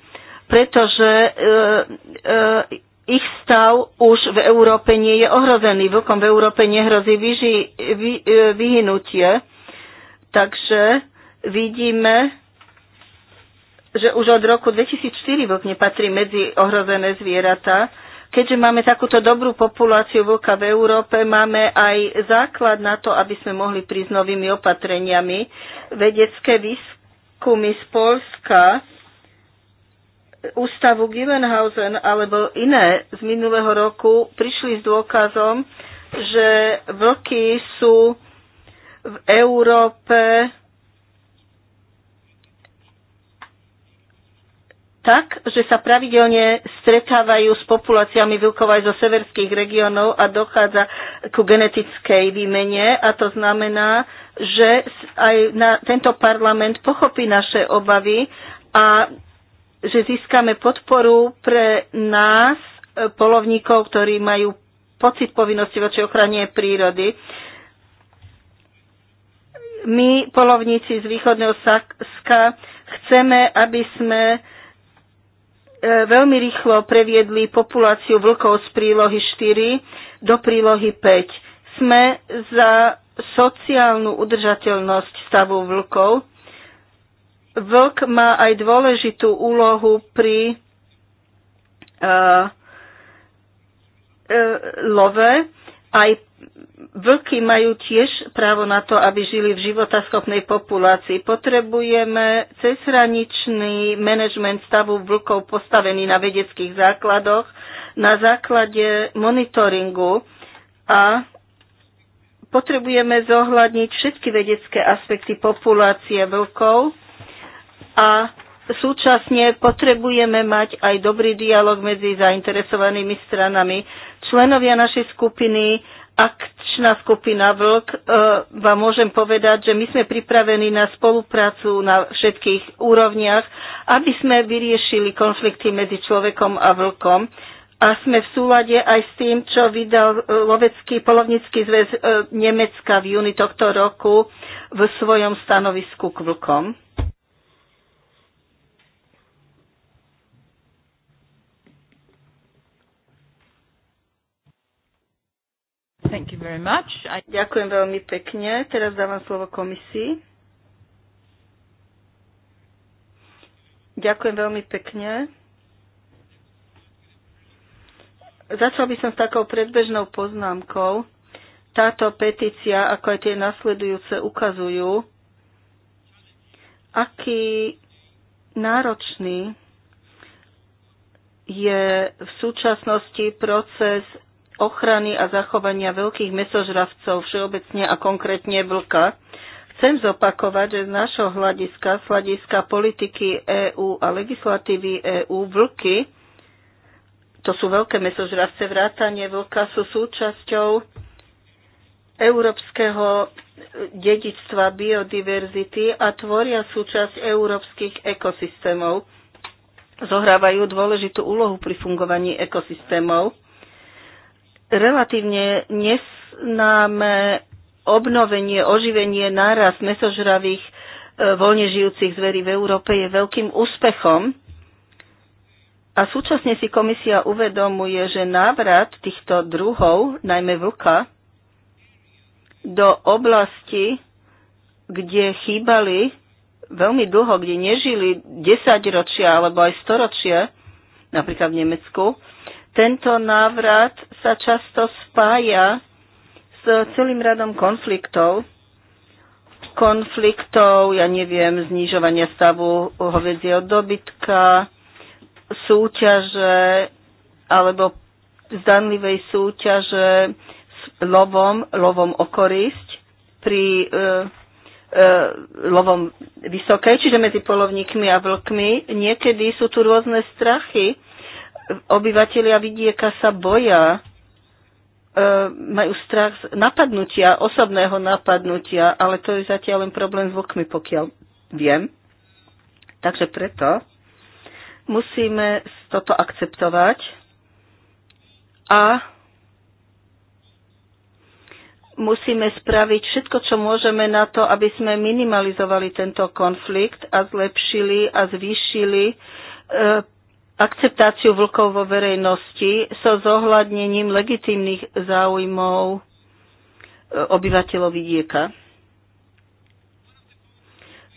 pretože e, e, ich stav už v Európe nie je ohrozený. Vlkom v Európe nehrozí vyži, vy, e, vyhynutie. Takže vidíme, že už od roku 2004 vlk nepatrí medzi ohrozené zvieratá. Keďže máme takúto dobrú populáciu vlka v Európe, máme aj základ na to, aby sme mohli prísť novými opatreniami. Vedecké výskumy z Polska, ústavu Givenhausen alebo iné z minulého roku prišli s dôkazom, že vlky sú v Európe tak, že sa pravidelne stretávajú s populáciami vilkov aj zo severských regiónov a dochádza ku genetickej výmene a to znamená, že aj na tento parlament pochopí naše obavy a že získame podporu pre nás, e, polovníkov, ktorí majú pocit povinnosti voči ochrane prírody. My, polovníci z východného Saska, chceme, aby sme E, veľmi rýchlo previedli populáciu vlkov z prílohy 4 do prílohy 5. Sme za sociálnu udržateľnosť stavu vlkov. Vlk má aj dôležitú úlohu pri uh, uh, love, aj Vlky majú tiež právo na to, aby žili v životaschopnej populácii. Potrebujeme cezhraničný manažment stavu vlkov postavený na vedeckých základoch, na základe monitoringu a potrebujeme zohľadniť všetky vedecké aspekty populácie vlkov a súčasne potrebujeme mať aj dobrý dialog medzi zainteresovanými stranami. Členovia našej skupiny ak akčná skupina VLK, e, vám môžem povedať, že my sme pripravení na spoluprácu na všetkých úrovniach, aby sme vyriešili konflikty medzi človekom a vlkom. A sme v súlade aj s tým, čo vydal e, Lovecký polovnícky zväz e, Nemecka v júni tohto roku v svojom stanovisku k vlkom. Thank you very much. I... Ďakujem veľmi pekne. Teraz dávam slovo komisii. Ďakujem veľmi pekne. Začal by som s takou predbežnou poznámkou. Táto petícia, ako aj tie nasledujúce, ukazujú, aký náročný je v súčasnosti proces ochrany a zachovania veľkých mesožravcov všeobecne a konkrétne vlka. Chcem zopakovať, že z našho hľadiska, z hľadiska politiky EÚ a legislatívy EÚ vlky, to sú veľké mesožravce, vrátanie vlka sú súčasťou európskeho dedictva biodiverzity a tvoria súčasť európskych ekosystémov. Zohrávajú dôležitú úlohu pri fungovaní ekosystémov relatívne neznáme obnovenie, oživenie náraz mesožravých e, voľne žijúcich zverí v Európe je veľkým úspechom. A súčasne si komisia uvedomuje, že návrat týchto druhov, najmä vlka, do oblasti, kde chýbali veľmi dlho, kde nežili 10 ročia alebo aj 100 napríklad v Nemecku, tento návrat sa často spája s celým radom konfliktov, konfliktov, ja neviem, znižovania stavu hovedzieho dobytka, súťaže alebo zdanlivej súťaže s lovom, lovom o korisť pri e, e, lovom vysokej, čiže medzi polovníkmi a vlkmi. Niekedy sú tu rôzne strachy, obyvateľia vidieka sa boja, e, majú strach z napadnutia, osobného napadnutia, ale to je zatiaľ len problém s vlkmi, pokiaľ viem. Takže preto musíme toto akceptovať a musíme spraviť všetko, čo môžeme na to, aby sme minimalizovali tento konflikt a zlepšili a zvýšili e, akceptáciu vlkov vo verejnosti so zohľadnením legitímnych záujmov e, obyvateľov vidieka.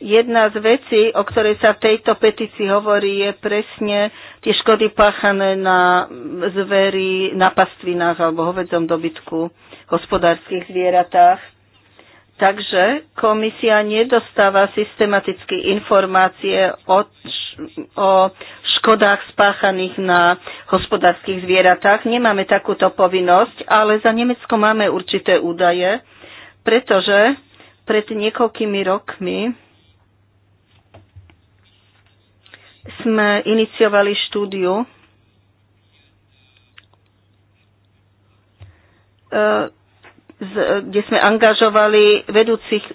Jedna z vecí, o ktorej sa v tejto petícii hovorí, je presne tie škody páchané na zveri, na pastvinách alebo hovedzom dobytku, hospodárskych zvieratách. Takže komisia nedostáva systematicky informácie o, o škodách spáchaných na hospodárskych zvieratách. Nemáme takúto povinnosť, ale za Nemecko máme určité údaje, pretože pred niekoľkými rokmi sme iniciovali štúdiu e, kde sme angažovali vedúcich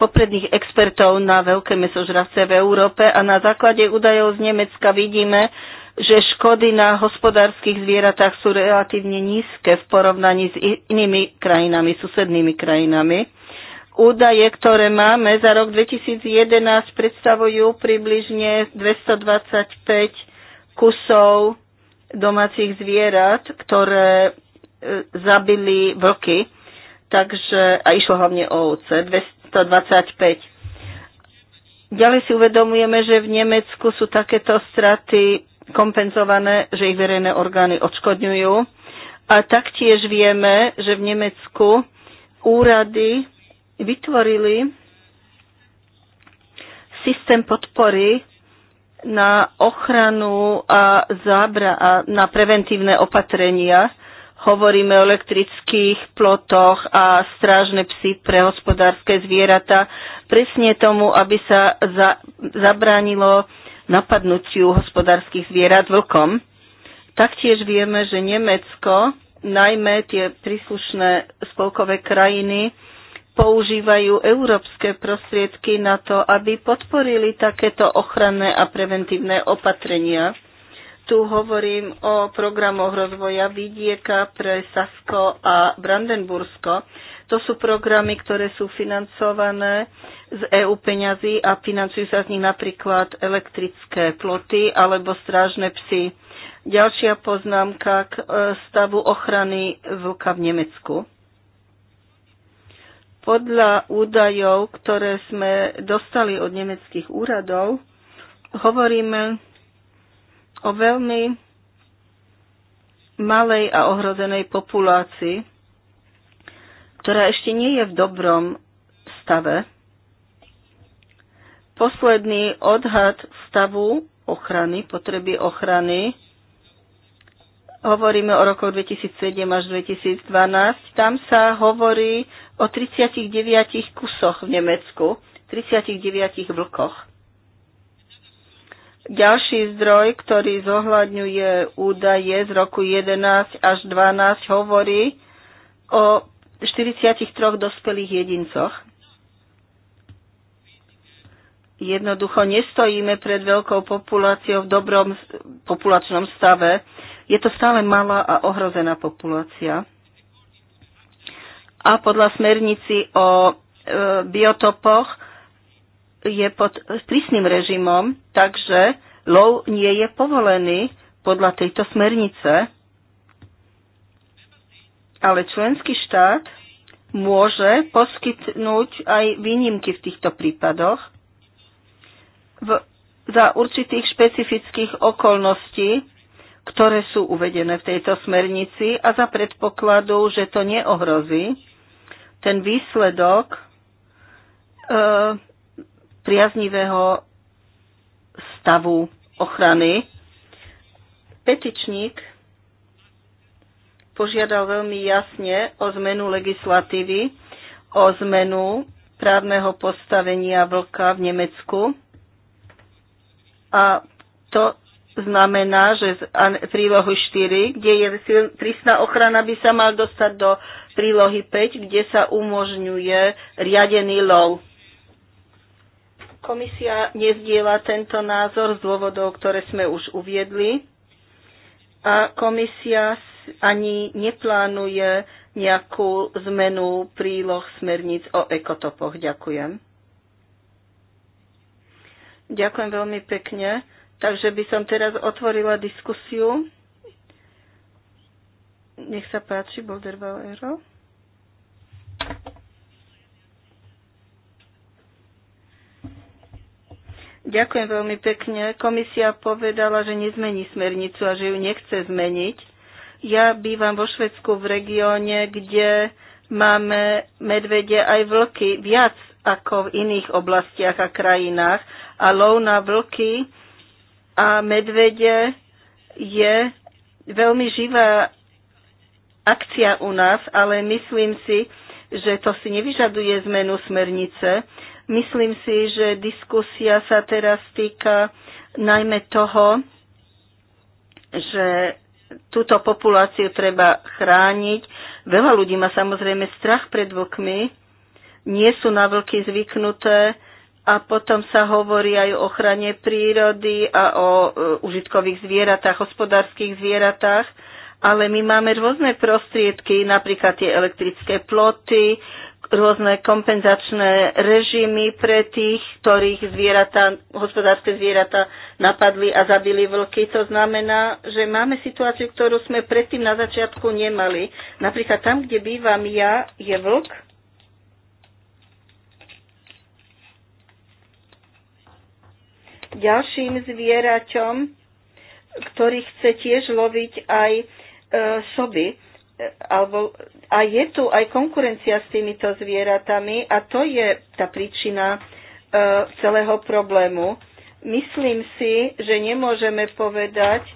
popredných expertov na veľké mesožravce v Európe a na základe údajov z Nemecka vidíme, že škody na hospodárskych zvieratách sú relatívne nízke v porovnaní s inými krajinami, susednými krajinami. Údaje, ktoré máme za rok 2011, predstavujú približne 225 kusov domácich zvierat, ktoré e, zabili vlky. Takže, a išlo hlavne o ovce, 125. Ďalej si uvedomujeme, že v Nemecku sú takéto straty kompenzované, že ich verejné orgány odškodňujú. A taktiež vieme, že v Nemecku úrady vytvorili systém podpory na ochranu a zábra a na preventívne opatrenia, hovoríme o elektrických plotoch a strážne psy pre hospodárske zvieratá, presne tomu, aby sa za, zabránilo napadnutiu hospodárskych zvierat vlkom. Taktiež vieme, že Nemecko, najmä tie príslušné spolkové krajiny, používajú európske prostriedky na to, aby podporili takéto ochranné a preventívne opatrenia tu hovorím o programoch rozvoja vidieka pre Sasko a Brandenbursko. To sú programy, ktoré sú financované z EU peňazí a financujú sa z nich napríklad elektrické ploty alebo strážne psy. Ďalšia poznámka k e, stavu ochrany vlka v Nemecku. Podľa údajov, ktoré sme dostali od nemeckých úradov, hovoríme o veľmi malej a ohrozenej populácii, ktorá ešte nie je v dobrom stave. Posledný odhad stavu ochrany, potreby ochrany, hovoríme o rokoch 2007 až 2012, tam sa hovorí o 39 kusoch v Nemecku, 39 vlkoch. Ďalší zdroj, ktorý zohľadňuje údaje z roku 11 až 12, hovorí o 43 dospelých jedincoch. Jednoducho nestojíme pred veľkou populáciou v dobrom populačnom stave. Je to stále malá a ohrozená populácia. A podľa smernici o e, biotopoch je pod prísnym režimom, takže lov nie je povolený podľa tejto smernice. Ale členský štát môže poskytnúť aj výnimky v týchto prípadoch v, za určitých špecifických okolností, ktoré sú uvedené v tejto smernici a za predpokladu, že to neohrozí ten výsledok e, priaznivého stavu ochrany. Petičník požiadal veľmi jasne o zmenu legislatívy, o zmenu právneho postavenia vlka v Nemecku. A to znamená, že z prílohy 4, kde je prísna ochrana, by sa mal dostať do prílohy 5, kde sa umožňuje riadený lov. Komisia nezdiela tento názor z dôvodov, ktoré sme už uviedli a komisia ani neplánuje nejakú zmenu príloh smerníc o ekotopoch. Ďakujem. Ďakujem veľmi pekne. Takže by som teraz otvorila diskusiu. Nech sa páči, Boldervalero. Ďakujem veľmi pekne. Komisia povedala, že nezmení smernicu a že ju nechce zmeniť. Ja bývam vo Švedsku v regióne, kde máme medvede aj vlky viac ako v iných oblastiach a krajinách. A lov na vlky a medvede je veľmi živá akcia u nás, ale myslím si, že to si nevyžaduje zmenu smernice. Myslím si, že diskusia sa teraz týka najmä toho, že túto populáciu treba chrániť. Veľa ľudí má samozrejme strach pred vlkmi, nie sú na vlky zvyknuté a potom sa hovorí aj o ochrane prírody a o e, užitkových zvieratách, hospodárskych zvieratách ale my máme rôzne prostriedky, napríklad tie elektrické ploty, rôzne kompenzačné režimy pre tých, ktorých zvieratá, hospodárske zvieratá napadli a zabili vlky. To znamená, že máme situáciu, ktorú sme predtým na začiatku nemali. Napríklad tam, kde bývam ja, je vlk. Ďalším zvieraťom, ktorý chce tiež loviť aj e, soby alebo, a je tu aj konkurencia s týmito zvieratami a to je tá príčina e, celého problému. Myslím si, že nemôžeme povedať,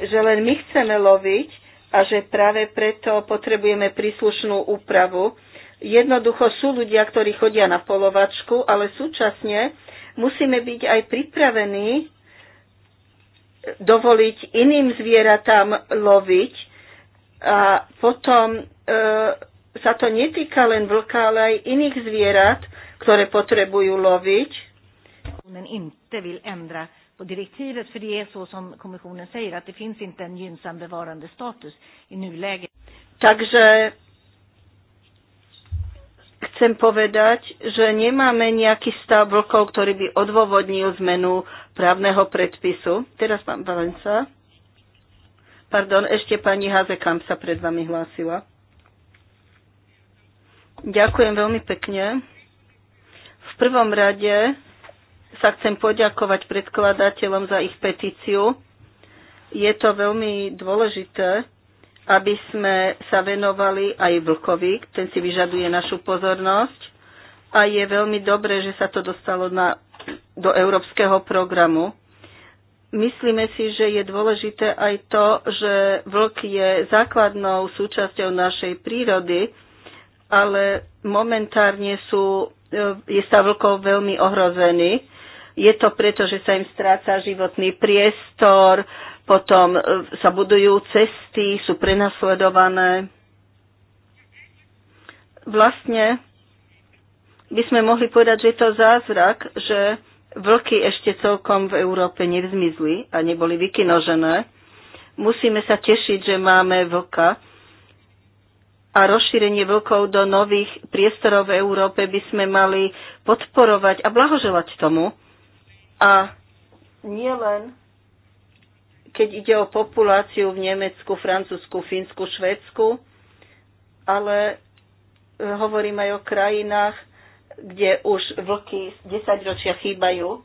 že len my chceme loviť a že práve preto potrebujeme príslušnú úpravu. Jednoducho sú ľudia, ktorí chodia na polovačku, ale súčasne musíme byť aj pripravení dovoliť iným zvieratám loviť a potom e, sa to netýka len vlka, ale aj iných zvierat, ktoré potrebujú loviť. inte vill ändra på direktivet för det är så som kommissionen säger att det finns inte en gynnsam i nuläget. Takže chcem povedať, že nemáme nejaký stav vlkov, ktorý by odôvodnil zmenu právneho predpisu. Teraz pán Valenca. Pardon, ešte pani Hazekamp sa pred vami hlásila. Ďakujem veľmi pekne. V prvom rade sa chcem poďakovať predkladateľom za ich petíciu. Je to veľmi dôležité, aby sme sa venovali aj vlkovi, ten si vyžaduje našu pozornosť a je veľmi dobré, že sa to dostalo na, do európskeho programu. Myslíme si, že je dôležité aj to, že vlk je základnou súčasťou našej prírody, ale momentárne sú, e, je sa vlkov veľmi ohrozený. Je to preto, že sa im stráca životný priestor, potom e, sa budujú cesty, sú prenasledované. Vlastne by sme mohli povedať, že je to zázrak, že vlky ešte celkom v Európe nevzmizli a neboli vykinožené. Musíme sa tešiť, že máme vlka a rozšírenie vlkov do nových priestorov v Európe by sme mali podporovať a blahoželať tomu. A nie len keď ide o populáciu v Nemecku, Francúzsku, Fínsku, Švedsku, ale hovorím aj o krajinách, kde už vlky 10 ročia chýbajú.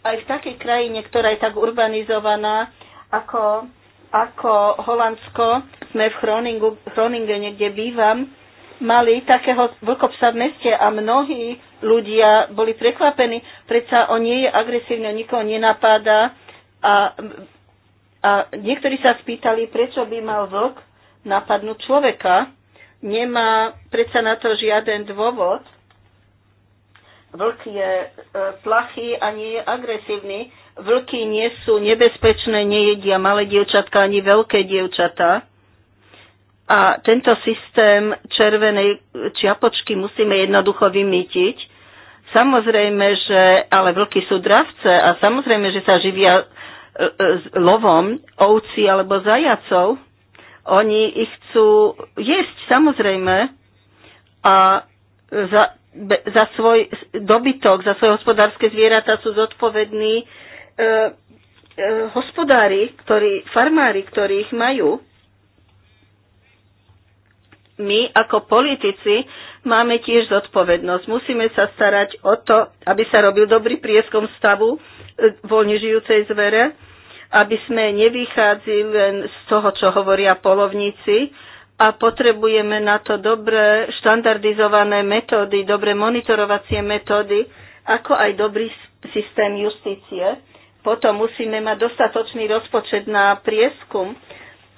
Aj v takej krajine, ktorá je tak urbanizovaná ako, ako Holandsko, sme v Chroningu, Chroningene, kde bývam, mali takého vlkopsa v meste a mnohí ľudia boli prekvapení, predsa on nie je agresívny, nikoho nenapáda a, a niektorí sa spýtali, prečo by mal vlk napadnúť človeka, nemá predsa na to žiaden dôvod Vlk je e, plachý a nie je agresívny. Vlky nie sú nebezpečné, nejedia malé dievčatka ani veľké dievčatá. A tento systém červenej čiapočky musíme jednoducho vymýtiť. Samozrejme, že ale vlky sú dravce a samozrejme, že sa živia e, e, lovom ovci alebo zajacov. Oni ich chcú jesť, samozrejme. A za, za svoj dobytok, za svoje hospodárske zvieratá sú zodpovední e, e, hospodári, ktorí, farmári, ktorí ich majú. My ako politici máme tiež zodpovednosť. Musíme sa starať o to, aby sa robil dobrý prieskom stavu e, voľne žijúcej zvere, aby sme nevychádzali len z toho, čo hovoria polovníci, a potrebujeme na to dobré štandardizované metódy, dobré monitorovacie metódy, ako aj dobrý systém justície. Potom musíme mať dostatočný rozpočet na prieskum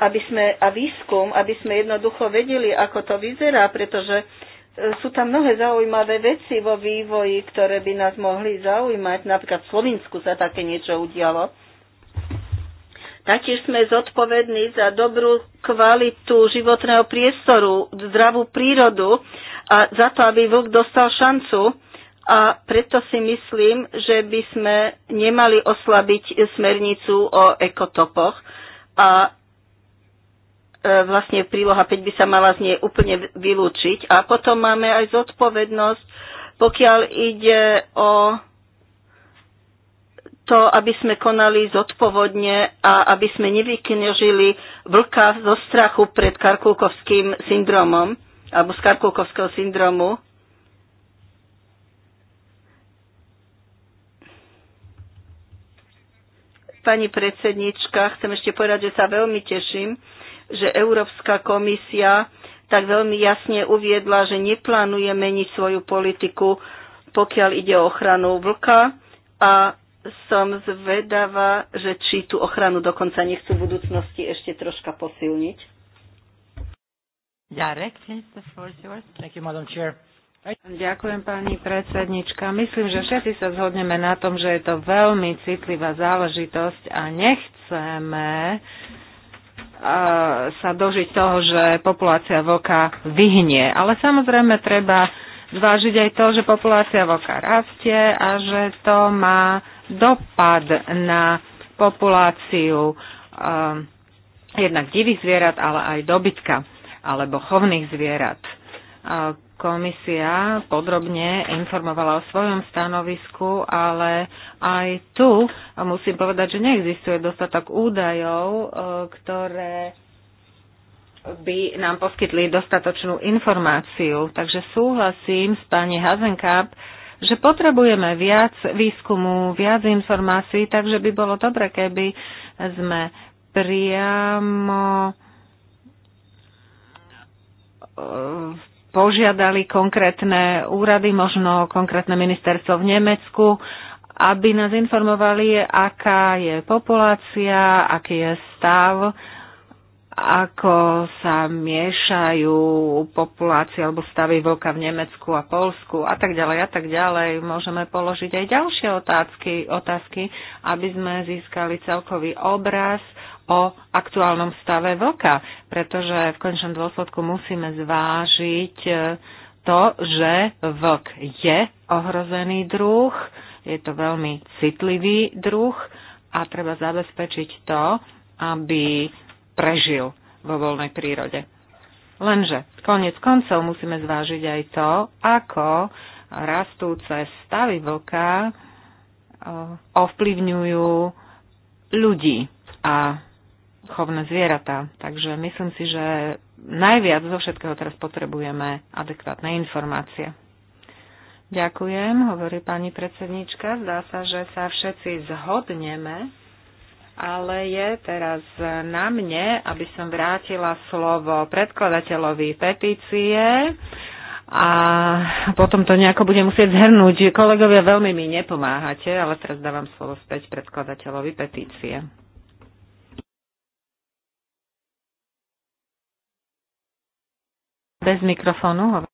aby sme, a výskum, aby sme jednoducho vedeli, ako to vyzerá, pretože e, sú tam mnohé zaujímavé veci vo vývoji, ktoré by nás mohli zaujímať. Napríklad v Slovensku sa také niečo udialo. Taktiež sme zodpovední za dobrú kvalitu životného priestoru, zdravú prírodu a za to, aby vlk dostal šancu. A preto si myslím, že by sme nemali oslabiť smernicu o ekotopoch. A e, vlastne príloha 5 by sa mala z nej úplne vylúčiť. A potom máme aj zodpovednosť, pokiaľ ide o to, aby sme konali zodpovodne a aby sme nevyknežili vlka zo strachu pred karkulkovským syndromom alebo z karkulkovského syndromu. Pani predsednička, chcem ešte povedať, že sa veľmi teším, že Európska komisia tak veľmi jasne uviedla, že neplánuje meniť svoju politiku, pokiaľ ide o ochranu vlka a som zvedavá, že či tú ochranu dokonca nechcú v budúcnosti ešte troška posilniť. Jarek, please, the floor is yours. Thank you, Madam Chair. Ďakujem pani predsednička. Myslím, že všetci sa zhodneme na tom, že je to veľmi citlivá záležitosť a nechceme sa dožiť toho, že populácia vlka vyhnie. Ale samozrejme treba zvážiť aj to, že populácia vlka rastie a že to má dopad na populáciu ehm, jednak divých zvierat, ale aj dobytka alebo chovných zvierat. Komisia podrobne informovala o svojom stanovisku, ale aj tu musím povedať, že neexistuje dostatok údajov, e, ktoré by nám poskytli dostatočnú informáciu. Takže súhlasím s pani Hazenkáp, že potrebujeme viac výskumu, viac informácií, takže by bolo dobre, keby sme priamo eh, požiadali konkrétne úrady, možno konkrétne ministerstvo v Nemecku, aby nás informovali, aká je populácia, aký je stav ako sa miešajú populácie alebo stavy vlka v Nemecku a Polsku a tak ďalej a tak ďalej. Môžeme položiť aj ďalšie otázky, otázky aby sme získali celkový obraz o aktuálnom stave vlka, pretože v končnom dôsledku musíme zvážiť e, to, že vlk je ohrozený druh, je to veľmi citlivý druh a treba zabezpečiť to, aby prežil vo voľnej prírode. Lenže koniec koncov musíme zvážiť aj to, ako rastúce stavy vlka eh, ovplyvňujú ľudí a chovné zvieratá. Takže myslím si, že najviac zo všetkého teraz potrebujeme adekvátne informácie. Ďakujem, hovorí pani predsednička. Zdá sa, že sa všetci zhodneme ale je teraz na mne, aby som vrátila slovo predkladateľovi petície a potom to nejako budem musieť zhrnúť. Kolegovia, veľmi mi nepomáhate, ale teraz dávam slovo späť predkladateľovi petície. Bez mikrofónu.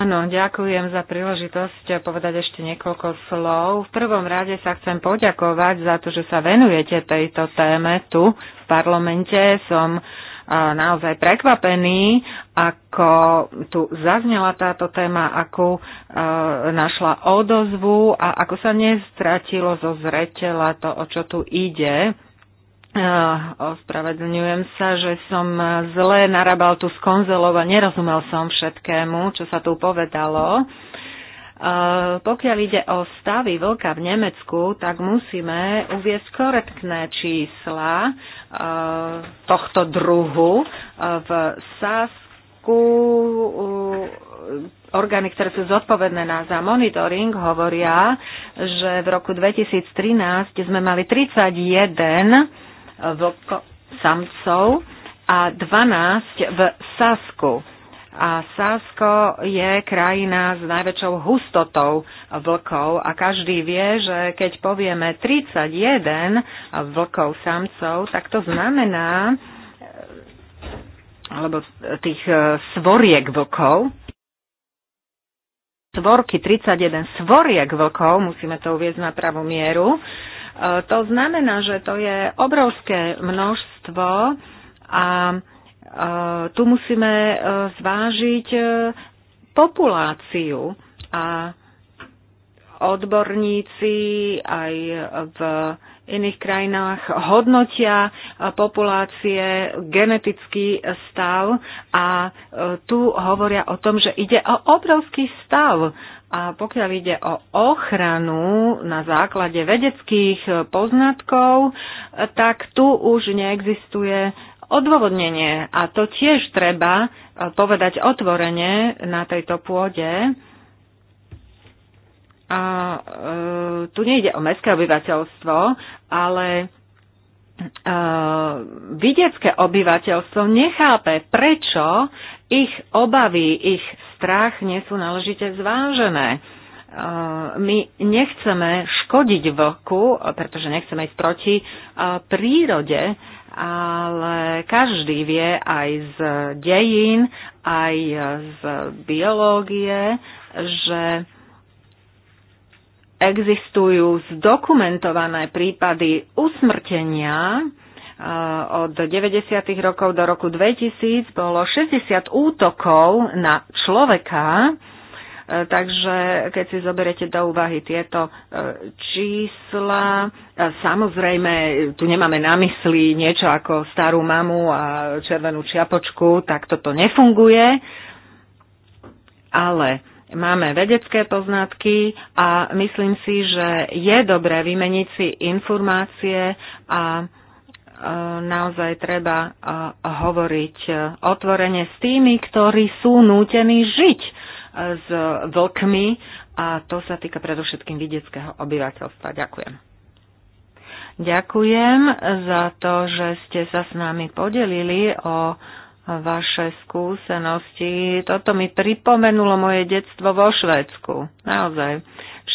Áno, ďakujem za príležitosť povedať ešte niekoľko slov. V prvom rade sa chcem poďakovať za to, že sa venujete tejto téme tu v parlamente. Som naozaj prekvapený, ako tu zaznela táto téma, ako našla odozvu a ako sa nestratilo zo zretela to, o čo tu ide Eh, ospravedlňujem sa, že som zle narabal tu s konzolou a nerozumel som všetkému, čo sa tu povedalo. Eh, pokiaľ ide o stavy vlka v Nemecku, tak musíme uviezť korektné čísla eh, tohto druhu. V Sasku orgány, ktoré sú zodpovedné na, za monitoring, hovoria, že v roku 2013 sme mali 31 vlko samcov a 12 v Sasku. A Sasko je krajina s najväčšou hustotou vlkov a každý vie, že keď povieme 31 vlkov samcov, tak to znamená, alebo tých e, svoriek vlkov, svorky 31 svoriek vlkov, musíme to uvieť na pravú mieru, to znamená, že to je obrovské množstvo a e, tu musíme e, zvážiť e, populáciu a odborníci aj v iných krajinách hodnotia populácie, genetický stav a tu hovoria o tom, že ide o obrovský stav a pokiaľ ide o ochranu na základe vedeckých poznatkov, tak tu už neexistuje odôvodnenie. A to tiež treba e, povedať otvorene na tejto pôde. A e, tu nejde o mestské obyvateľstvo, ale e, vidiecké obyvateľstvo nechápe, prečo ich obavy, ich strach nie sú náležite zvážené. E, my nechceme škodiť vlku, pretože nechceme ísť proti e, prírode, ale každý vie aj z dejín, aj z biológie, že existujú zdokumentované prípady usmrtenia Eh, od 90. rokov do roku 2000 bolo 60 útokov na človeka, eh, Takže keď si zoberiete do úvahy tieto eh, čísla, samozrejme tu nemáme na mysli niečo ako starú mamu a červenú čiapočku, tak toto nefunguje, ale máme vedecké poznatky a myslím si, že je dobré vymeniť si informácie a naozaj treba e, hovoriť e, otvorene s tými, ktorí sú nútení žiť e, s vlkmi a to sa týka predovšetkým vidieckého obyvateľstva. Ďakujem. Ďakujem za to, že ste sa s nami podelili o vaše skúsenosti. Toto mi pripomenulo moje detstvo vo Švédsku. Naozaj.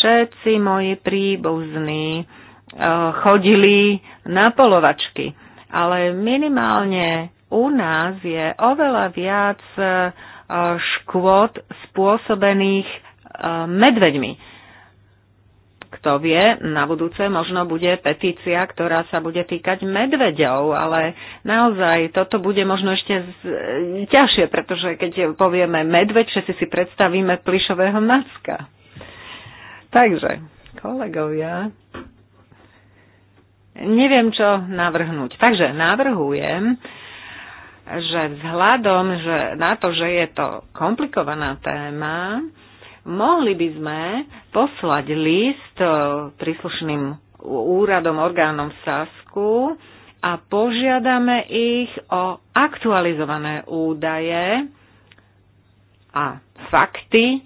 Všetci moji príbuzní E, chodili na polovačky. Ale minimálne u nás je oveľa viac e, škôd spôsobených e, medveďmi kto vie, na budúce možno bude petícia, ktorá sa bude týkať medveďov, ale naozaj toto bude možno ešte z, ťažšie, pretože keď povieme medveď, všetci si predstavíme plišového macka. Takže, kolegovia, neviem, čo navrhnúť. Takže navrhujem, že vzhľadom že na to, že je to komplikovaná téma, mohli by sme poslať list eh, príslušným úradom, orgánom v Sasku a požiadame ich o aktualizované údaje a fakty eh,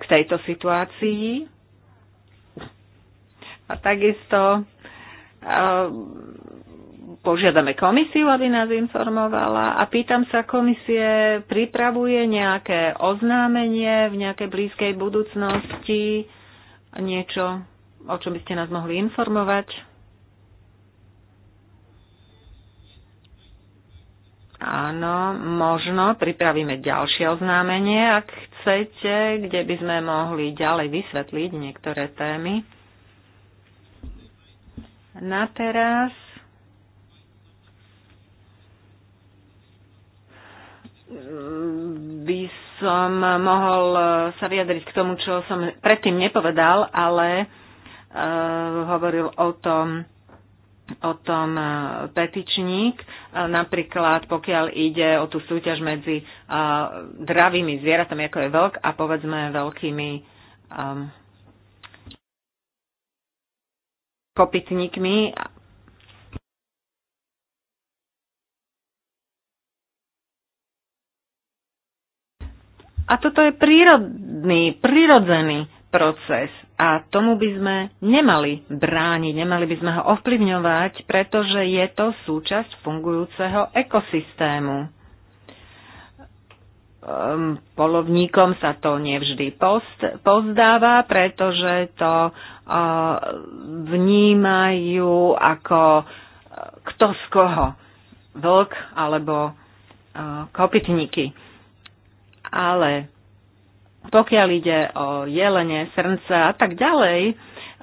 k tejto situácii a takisto požiadame komisiu, aby nás informovala a pýtam sa komisie, pripravuje nejaké oznámenie v nejakej blízkej budúcnosti, niečo, o čom by ste nás mohli informovať? Áno, možno pripravíme ďalšie oznámenie, ak chcete, kde by sme mohli ďalej vysvetliť niektoré témy na teraz by som mohol sa vyjadriť k tomu, čo som predtým nepovedal, ale uh, hovoril o tom, o tom e, petičník, e, napríklad pokiaľ ide o tú súťaž medzi uh, dravými zvieratami, ako je veľk, a povedzme veľkými um, kopytníkmi. A toto je prírodný, prirodzený proces a tomu by sme nemali brániť, nemali by sme ho ovplyvňovať, pretože je to súčasť fungujúceho ekosystému um, polovníkom sa to nevždy post, pozdáva, pretože to uh, vnímajú ako uh, kto z koho, vlk alebo uh, e, kopytníky. Ale pokiaľ ide o jelene, srnce a tak ďalej,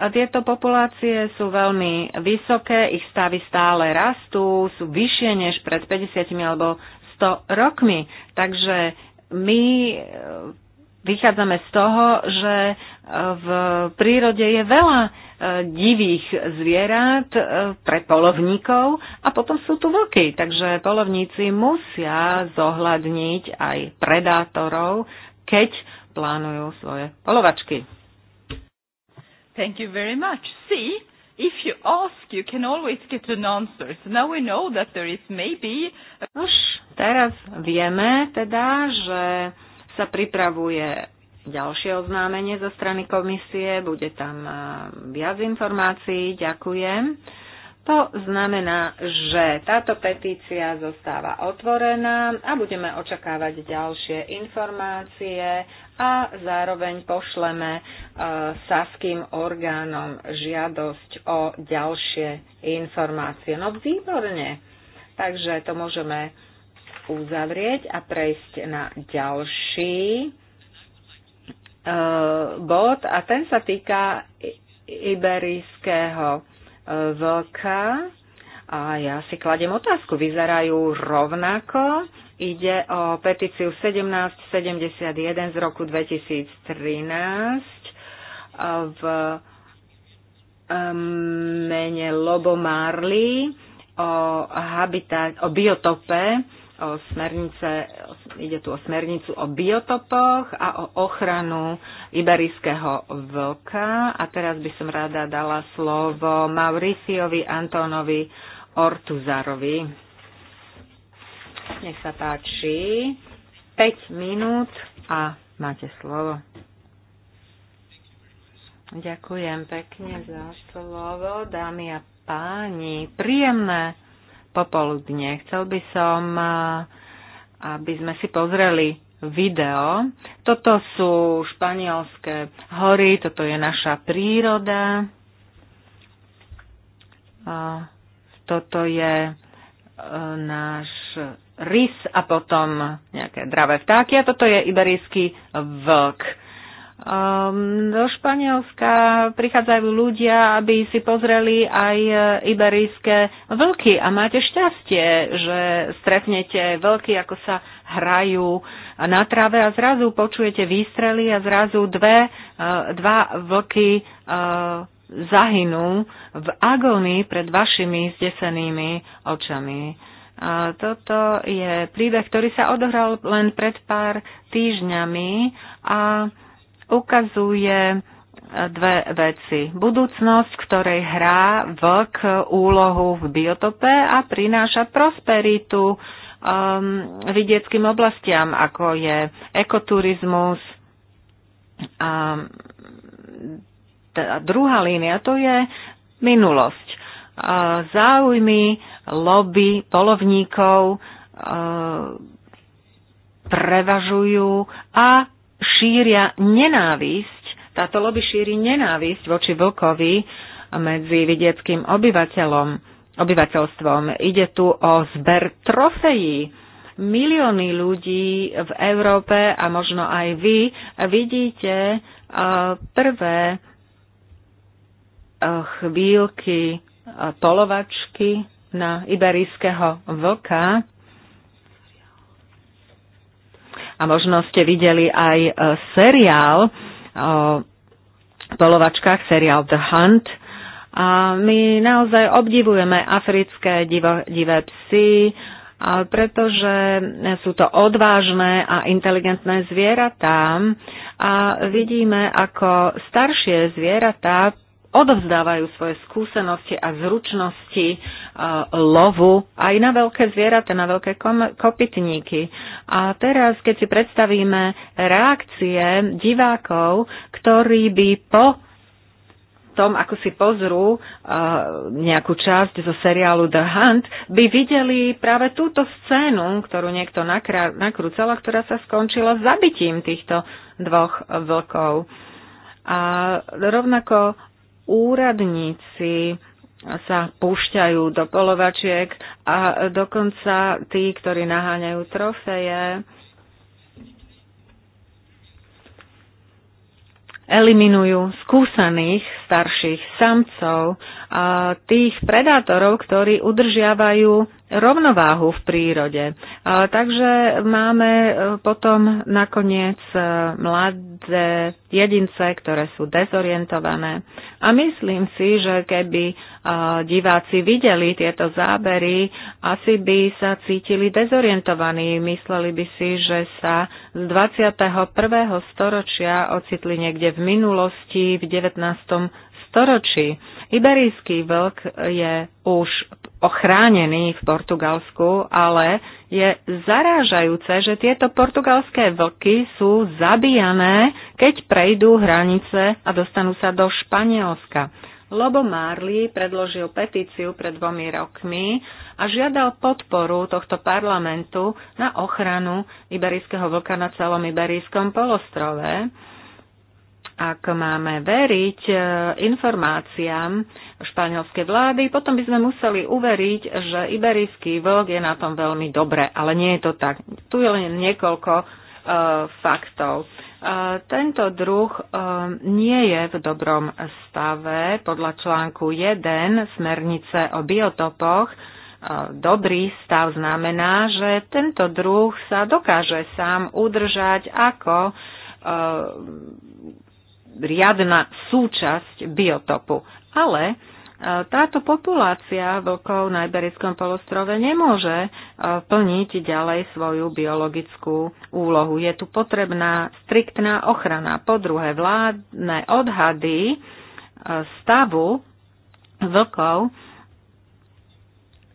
tieto populácie sú veľmi vysoké, ich stavy stále rastú, sú vyššie než pred 50 alebo 100 rokmi. Takže my e, vychádzame z toho, že e, v prírode je veľa e, divých zvierat pre polovníkov a potom sú tu vlky. Takže polovníci musia zohľadniť aj predátorov, keď plánujú svoje polovačky. Thank you very much. See? if you ask, you can always get an answer. So now we know that there is maybe... Už teraz vieme teda, že sa pripravuje ďalšie oznámenie zo strany komisie, bude tam eh, viac informácií, ďakujem. To znamená, že táto petícia zostáva otvorená a budeme očakávať ďalšie informácie a zároveň pošleme e, saským orgánom žiadosť o ďalšie informácie. No výborne. Takže to môžeme uzavrieť a prejsť na ďalší e, bod a ten sa týka iberijského e, vlka. A ja si kladem otázku, vyzerajú rovnako, Ide o petíciu 1771 z roku 2013 v mene Lobo Marley o, habitat, o biotope, o smernice, ide tu o smernicu o biotopoch a o ochranu iberijského vlka. A teraz by som rada dala slovo Mauriciovi Antónovi Ortuzarovi. Nech sa páči. 5 minút a máte slovo. Ďakujem pekne za slovo, dámy a páni. Príjemné popoludne. Chcel by som, aby sme si pozreli video. Toto sú španielské hory, toto je naša príroda. Toto je e, náš rys a potom nejaké dravé vtáky a toto je iberijský vlk. Um, do Španielska prichádzajú ľudia, aby si pozreli aj e, iberijské vlky a máte šťastie, že stretnete vlky, ako sa hrajú na trave a zrazu počujete výstrely a zrazu dve, uh, dva vlky uh, zahynú v agónii pred vašimi zdesenými očami. A toto je príbeh, ktorý sa odohral len pred pár týždňami a ukazuje dve veci. Budúcnosť, ktorej hrá vlk úlohu v biotope a prináša prosperitu um, vidieckým oblastiam, ako je ekoturizmus. A, a druhá línia to je minulosť záujmy, lobby polovníkov e, prevažujú a šíria nenávisť. Táto lobby šíri nenávisť voči vlkovi medzi vidieckým obyvateľom, obyvateľstvom. Ide tu o zber trofejí. Milióny ľudí v Európe a možno aj vy vidíte e, prvé e, chvíľky polovačky na iberijského vlka. A možno ste videli aj e, seriál o polovačkách, seriál The Hunt. A my naozaj obdivujeme africké divo, divé psy, pretože sú to odvážne a inteligentné zvieratá a vidíme, ako staršie zvieratá odovzdávajú svoje skúsenosti a zručnosti e, lovu aj na veľké zvieratá, na veľké kopytníky. A teraz, keď si predstavíme reakcie divákov, ktorí by po tom, ako si pozrú uh, nejakú časť zo seriálu The Hunt, by videli práve túto scénu, ktorú niekto nakrúcala, ktorá sa skončila zabitím týchto dvoch vlkov. A rovnako úradníci sa púšťajú do polovačiek a dokonca tí, ktorí naháňajú trofeje, eliminujú skúsených starších samcov a tých predátorov, ktorí udržiavajú rovnováhu v prírode. Takže máme e, potom nakoniec e, mladé jedince, ktoré sú dezorientované. A myslím si, že keby e, diváci videli tieto zábery, asi by sa cítili dezorientovaní. Mysleli by si, že sa z 21. storočia ocitli niekde v minulosti, v 19 storočí. Iberijský vlk je už ochránený v Portugalsku, ale je zarážajúce, že tieto portugalské vlky sú zabíjané, keď prejdú hranice a dostanú sa do Španielska. Lobo Marley predložil petíciu pred dvomi rokmi a žiadal podporu tohto parlamentu na ochranu iberijského vlka na celom iberijskom polostrove ak máme veriť e, informáciám španielskej vlády, potom by sme museli uveriť, že iberijský vlk je na tom veľmi dobre, ale nie je to tak. Tu je len niekoľko uh, faktov. Uh, tento druh uh, nie je v dobrom stave podľa článku 1 smernice o biotopoch. Uh, dobrý stav znamená, že tento druh sa dokáže sám udržať ako uh, riadna súčasť biotopu. Ale e, táto populácia vlkov na Iberickom polostrove nemôže e, plniť ďalej svoju biologickú úlohu. Je tu potrebná striktná ochrana. Po druhé, vládne odhady e, stavu vlkov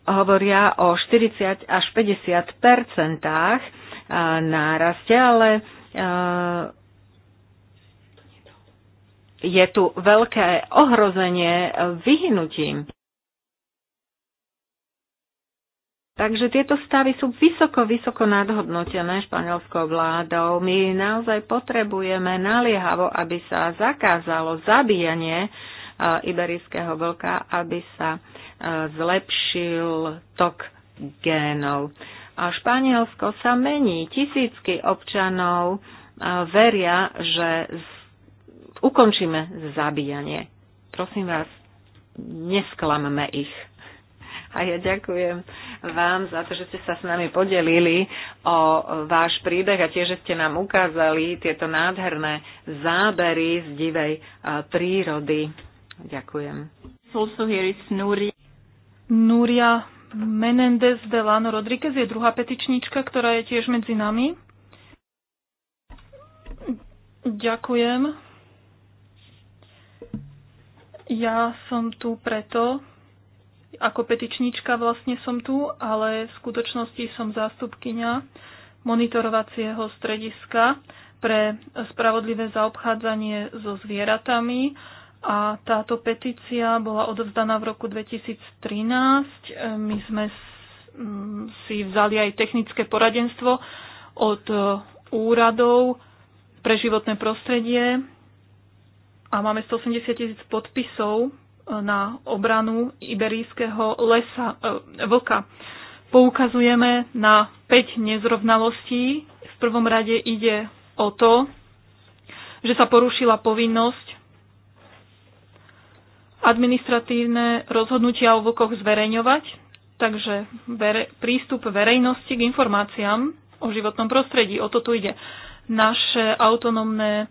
hovoria o 40 až 50 percentách náraste, ale je tu veľké ohrozenie vyhnutím. Takže tieto stavy sú vysoko, vysoko nadhodnotené španielskou vládou. My naozaj potrebujeme naliehavo, aby sa zakázalo zabíjanie e, iberického vlka, aby sa e, zlepšil tok génov. A Španielsko sa mení. Tisícky občanov e, veria, že z ukončíme zabíjanie. Prosím vás, nesklamme ich. A ja ďakujem vám za to, že ste sa s nami podelili o váš príbeh a tiež, že ste nám ukázali tieto nádherné zábery z divej prírody. Ďakujem. Núria Menendez de Lano Rodríguez je druhá petičníčka, ktorá je tiež medzi nami. Ďakujem. Ja som tu preto, ako petičníčka vlastne som tu, ale v skutočnosti som zástupkyňa monitorovacieho strediska pre spravodlivé zaobchádzanie so zvieratami a táto petícia bola odovzdaná v roku 2013. My sme si vzali aj technické poradenstvo od úradov pre životné prostredie a máme 180 tisíc podpisov e, na obranu iberijského lesa, e, vlka. Poukazujeme na 5 nezrovnalostí. V prvom rade ide o to, že sa porušila povinnosť administratívne rozhodnutia o vlkoch zverejňovať, takže vere, prístup verejnosti k informáciám o životnom prostredí. O to tu ide. Naše autonómne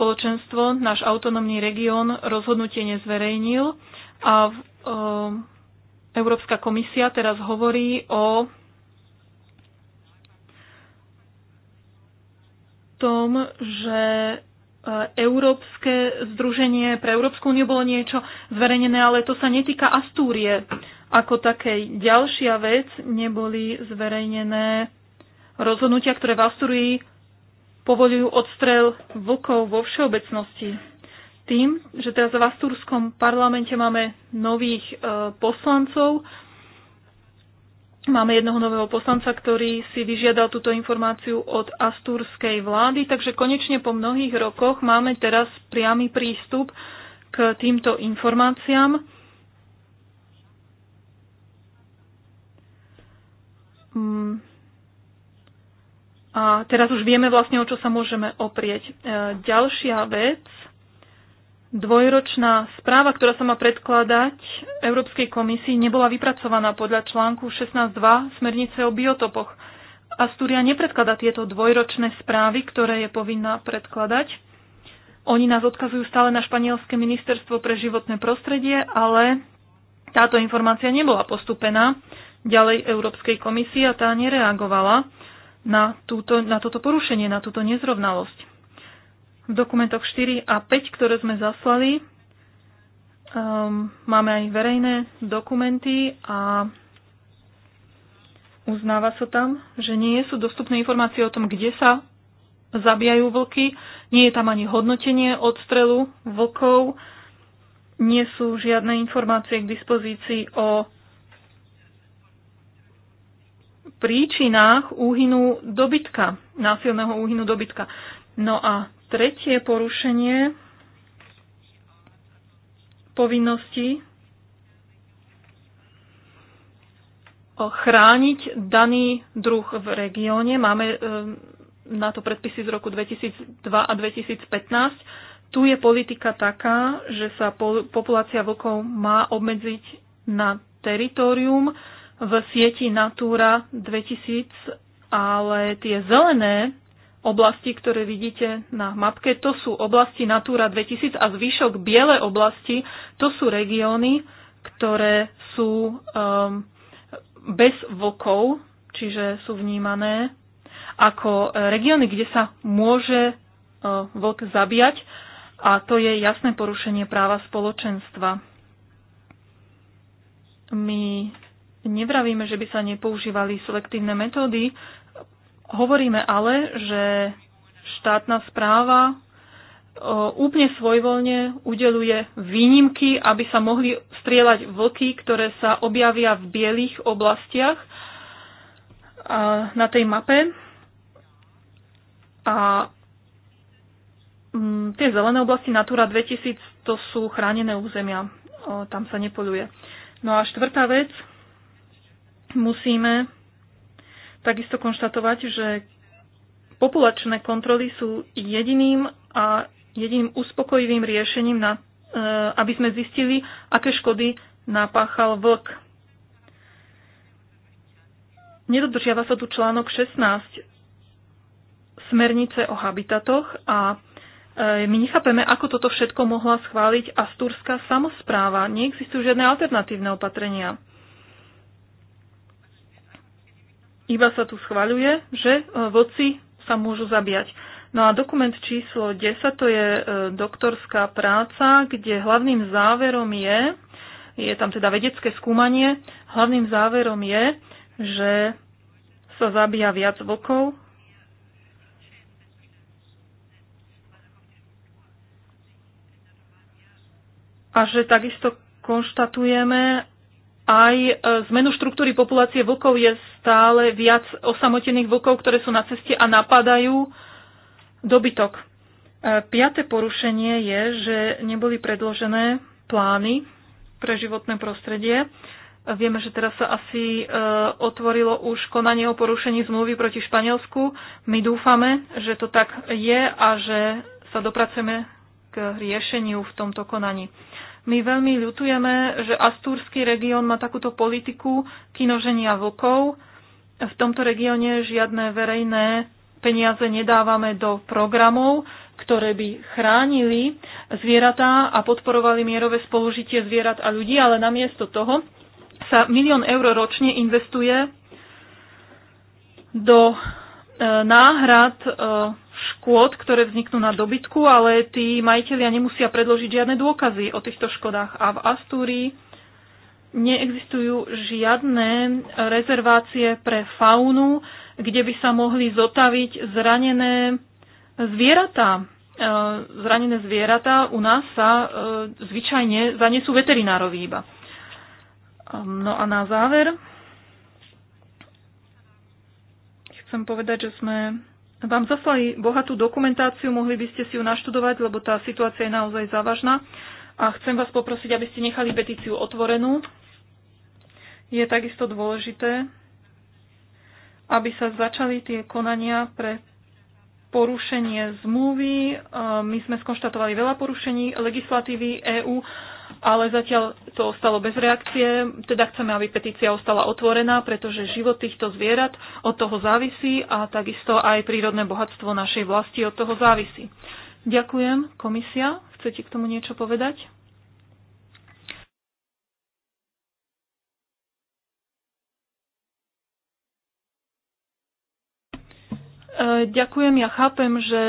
spoločenstvo, náš autonómny región rozhodnutie nezverejnil a e, Európska komisia teraz hovorí o tom, že e, Európske združenie pre Európsku úniu bolo niečo zverejnené, ale to sa netýka Astúrie. Ako také ďalšia vec neboli zverejnené rozhodnutia, ktoré v Astúrii povolujú odstrel vlkov vo všeobecnosti. Tým, že teraz v Astúrskom parlamente máme nových e, poslancov, máme jednoho nového poslanca, ktorý si vyžiadal túto informáciu od astúrskej vlády, takže konečne po mnohých rokoch máme teraz priamy prístup k týmto informáciám. Mm a teraz už vieme vlastne, o čo sa môžeme oprieť. E, ďalšia vec, dvojročná správa, ktorá sa má predkladať Európskej komisii, nebola vypracovaná podľa článku 16.2 smernice o biotopoch. Astúria nepredklada tieto dvojročné správy, ktoré je povinná predkladať. Oni nás odkazujú stále na Španielské ministerstvo pre životné prostredie, ale táto informácia nebola postupená ďalej Európskej komisii a tá nereagovala na, túto, na toto porušenie, na túto nezrovnalosť. V dokumentoch 4 a 5, ktoré sme zaslali, um, máme aj verejné dokumenty a uznáva sa tam, že nie sú dostupné informácie o tom, kde sa zabijajú vlky, nie je tam ani hodnotenie odstrelu vlkov, nie sú žiadne informácie k dispozícii o príčinách úhynu dobytka, násilného úhynu dobytka. No a tretie porušenie povinnosti chrániť daný druh v regióne. Máme e, na to predpisy z roku 2002 a 2015. Tu je politika taká, že sa populácia vlkov má obmedziť na teritorium, v sieti Natura 2000, ale tie zelené oblasti, ktoré vidíte na mapke, to sú oblasti Natura 2000 a zvyšok biele oblasti, to sú regióny, ktoré sú um, bez vlkov, čiže sú vnímané ako regióny, kde sa môže uh, vlk zabíjať a to je jasné porušenie práva spoločenstva. My Nevravíme, že by sa nepoužívali selektívne metódy, hovoríme ale, že štátna správa e, úplne svojvoľne udeluje výnimky, aby sa mohli strieľať vlky, ktoré sa objavia v bielých oblastiach na tej mape. A mm, tie zelené oblasti Natura 2000 to sú chránené územia. Tam sa nepoluje. No a štvrtá vec, Musíme takisto konštatovať, že populačné kontroly sú jediným a jediným uspokojivým riešením, na, e, aby sme zistili, aké škody napáchal vlk. Nedodržiava sa tu článok 16 smernice o habitatoch a e, my nechápeme, ako toto všetko mohla schváliť astúrska samozpráva. Neexistujú žiadne alternatívne opatrenia. iba sa tu schvaľuje, že e, vodci sa môžu zabíjať. No a dokument číslo 10 to je e, doktorská práca, kde hlavným záverom je, je tam teda vedecké skúmanie, hlavným záverom je, že sa zabíja viac vlkov. A že takisto konštatujeme aj e, zmenu štruktúry populácie vlkov je stále viac osamotených vlkov, ktoré sú na ceste a napadajú dobytok. E, piaté porušenie je, že neboli predložené plány pre životné prostredie. Vieme, že teraz sa asi e, otvorilo už konanie o porušení zmluvy proti Španielsku. My dúfame, že to tak je a že sa dopracujeme k riešeniu v tomto konaní. My veľmi ľutujeme, že Astúrsky región má takúto politiku kinoženia vlkov. V tomto regióne žiadne verejné peniaze nedávame do programov, ktoré by chránili zvieratá a podporovali mierové spolužitie zvierat a ľudí, ale namiesto toho sa milión eur ročne investuje do e, náhrad e, škôd, ktoré vzniknú na dobytku, ale tí majiteľia nemusia predložiť žiadne dôkazy o týchto škodách. A v Astúrii neexistujú žiadne rezervácie pre faunu, kde by sa mohli zotaviť zranené zvieratá. E, zranené zvieratá u nás sa e, zvyčajne zanesú veterinárovi iba. E, no a na záver chcem povedať, že sme vám zaslali bohatú dokumentáciu, mohli by ste si ju naštudovať, lebo tá situácia je naozaj závažná. A chcem vás poprosiť, aby ste nechali petíciu otvorenú. Je takisto dôležité, aby sa začali tie konania pre porušenie zmluvy. E, my sme skonštatovali veľa porušení legislatívy EÚ ale zatiaľ to ostalo bez reakcie. Teda chceme, aby petícia ostala otvorená, pretože život týchto zvierat od toho závisí a takisto aj prírodné bohatstvo našej vlasti od toho závisí. Ďakujem. Komisia, chcete k tomu niečo povedať? E, ďakujem, ja chápem, že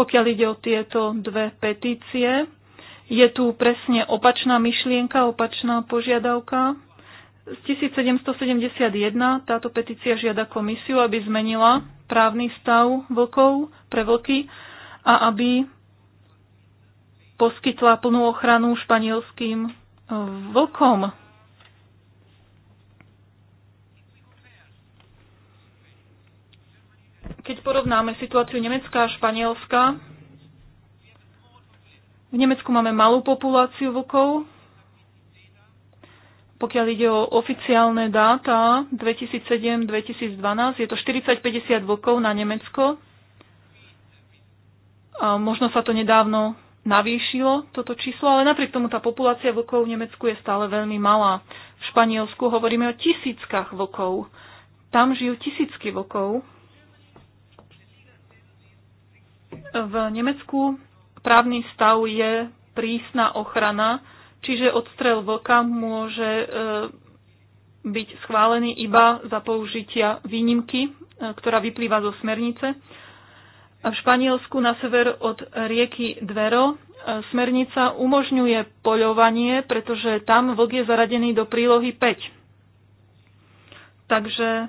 pokiaľ ide o tieto dve petície, je tu presne opačná myšlienka, opačná požiadavka. Z 1771 táto petícia žiada komisiu, aby zmenila právny stav vlkov pre vlky a aby poskytla plnú ochranu španielským e, vlkom. Keď porovnáme situáciu Nemecka a Španielska, v Nemecku máme malú populáciu vlkov. Pokiaľ ide o oficiálne dáta 2007-2012, je to 40-50 vlkov na Nemecko. A možno sa to nedávno navýšilo, toto číslo, ale napriek tomu tá populácia vlkov v Nemecku je stále veľmi malá. V Španielsku hovoríme o tisíckach vlkov. Tam žijú tisícky vlkov. V Nemecku právny stav je prísna ochrana, čiže odstrel vlka môže e, byť schválený iba za použitia výnimky, e, ktorá vyplýva zo smernice. V Španielsku na sever od rieky Dvero e, smernica umožňuje poľovanie, pretože tam vlk je zaradený do prílohy 5. Takže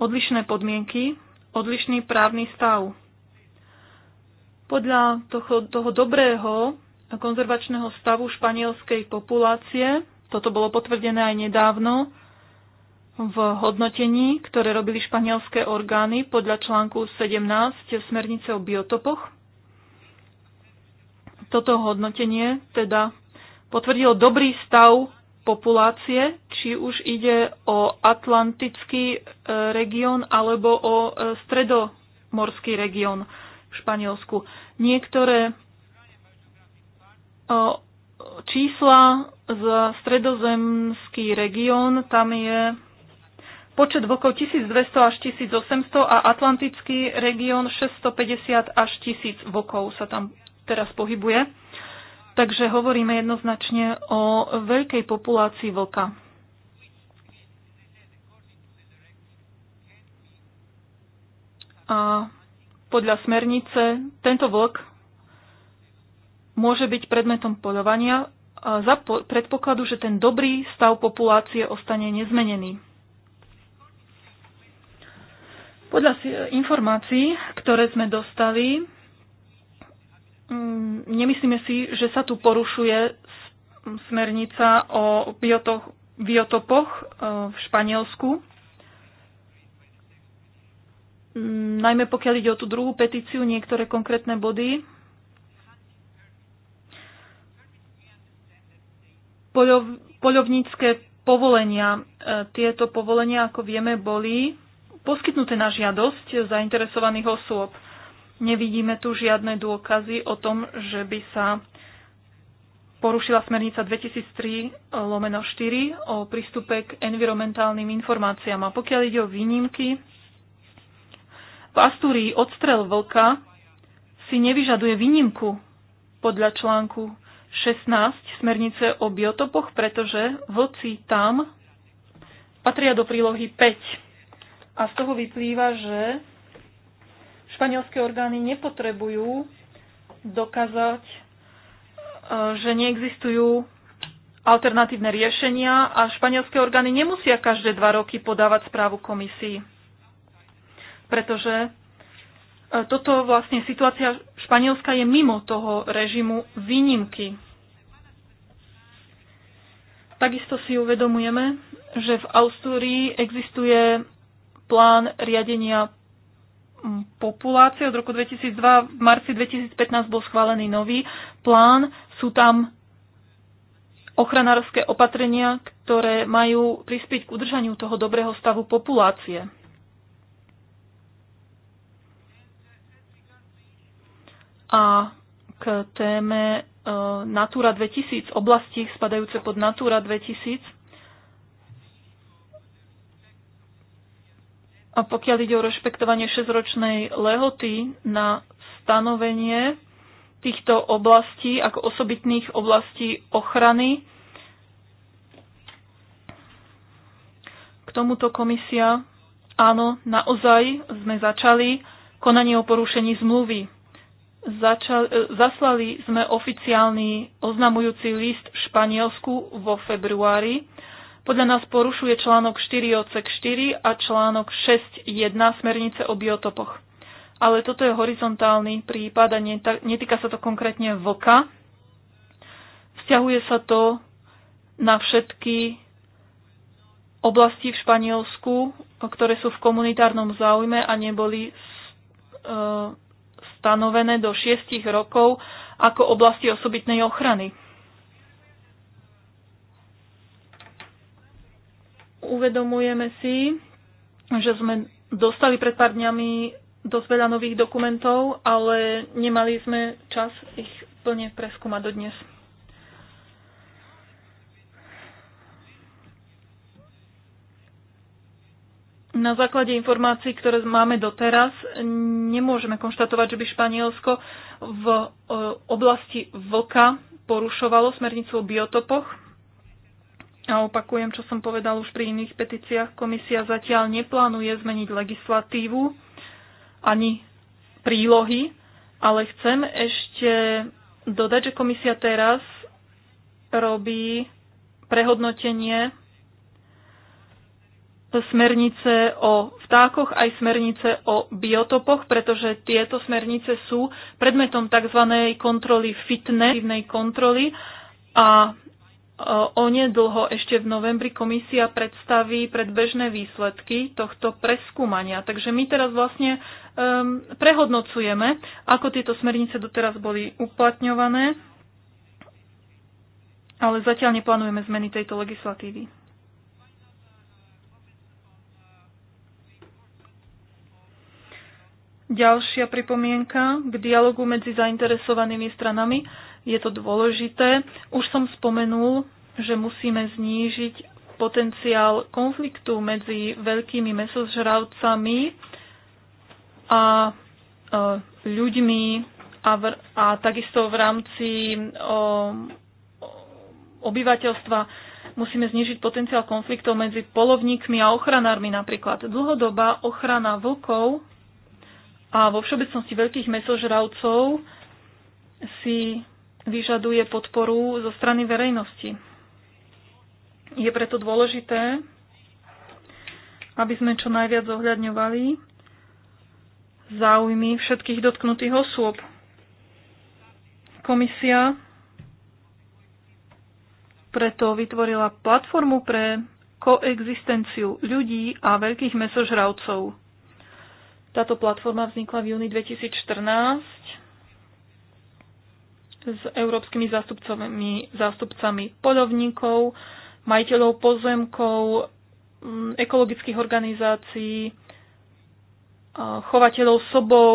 odlišné podmienky, odlišný právny stav. Podľa toho, toho dobrého konzervačného stavu španielskej populácie, toto bolo potvrdené aj nedávno v hodnotení, ktoré robili španielské orgány podľa článku 17 smernice o biotopoch. Toto hodnotenie teda potvrdilo dobrý stav populácie, či už ide o atlantický e, región alebo o e, stredomorský región v Španielsku. Niektoré čísla za stredozemský región, tam je počet vlkov 1200 až 1800 a atlantický región 650 až 1000 vlkov sa tam teraz pohybuje. Takže hovoríme jednoznačne o veľkej populácii vlka. A podľa smernice tento vlk môže byť predmetom poľovania za predpokladu, že ten dobrý stav populácie ostane nezmenený. Podľa informácií, ktoré sme dostali, mm, nemyslíme si, že sa tu porušuje smernica o biotopoch e, v Španielsku. Mm, najmä pokiaľ ide o tú druhú petíciu, niektoré konkrétne body. Poľov, poľovnícke povolenia. E, tieto povolenia, ako vieme, boli poskytnuté na žiadosť zainteresovaných osôb. Nevidíme tu žiadne dôkazy o tom, že by sa porušila smernica 2003 lomeno 4 o prístupe k environmentálnym informáciám. A pokiaľ ide o výnimky, v Astúrii odstrel vlka si nevyžaduje výnimku podľa článku 16 smernice o biotopoch, pretože vlci tam patria do prílohy 5. A z toho vyplýva, že španielské orgány nepotrebujú dokázať, e, že neexistujú alternatívne riešenia a španielské orgány nemusia každé dva roky podávať správu komisii pretože e, toto vlastne situácia Španielska je mimo toho režimu výnimky. Takisto si uvedomujeme, že v Austúrii existuje plán riadenia populácie. Od roku 2002 v marci 2015 bol schválený nový plán. Sú tam ochranárske opatrenia, ktoré majú prispieť k udržaniu toho dobrého stavu populácie. A k téme e, Natura 2000, oblasti spadajúce pod Natura 2000, A pokiaľ ide o rešpektovanie 6-ročnej lehoty na stanovenie týchto oblastí ako osobitných oblastí ochrany, k tomuto komisia, áno, naozaj sme začali konanie o porušení zmluvy začal, e, zaslali sme oficiálny oznamujúci list Španielsku vo februári. Podľa nás porušuje článok 4 odsek 4 a článok 6.1 smernice o biotopoch. Ale toto je horizontálny prípad a netýka sa to konkrétne vlka. Vzťahuje sa to na všetky oblasti v Španielsku, ktoré sú v komunitárnom záujme a neboli e, stanovené do šiestich rokov ako oblasti osobitnej ochrany. Uvedomujeme si, že sme dostali pred pár dňami dosť veľa nových dokumentov, ale nemali sme čas ich plne preskúmať dodnes. Na základe informácií, ktoré máme doteraz, nemôžeme konštatovať, že by Španielsko v e, oblasti vlka porušovalo smernicu o biotopoch. A opakujem, čo som povedal už pri iných petíciách, komisia zatiaľ neplánuje zmeniť legislatívu ani prílohy, ale chcem ešte dodať, že komisia teraz robí prehodnotenie smernice o vtákoch aj smernice o biotopoch, pretože tieto smernice sú predmetom tzv. kontroly fitness, kontroly a e, onedlho ešte v novembri komisia predstaví predbežné výsledky tohto preskúmania. Takže my teraz vlastne um, prehodnocujeme, ako tieto smernice doteraz boli uplatňované, ale zatiaľ neplánujeme zmeny tejto legislatívy. Ďalšia pripomienka k dialogu medzi zainteresovanými stranami. Je to dôležité. Už som spomenul, že musíme znížiť potenciál konfliktu medzi veľkými mesožravcami a e, ľuďmi a, v, a takisto v rámci o, obyvateľstva musíme znižiť potenciál konfliktov medzi polovníkmi a ochranármi napríklad. Dlhodobá ochrana vlkov a vo všeobecnosti veľkých mesožravcov si vyžaduje podporu zo strany verejnosti. Je preto dôležité, aby sme čo najviac zohľadňovali záujmy všetkých dotknutých osôb. Komisia preto vytvorila platformu pre koexistenciu ľudí a veľkých mesožravcov. Táto platforma vznikla v júni 2014 s európskymi zástupcami, zástupcami majiteľov pozemkov, ekologických organizácií, chovateľov sobov,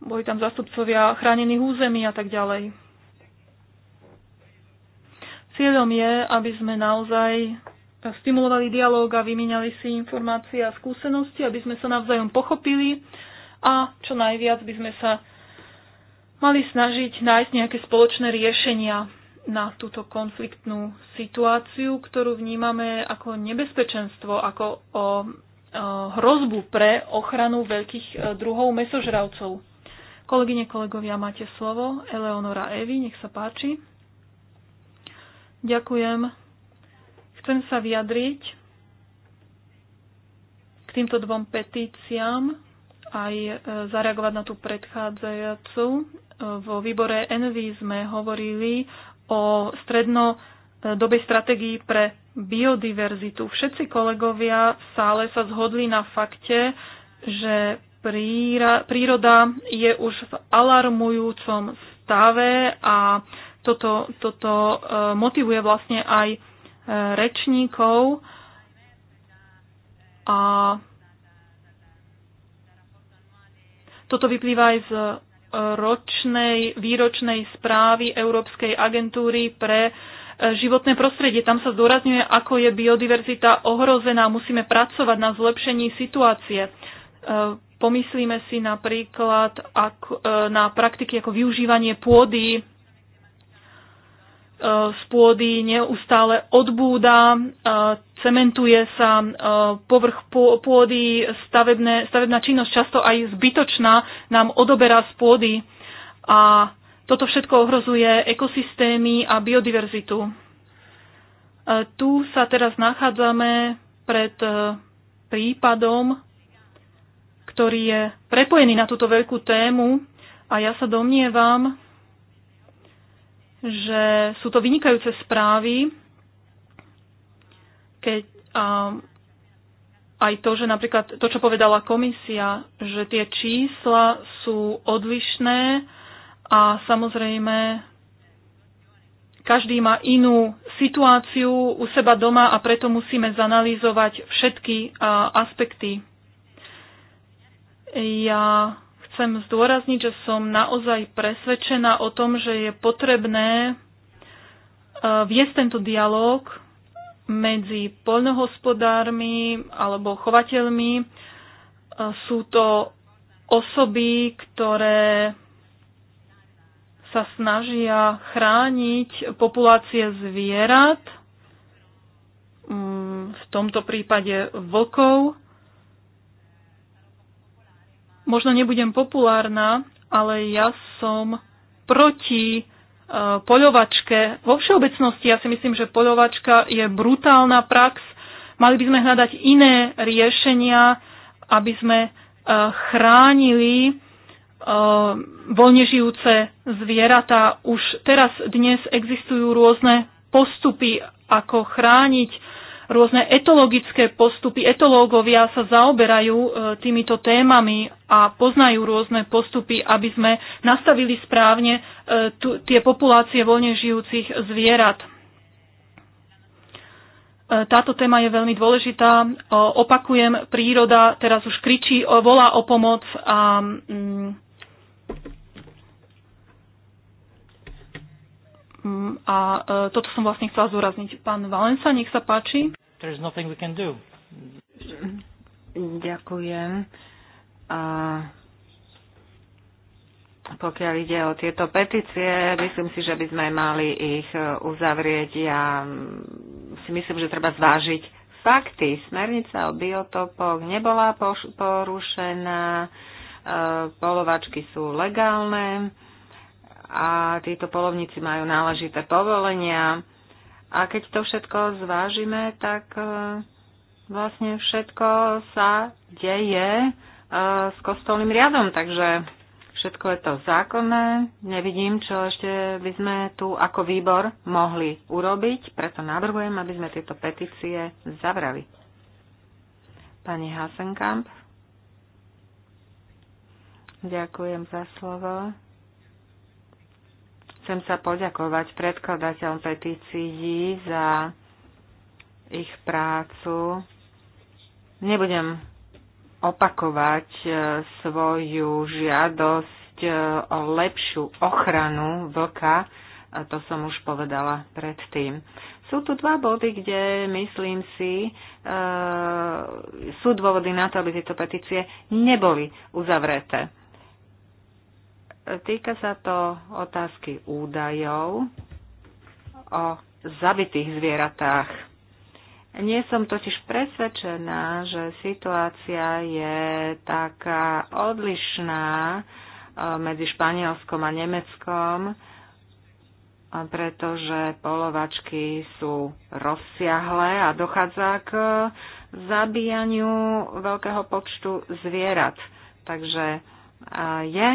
boli tam zástupcovia chránených území a tak ďalej. Cieľom je, aby sme naozaj stimulovali dialóg a vymieňali si informácie a skúsenosti, aby sme sa navzájom pochopili a čo najviac by sme sa mali snažiť nájsť nejaké spoločné riešenia na túto konfliktnú situáciu, ktorú vnímame ako nebezpečenstvo, ako o, hrozbu pre ochranu veľkých e, druhov mesožravcov. Kolegyne, kolegovia, máte slovo. Eleonora Evi, nech sa páči. Ďakujem. Chcem sa vyjadriť k týmto dvom petíciám aj e, zareagovať na tú predchádzajúcu. E, vo výbore NV sme hovorili o stredno dobej stratégii pre biodiverzitu. Všetci kolegovia v sále sa zhodli na fakte, že príroda je už v alarmujúcom stave a toto, toto e, motivuje vlastne aj rečníkov a toto vyplýva aj z ročnej, výročnej správy Európskej agentúry pre e, životné prostredie. Tam sa zdôrazňuje, ako je biodiverzita ohrozená. Musíme pracovať na zlepšení situácie. E, pomyslíme si napríklad e, na praktiky ako využívanie pôdy, E, z pôdy neustále odbúda, e, cementuje sa e, povrch pôdy, stavebné, stavebná činnosť často aj zbytočná nám odoberá z pôdy a toto všetko ohrozuje ekosystémy a biodiverzitu. Tu sa teraz nachádzame pred prípadom, ktorý je prepojený na túto veľkú tému a ja sa domnievam, že sú to vynikajúce správy, keď a, aj to, že napríklad to, čo povedala komisia, že tie čísla sú odlišné a samozrejme každý má inú situáciu u seba doma a preto musíme zanalýzovať všetky a, aspekty. Ja chcem zdôrazniť, že som naozaj presvedčená o tom, že je potrebné e, viesť tento dialog medzi poľnohospodármi alebo chovateľmi. E, sú to osoby, ktoré sa snažia chrániť populácie zvierat, mm, v tomto prípade vlkov, Možno nebudem populárna, ale ja som proti e, poľovačke. Vo všeobecnosti ja si myslím, že poľovačka je brutálna prax. Mali by sme hľadať iné riešenia, aby sme e, chránili e, voľne žijúce zvieratá. Už teraz dnes existujú rôzne postupy, ako chrániť rôzne etologické postupy. Etológovia sa zaoberajú e, týmito témami a poznajú rôzne postupy, aby sme nastavili správne e, tie populácie voľne žijúcich zvierat. E, táto téma je veľmi dôležitá. Opakujem, príroda teraz už kričí, volá o pomoc a mm, Mm, a e, toto som vlastne chcela zúrazniť. Pán Valensa, nech sa páči. Ďakujem. A pokiaľ ide o tieto petície, myslím si, že by sme mali ich e, uzavrieť. Ja mm, si myslím, že treba zvážiť fakty. Smernica o biotopoch nebola porušená, e, polovačky sú legálne a títo polovníci majú náležité povolenia. A keď to všetko zvážime, tak e, vlastne všetko sa deje e, s kostolným riadom, takže všetko je to zákonné. Nevidím, čo ešte by sme tu ako výbor mohli urobiť, preto navrhujem, aby sme tieto petície zavrali. Pani Hasenkamp. Ďakujem za slovo. Chcem sa poďakovať predkladateľom petícií za ich prácu. Nebudem opakovať e, svoju žiadosť e, o lepšiu ochranu vlka, to som už povedala predtým. Sú tu dva body, kde myslím si, e, sú dôvody na to, aby tieto petície neboli uzavreté. Týka sa to otázky údajov o zabitých zvieratách. Nie som totiž presvedčená, že situácia je taká odlišná eh, medzi Španielskom a Nemeckom, eh, pretože polovačky sú rozsiahle a dochádza k eh, zabíjaniu veľkého počtu zvierat. Takže je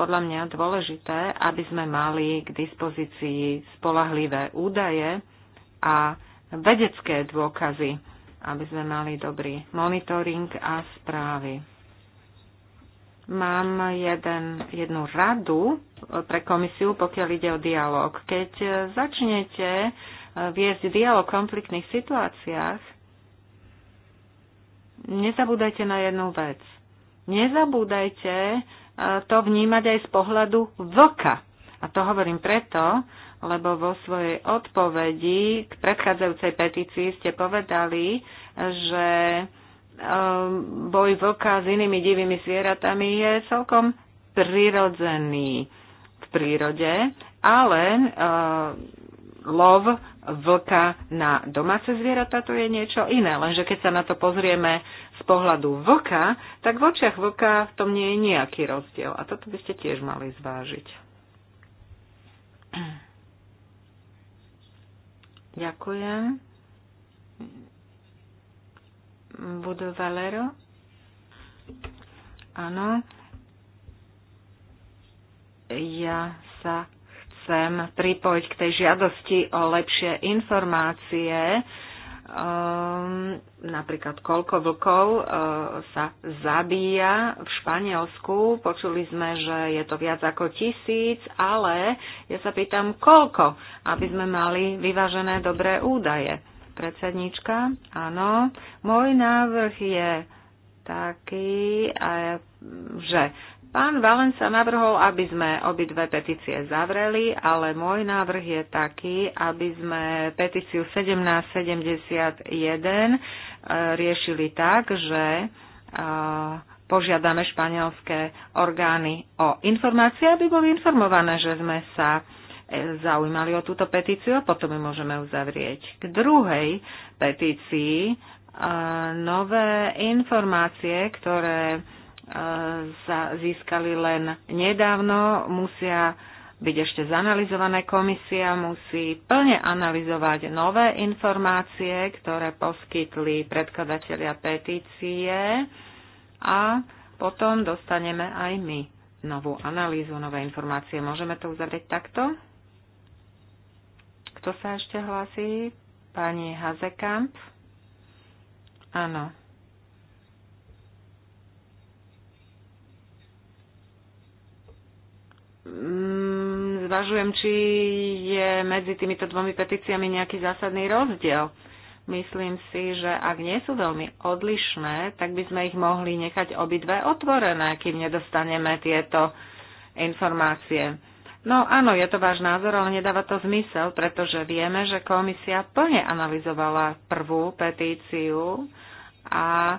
podľa mňa dôležité, aby sme mali k dispozícii spolahlivé údaje a vedecké dôkazy, aby sme mali dobrý monitoring a správy. Mám jeden, jednu radu pre komisiu, pokiaľ ide o dialog. Keď začnete eh, viesť dialog v konfliktných situáciách, nezabúdajte na jednu vec. Nezabúdajte to vnímať aj z pohľadu vlka. A to hovorím preto, lebo vo svojej odpovedi k predchádzajúcej petícii ste povedali, že ehm, boj vlka s inými divými zvieratami je celkom prirodzený v prírode, ale ehm, lov vlka na domáce zvieratá to je niečo iné. Lenže keď sa na to pozrieme z pohľadu vlka, tak v očiach vlka v tom nie je nejaký rozdiel. A toto by ste tiež mali zvážiť. Ďakujem. Budu Valero. Áno. Ja sa chcem pripojiť k tej žiadosti o lepšie informácie um, napríklad koľko vlkov uh, sa zabíja v Španielsku. Počuli sme, že je to viac ako tisíc, ale ja sa pýtam, koľko, aby sme mali vyvážené dobré údaje. Predsednička, áno. Môj návrh je taký, eh, že Pán Valenca navrhol, aby sme obidve petície zavreli, ale môj návrh je taký, aby sme petíciu 1771 e, riešili tak, že e, požiadame španielské orgány o informácie, aby boli informované, že sme sa e, zaujímali o túto petíciu a potom ju môžeme uzavrieť. K druhej petícii nové informácie, ktoré sa získali len nedávno, musia byť ešte zanalizované. Komisia musí plne analyzovať nové informácie, ktoré poskytli predkladatelia petície a potom dostaneme aj my novú analýzu, nové informácie. Môžeme to uzavrieť takto? Kto sa ešte hlasí? Pani Hazekamp? Áno. Mm, zvažujem, či je medzi týmito dvomi petíciami nejaký zásadný rozdiel. Myslím si, že ak nie sú veľmi odlišné, tak by sme ich mohli nechať obidve otvorené, kým nedostaneme tieto informácie. No áno, je to váš názor, ale nedáva to zmysel, pretože vieme, že komisia plne analyzovala prvú petíciu a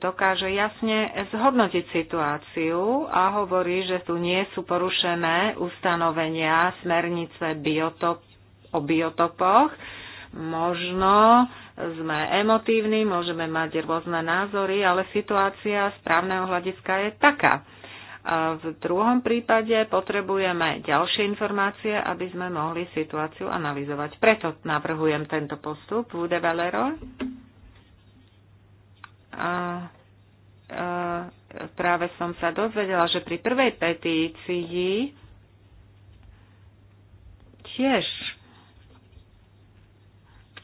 dokáže jasne zhodnotiť situáciu a hovorí, že tu nie sú porušené ustanovenia smernice biotop, o biotopoch. Možno sme emotívni, môžeme mať rôzne názory, ale situácia z právneho hľadiska je taká. A v druhom prípade potrebujeme ďalšie informácie, aby sme mohli situáciu analyzovať. Preto navrhujem tento postup. Vude Valero? A, a práve som sa dozvedela, že pri prvej petícii tiež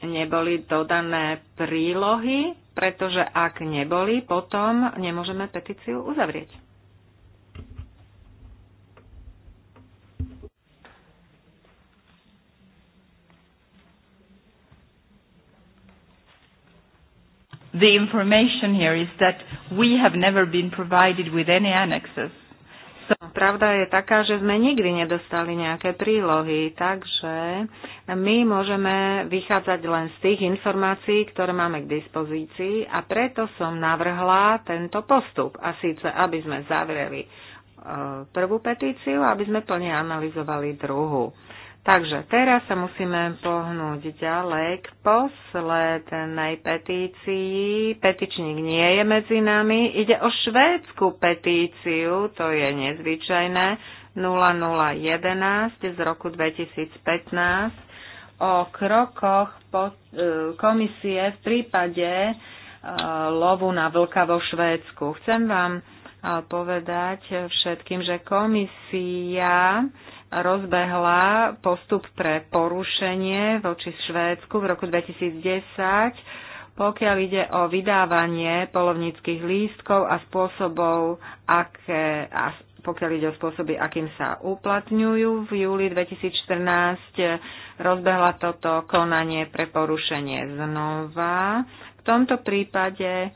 neboli dodané prílohy, pretože ak neboli, potom nemôžeme petíciu uzavrieť. the information here is that we have never been provided with any annexes. So Pravda je taká, že sme nikdy nedostali nejaké prílohy, takže my môžeme vychádzať len z tých informácií, ktoré máme k dispozícii a preto som navrhla tento postup a síce, aby sme zavreli e, prvú petíciu, aby sme plne analyzovali druhú. Takže teraz sa musíme pohnúť ďalej k poslednej petícii. Petičník nie je medzi nami. Ide o švédsku petíciu, to je nezvyčajné, 0011 z roku 2015 o krokoch e, komisie v prípade e, lovu na vlka vo Švédsku. Chcem vám e, povedať všetkým, že komisia rozbehla postup pre porušenie voči Švédsku v roku 2010, pokiaľ ide o vydávanie polovníckých lístkov a spôsobov, aké, a pokiaľ ide o spôsoby, akým sa uplatňujú. V júli 2014 rozbehla toto konanie pre porušenie znova. V tomto prípade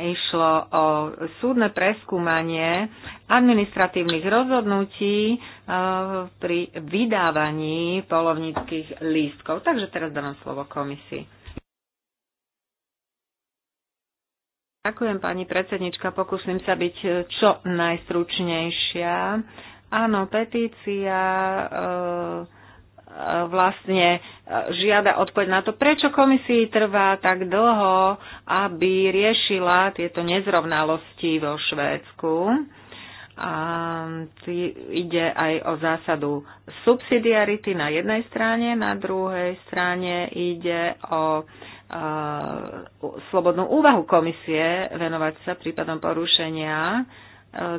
išlo o súdne preskúmanie administratívnych rozhodnutí e, pri vydávaní polovníckých lístkov. Takže teraz dávam slovo komisii. Ďakujem, pani predsednička. Pokúsim sa byť čo najstručnejšia. Áno, petícia. E vlastne e, žiada odpoveď na to, prečo komisii trvá tak dlho, aby riešila tieto nezrovnalosti vo Švédsku. A ide aj o zásadu subsidiarity na jednej strane, na druhej strane ide o e, slobodnú úvahu komisie venovať sa prípadom porušenia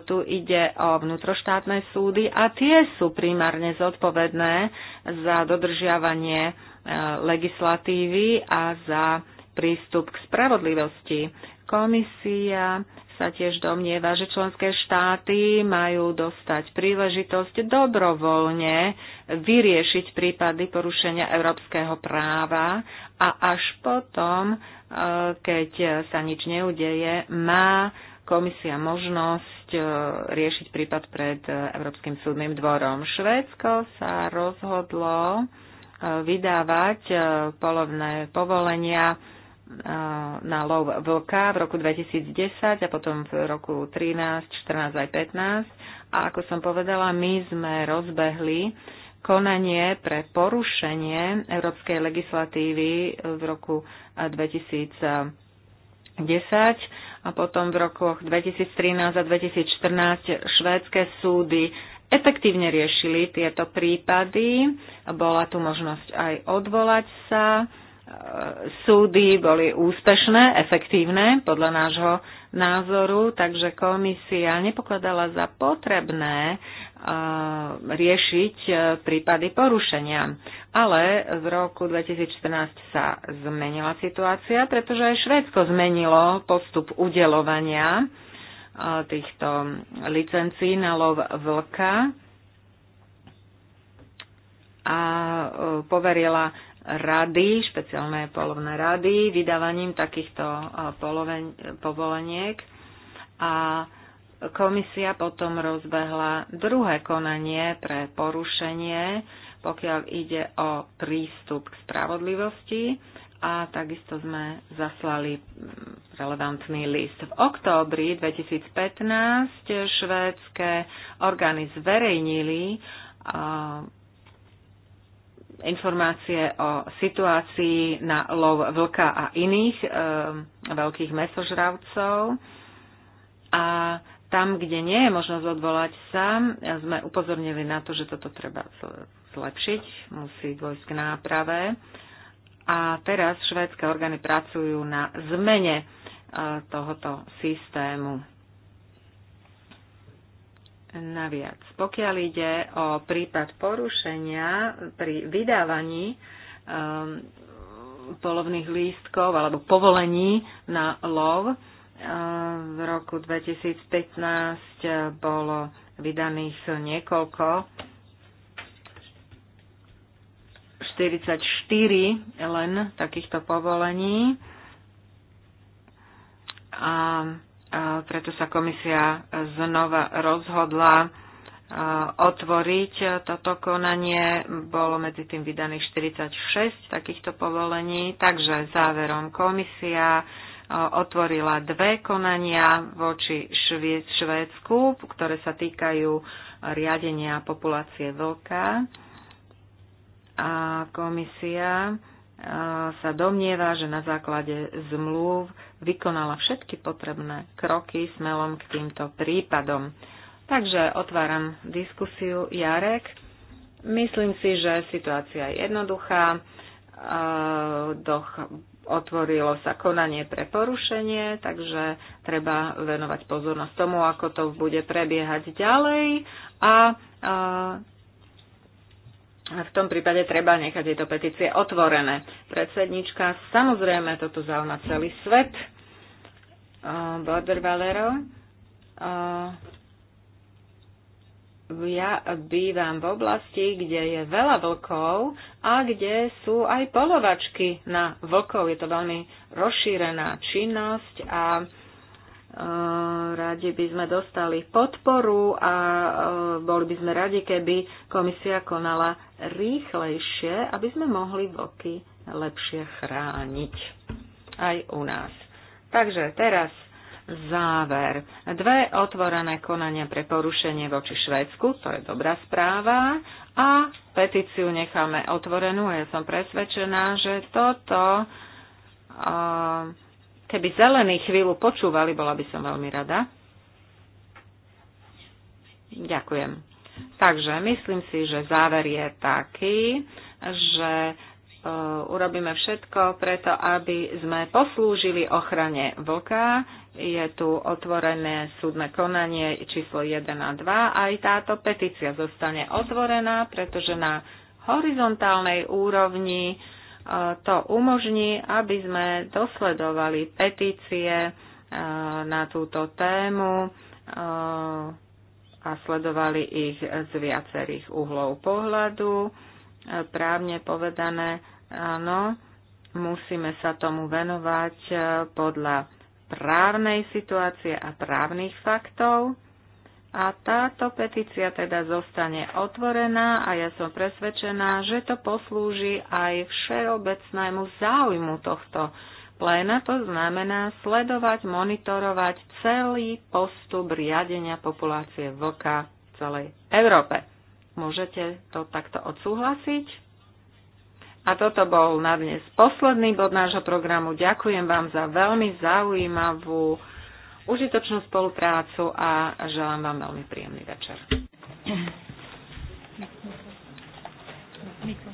tu ide o vnútroštátne súdy a tie sú primárne zodpovedné za dodržiavanie e, legislatívy a za prístup k spravodlivosti. Komisia sa tiež domnieva, že členské štáty majú dostať príležitosť dobrovoľne vyriešiť prípady porušenia európskeho práva a až potom, e, keď sa nič neudeje, má komisia možnosť e, riešiť prípad pred e, Európskym súdnym dvorom. Švédsko sa rozhodlo e, vydávať polovné povolenia na lov vlka v roku 2010 a potom v roku 13, 14 aj 15. A ako som povedala, my sme rozbehli konanie pre porušenie európskej legislatívy v roku 2010 a potom v rokoch 2013 a 2014 švédske súdy efektívne riešili tieto prípady. Bola tu možnosť aj odvolať sa. E, súdy boli úspešné, efektívne podľa nášho názoru, takže komisia nepokladala za potrebné e, riešiť e, prípady porušenia. Ale z roku 2014 sa zmenila situácia, pretože aj Švédsko zmenilo postup udelovania e, týchto licencií na lov vlka a poverila rady, špeciálne polovné rady, vydávaním takýchto poloven, povoleniek. A komisia potom rozbehla druhé konanie pre porušenie, pokiaľ ide o prístup k spravodlivosti a takisto sme zaslali relevantný list. V októbri 2015 švédske orgány zverejnili informácie o situácii na lov vlka a iných e, veľkých mesožravcov. A tam, kde nie je možnosť odvolať sa, sme upozornili na to, že toto treba zlepšiť, musí dôjsť k náprave. A teraz švédske orgány pracujú na zmene eh, tohoto systému naviac. Pokiaľ ide o prípad porušenia pri vydávaní um, polovných lístkov alebo povolení na lov, uh, v roku 2015 bolo vydaných niekoľko 44 len takýchto povolení. A preto sa komisia znova rozhodla otvoriť toto konanie. Bolo medzi tým vydaných 46 takýchto povolení, takže záverom komisia otvorila dve konania voči Švédsku, ktoré sa týkajú riadenia populácie vlka. A komisia sa domnieva, že na základe zmluv vykonala všetky potrebné kroky smelom k týmto prípadom. Takže otváram diskusiu. Jarek, myslím si, že situácia je jednoduchá. Doch otvorilo sa konanie pre porušenie, takže treba venovať pozornosť tomu, ako to bude prebiehať ďalej a v tom prípade treba nechať tieto petície otvorené. Predsednička, samozrejme, toto zaujíma celý svet. Uh, Border Valero. Uh, ja bývam v oblasti, kde je veľa vlkov a kde sú aj polovačky na vlkov. Je to veľmi rozšírená činnosť a uh, Eh, radi by sme dostali podporu a eh, boli by sme radi, keby komisia konala rýchlejšie, aby sme mohli voky lepšie chrániť aj u nás. Takže teraz záver. Dve otvorené konania pre porušenie voči Švedsku, to je dobrá správa, a petíciu necháme otvorenú. Ja som presvedčená, že toto uh, Keby zelení chvíľu počúvali, bola by som veľmi rada. Ďakujem. Takže myslím si, že záver je taký, že e, urobíme všetko preto, aby sme poslúžili ochrane vlka. Je tu otvorené súdne konanie číslo 1 a 2. Aj táto petícia zostane otvorená, pretože na horizontálnej úrovni to umožní, aby sme dosledovali petície na túto tému a sledovali ich z viacerých uhlov pohľadu. Právne povedané, áno, musíme sa tomu venovať podľa právnej situácie a právnych faktov a táto petícia teda zostane otvorená a ja som presvedčená, že to poslúži aj všeobecnému záujmu tohto pléna, to znamená sledovať, monitorovať celý postup riadenia populácie vlka v celej Európe. Môžete to takto odsúhlasiť? A toto bol na dnes posledný bod nášho programu. Ďakujem vám za veľmi zaujímavú užitočnú spoluprácu a želám vám veľmi príjemný večer. Mikro.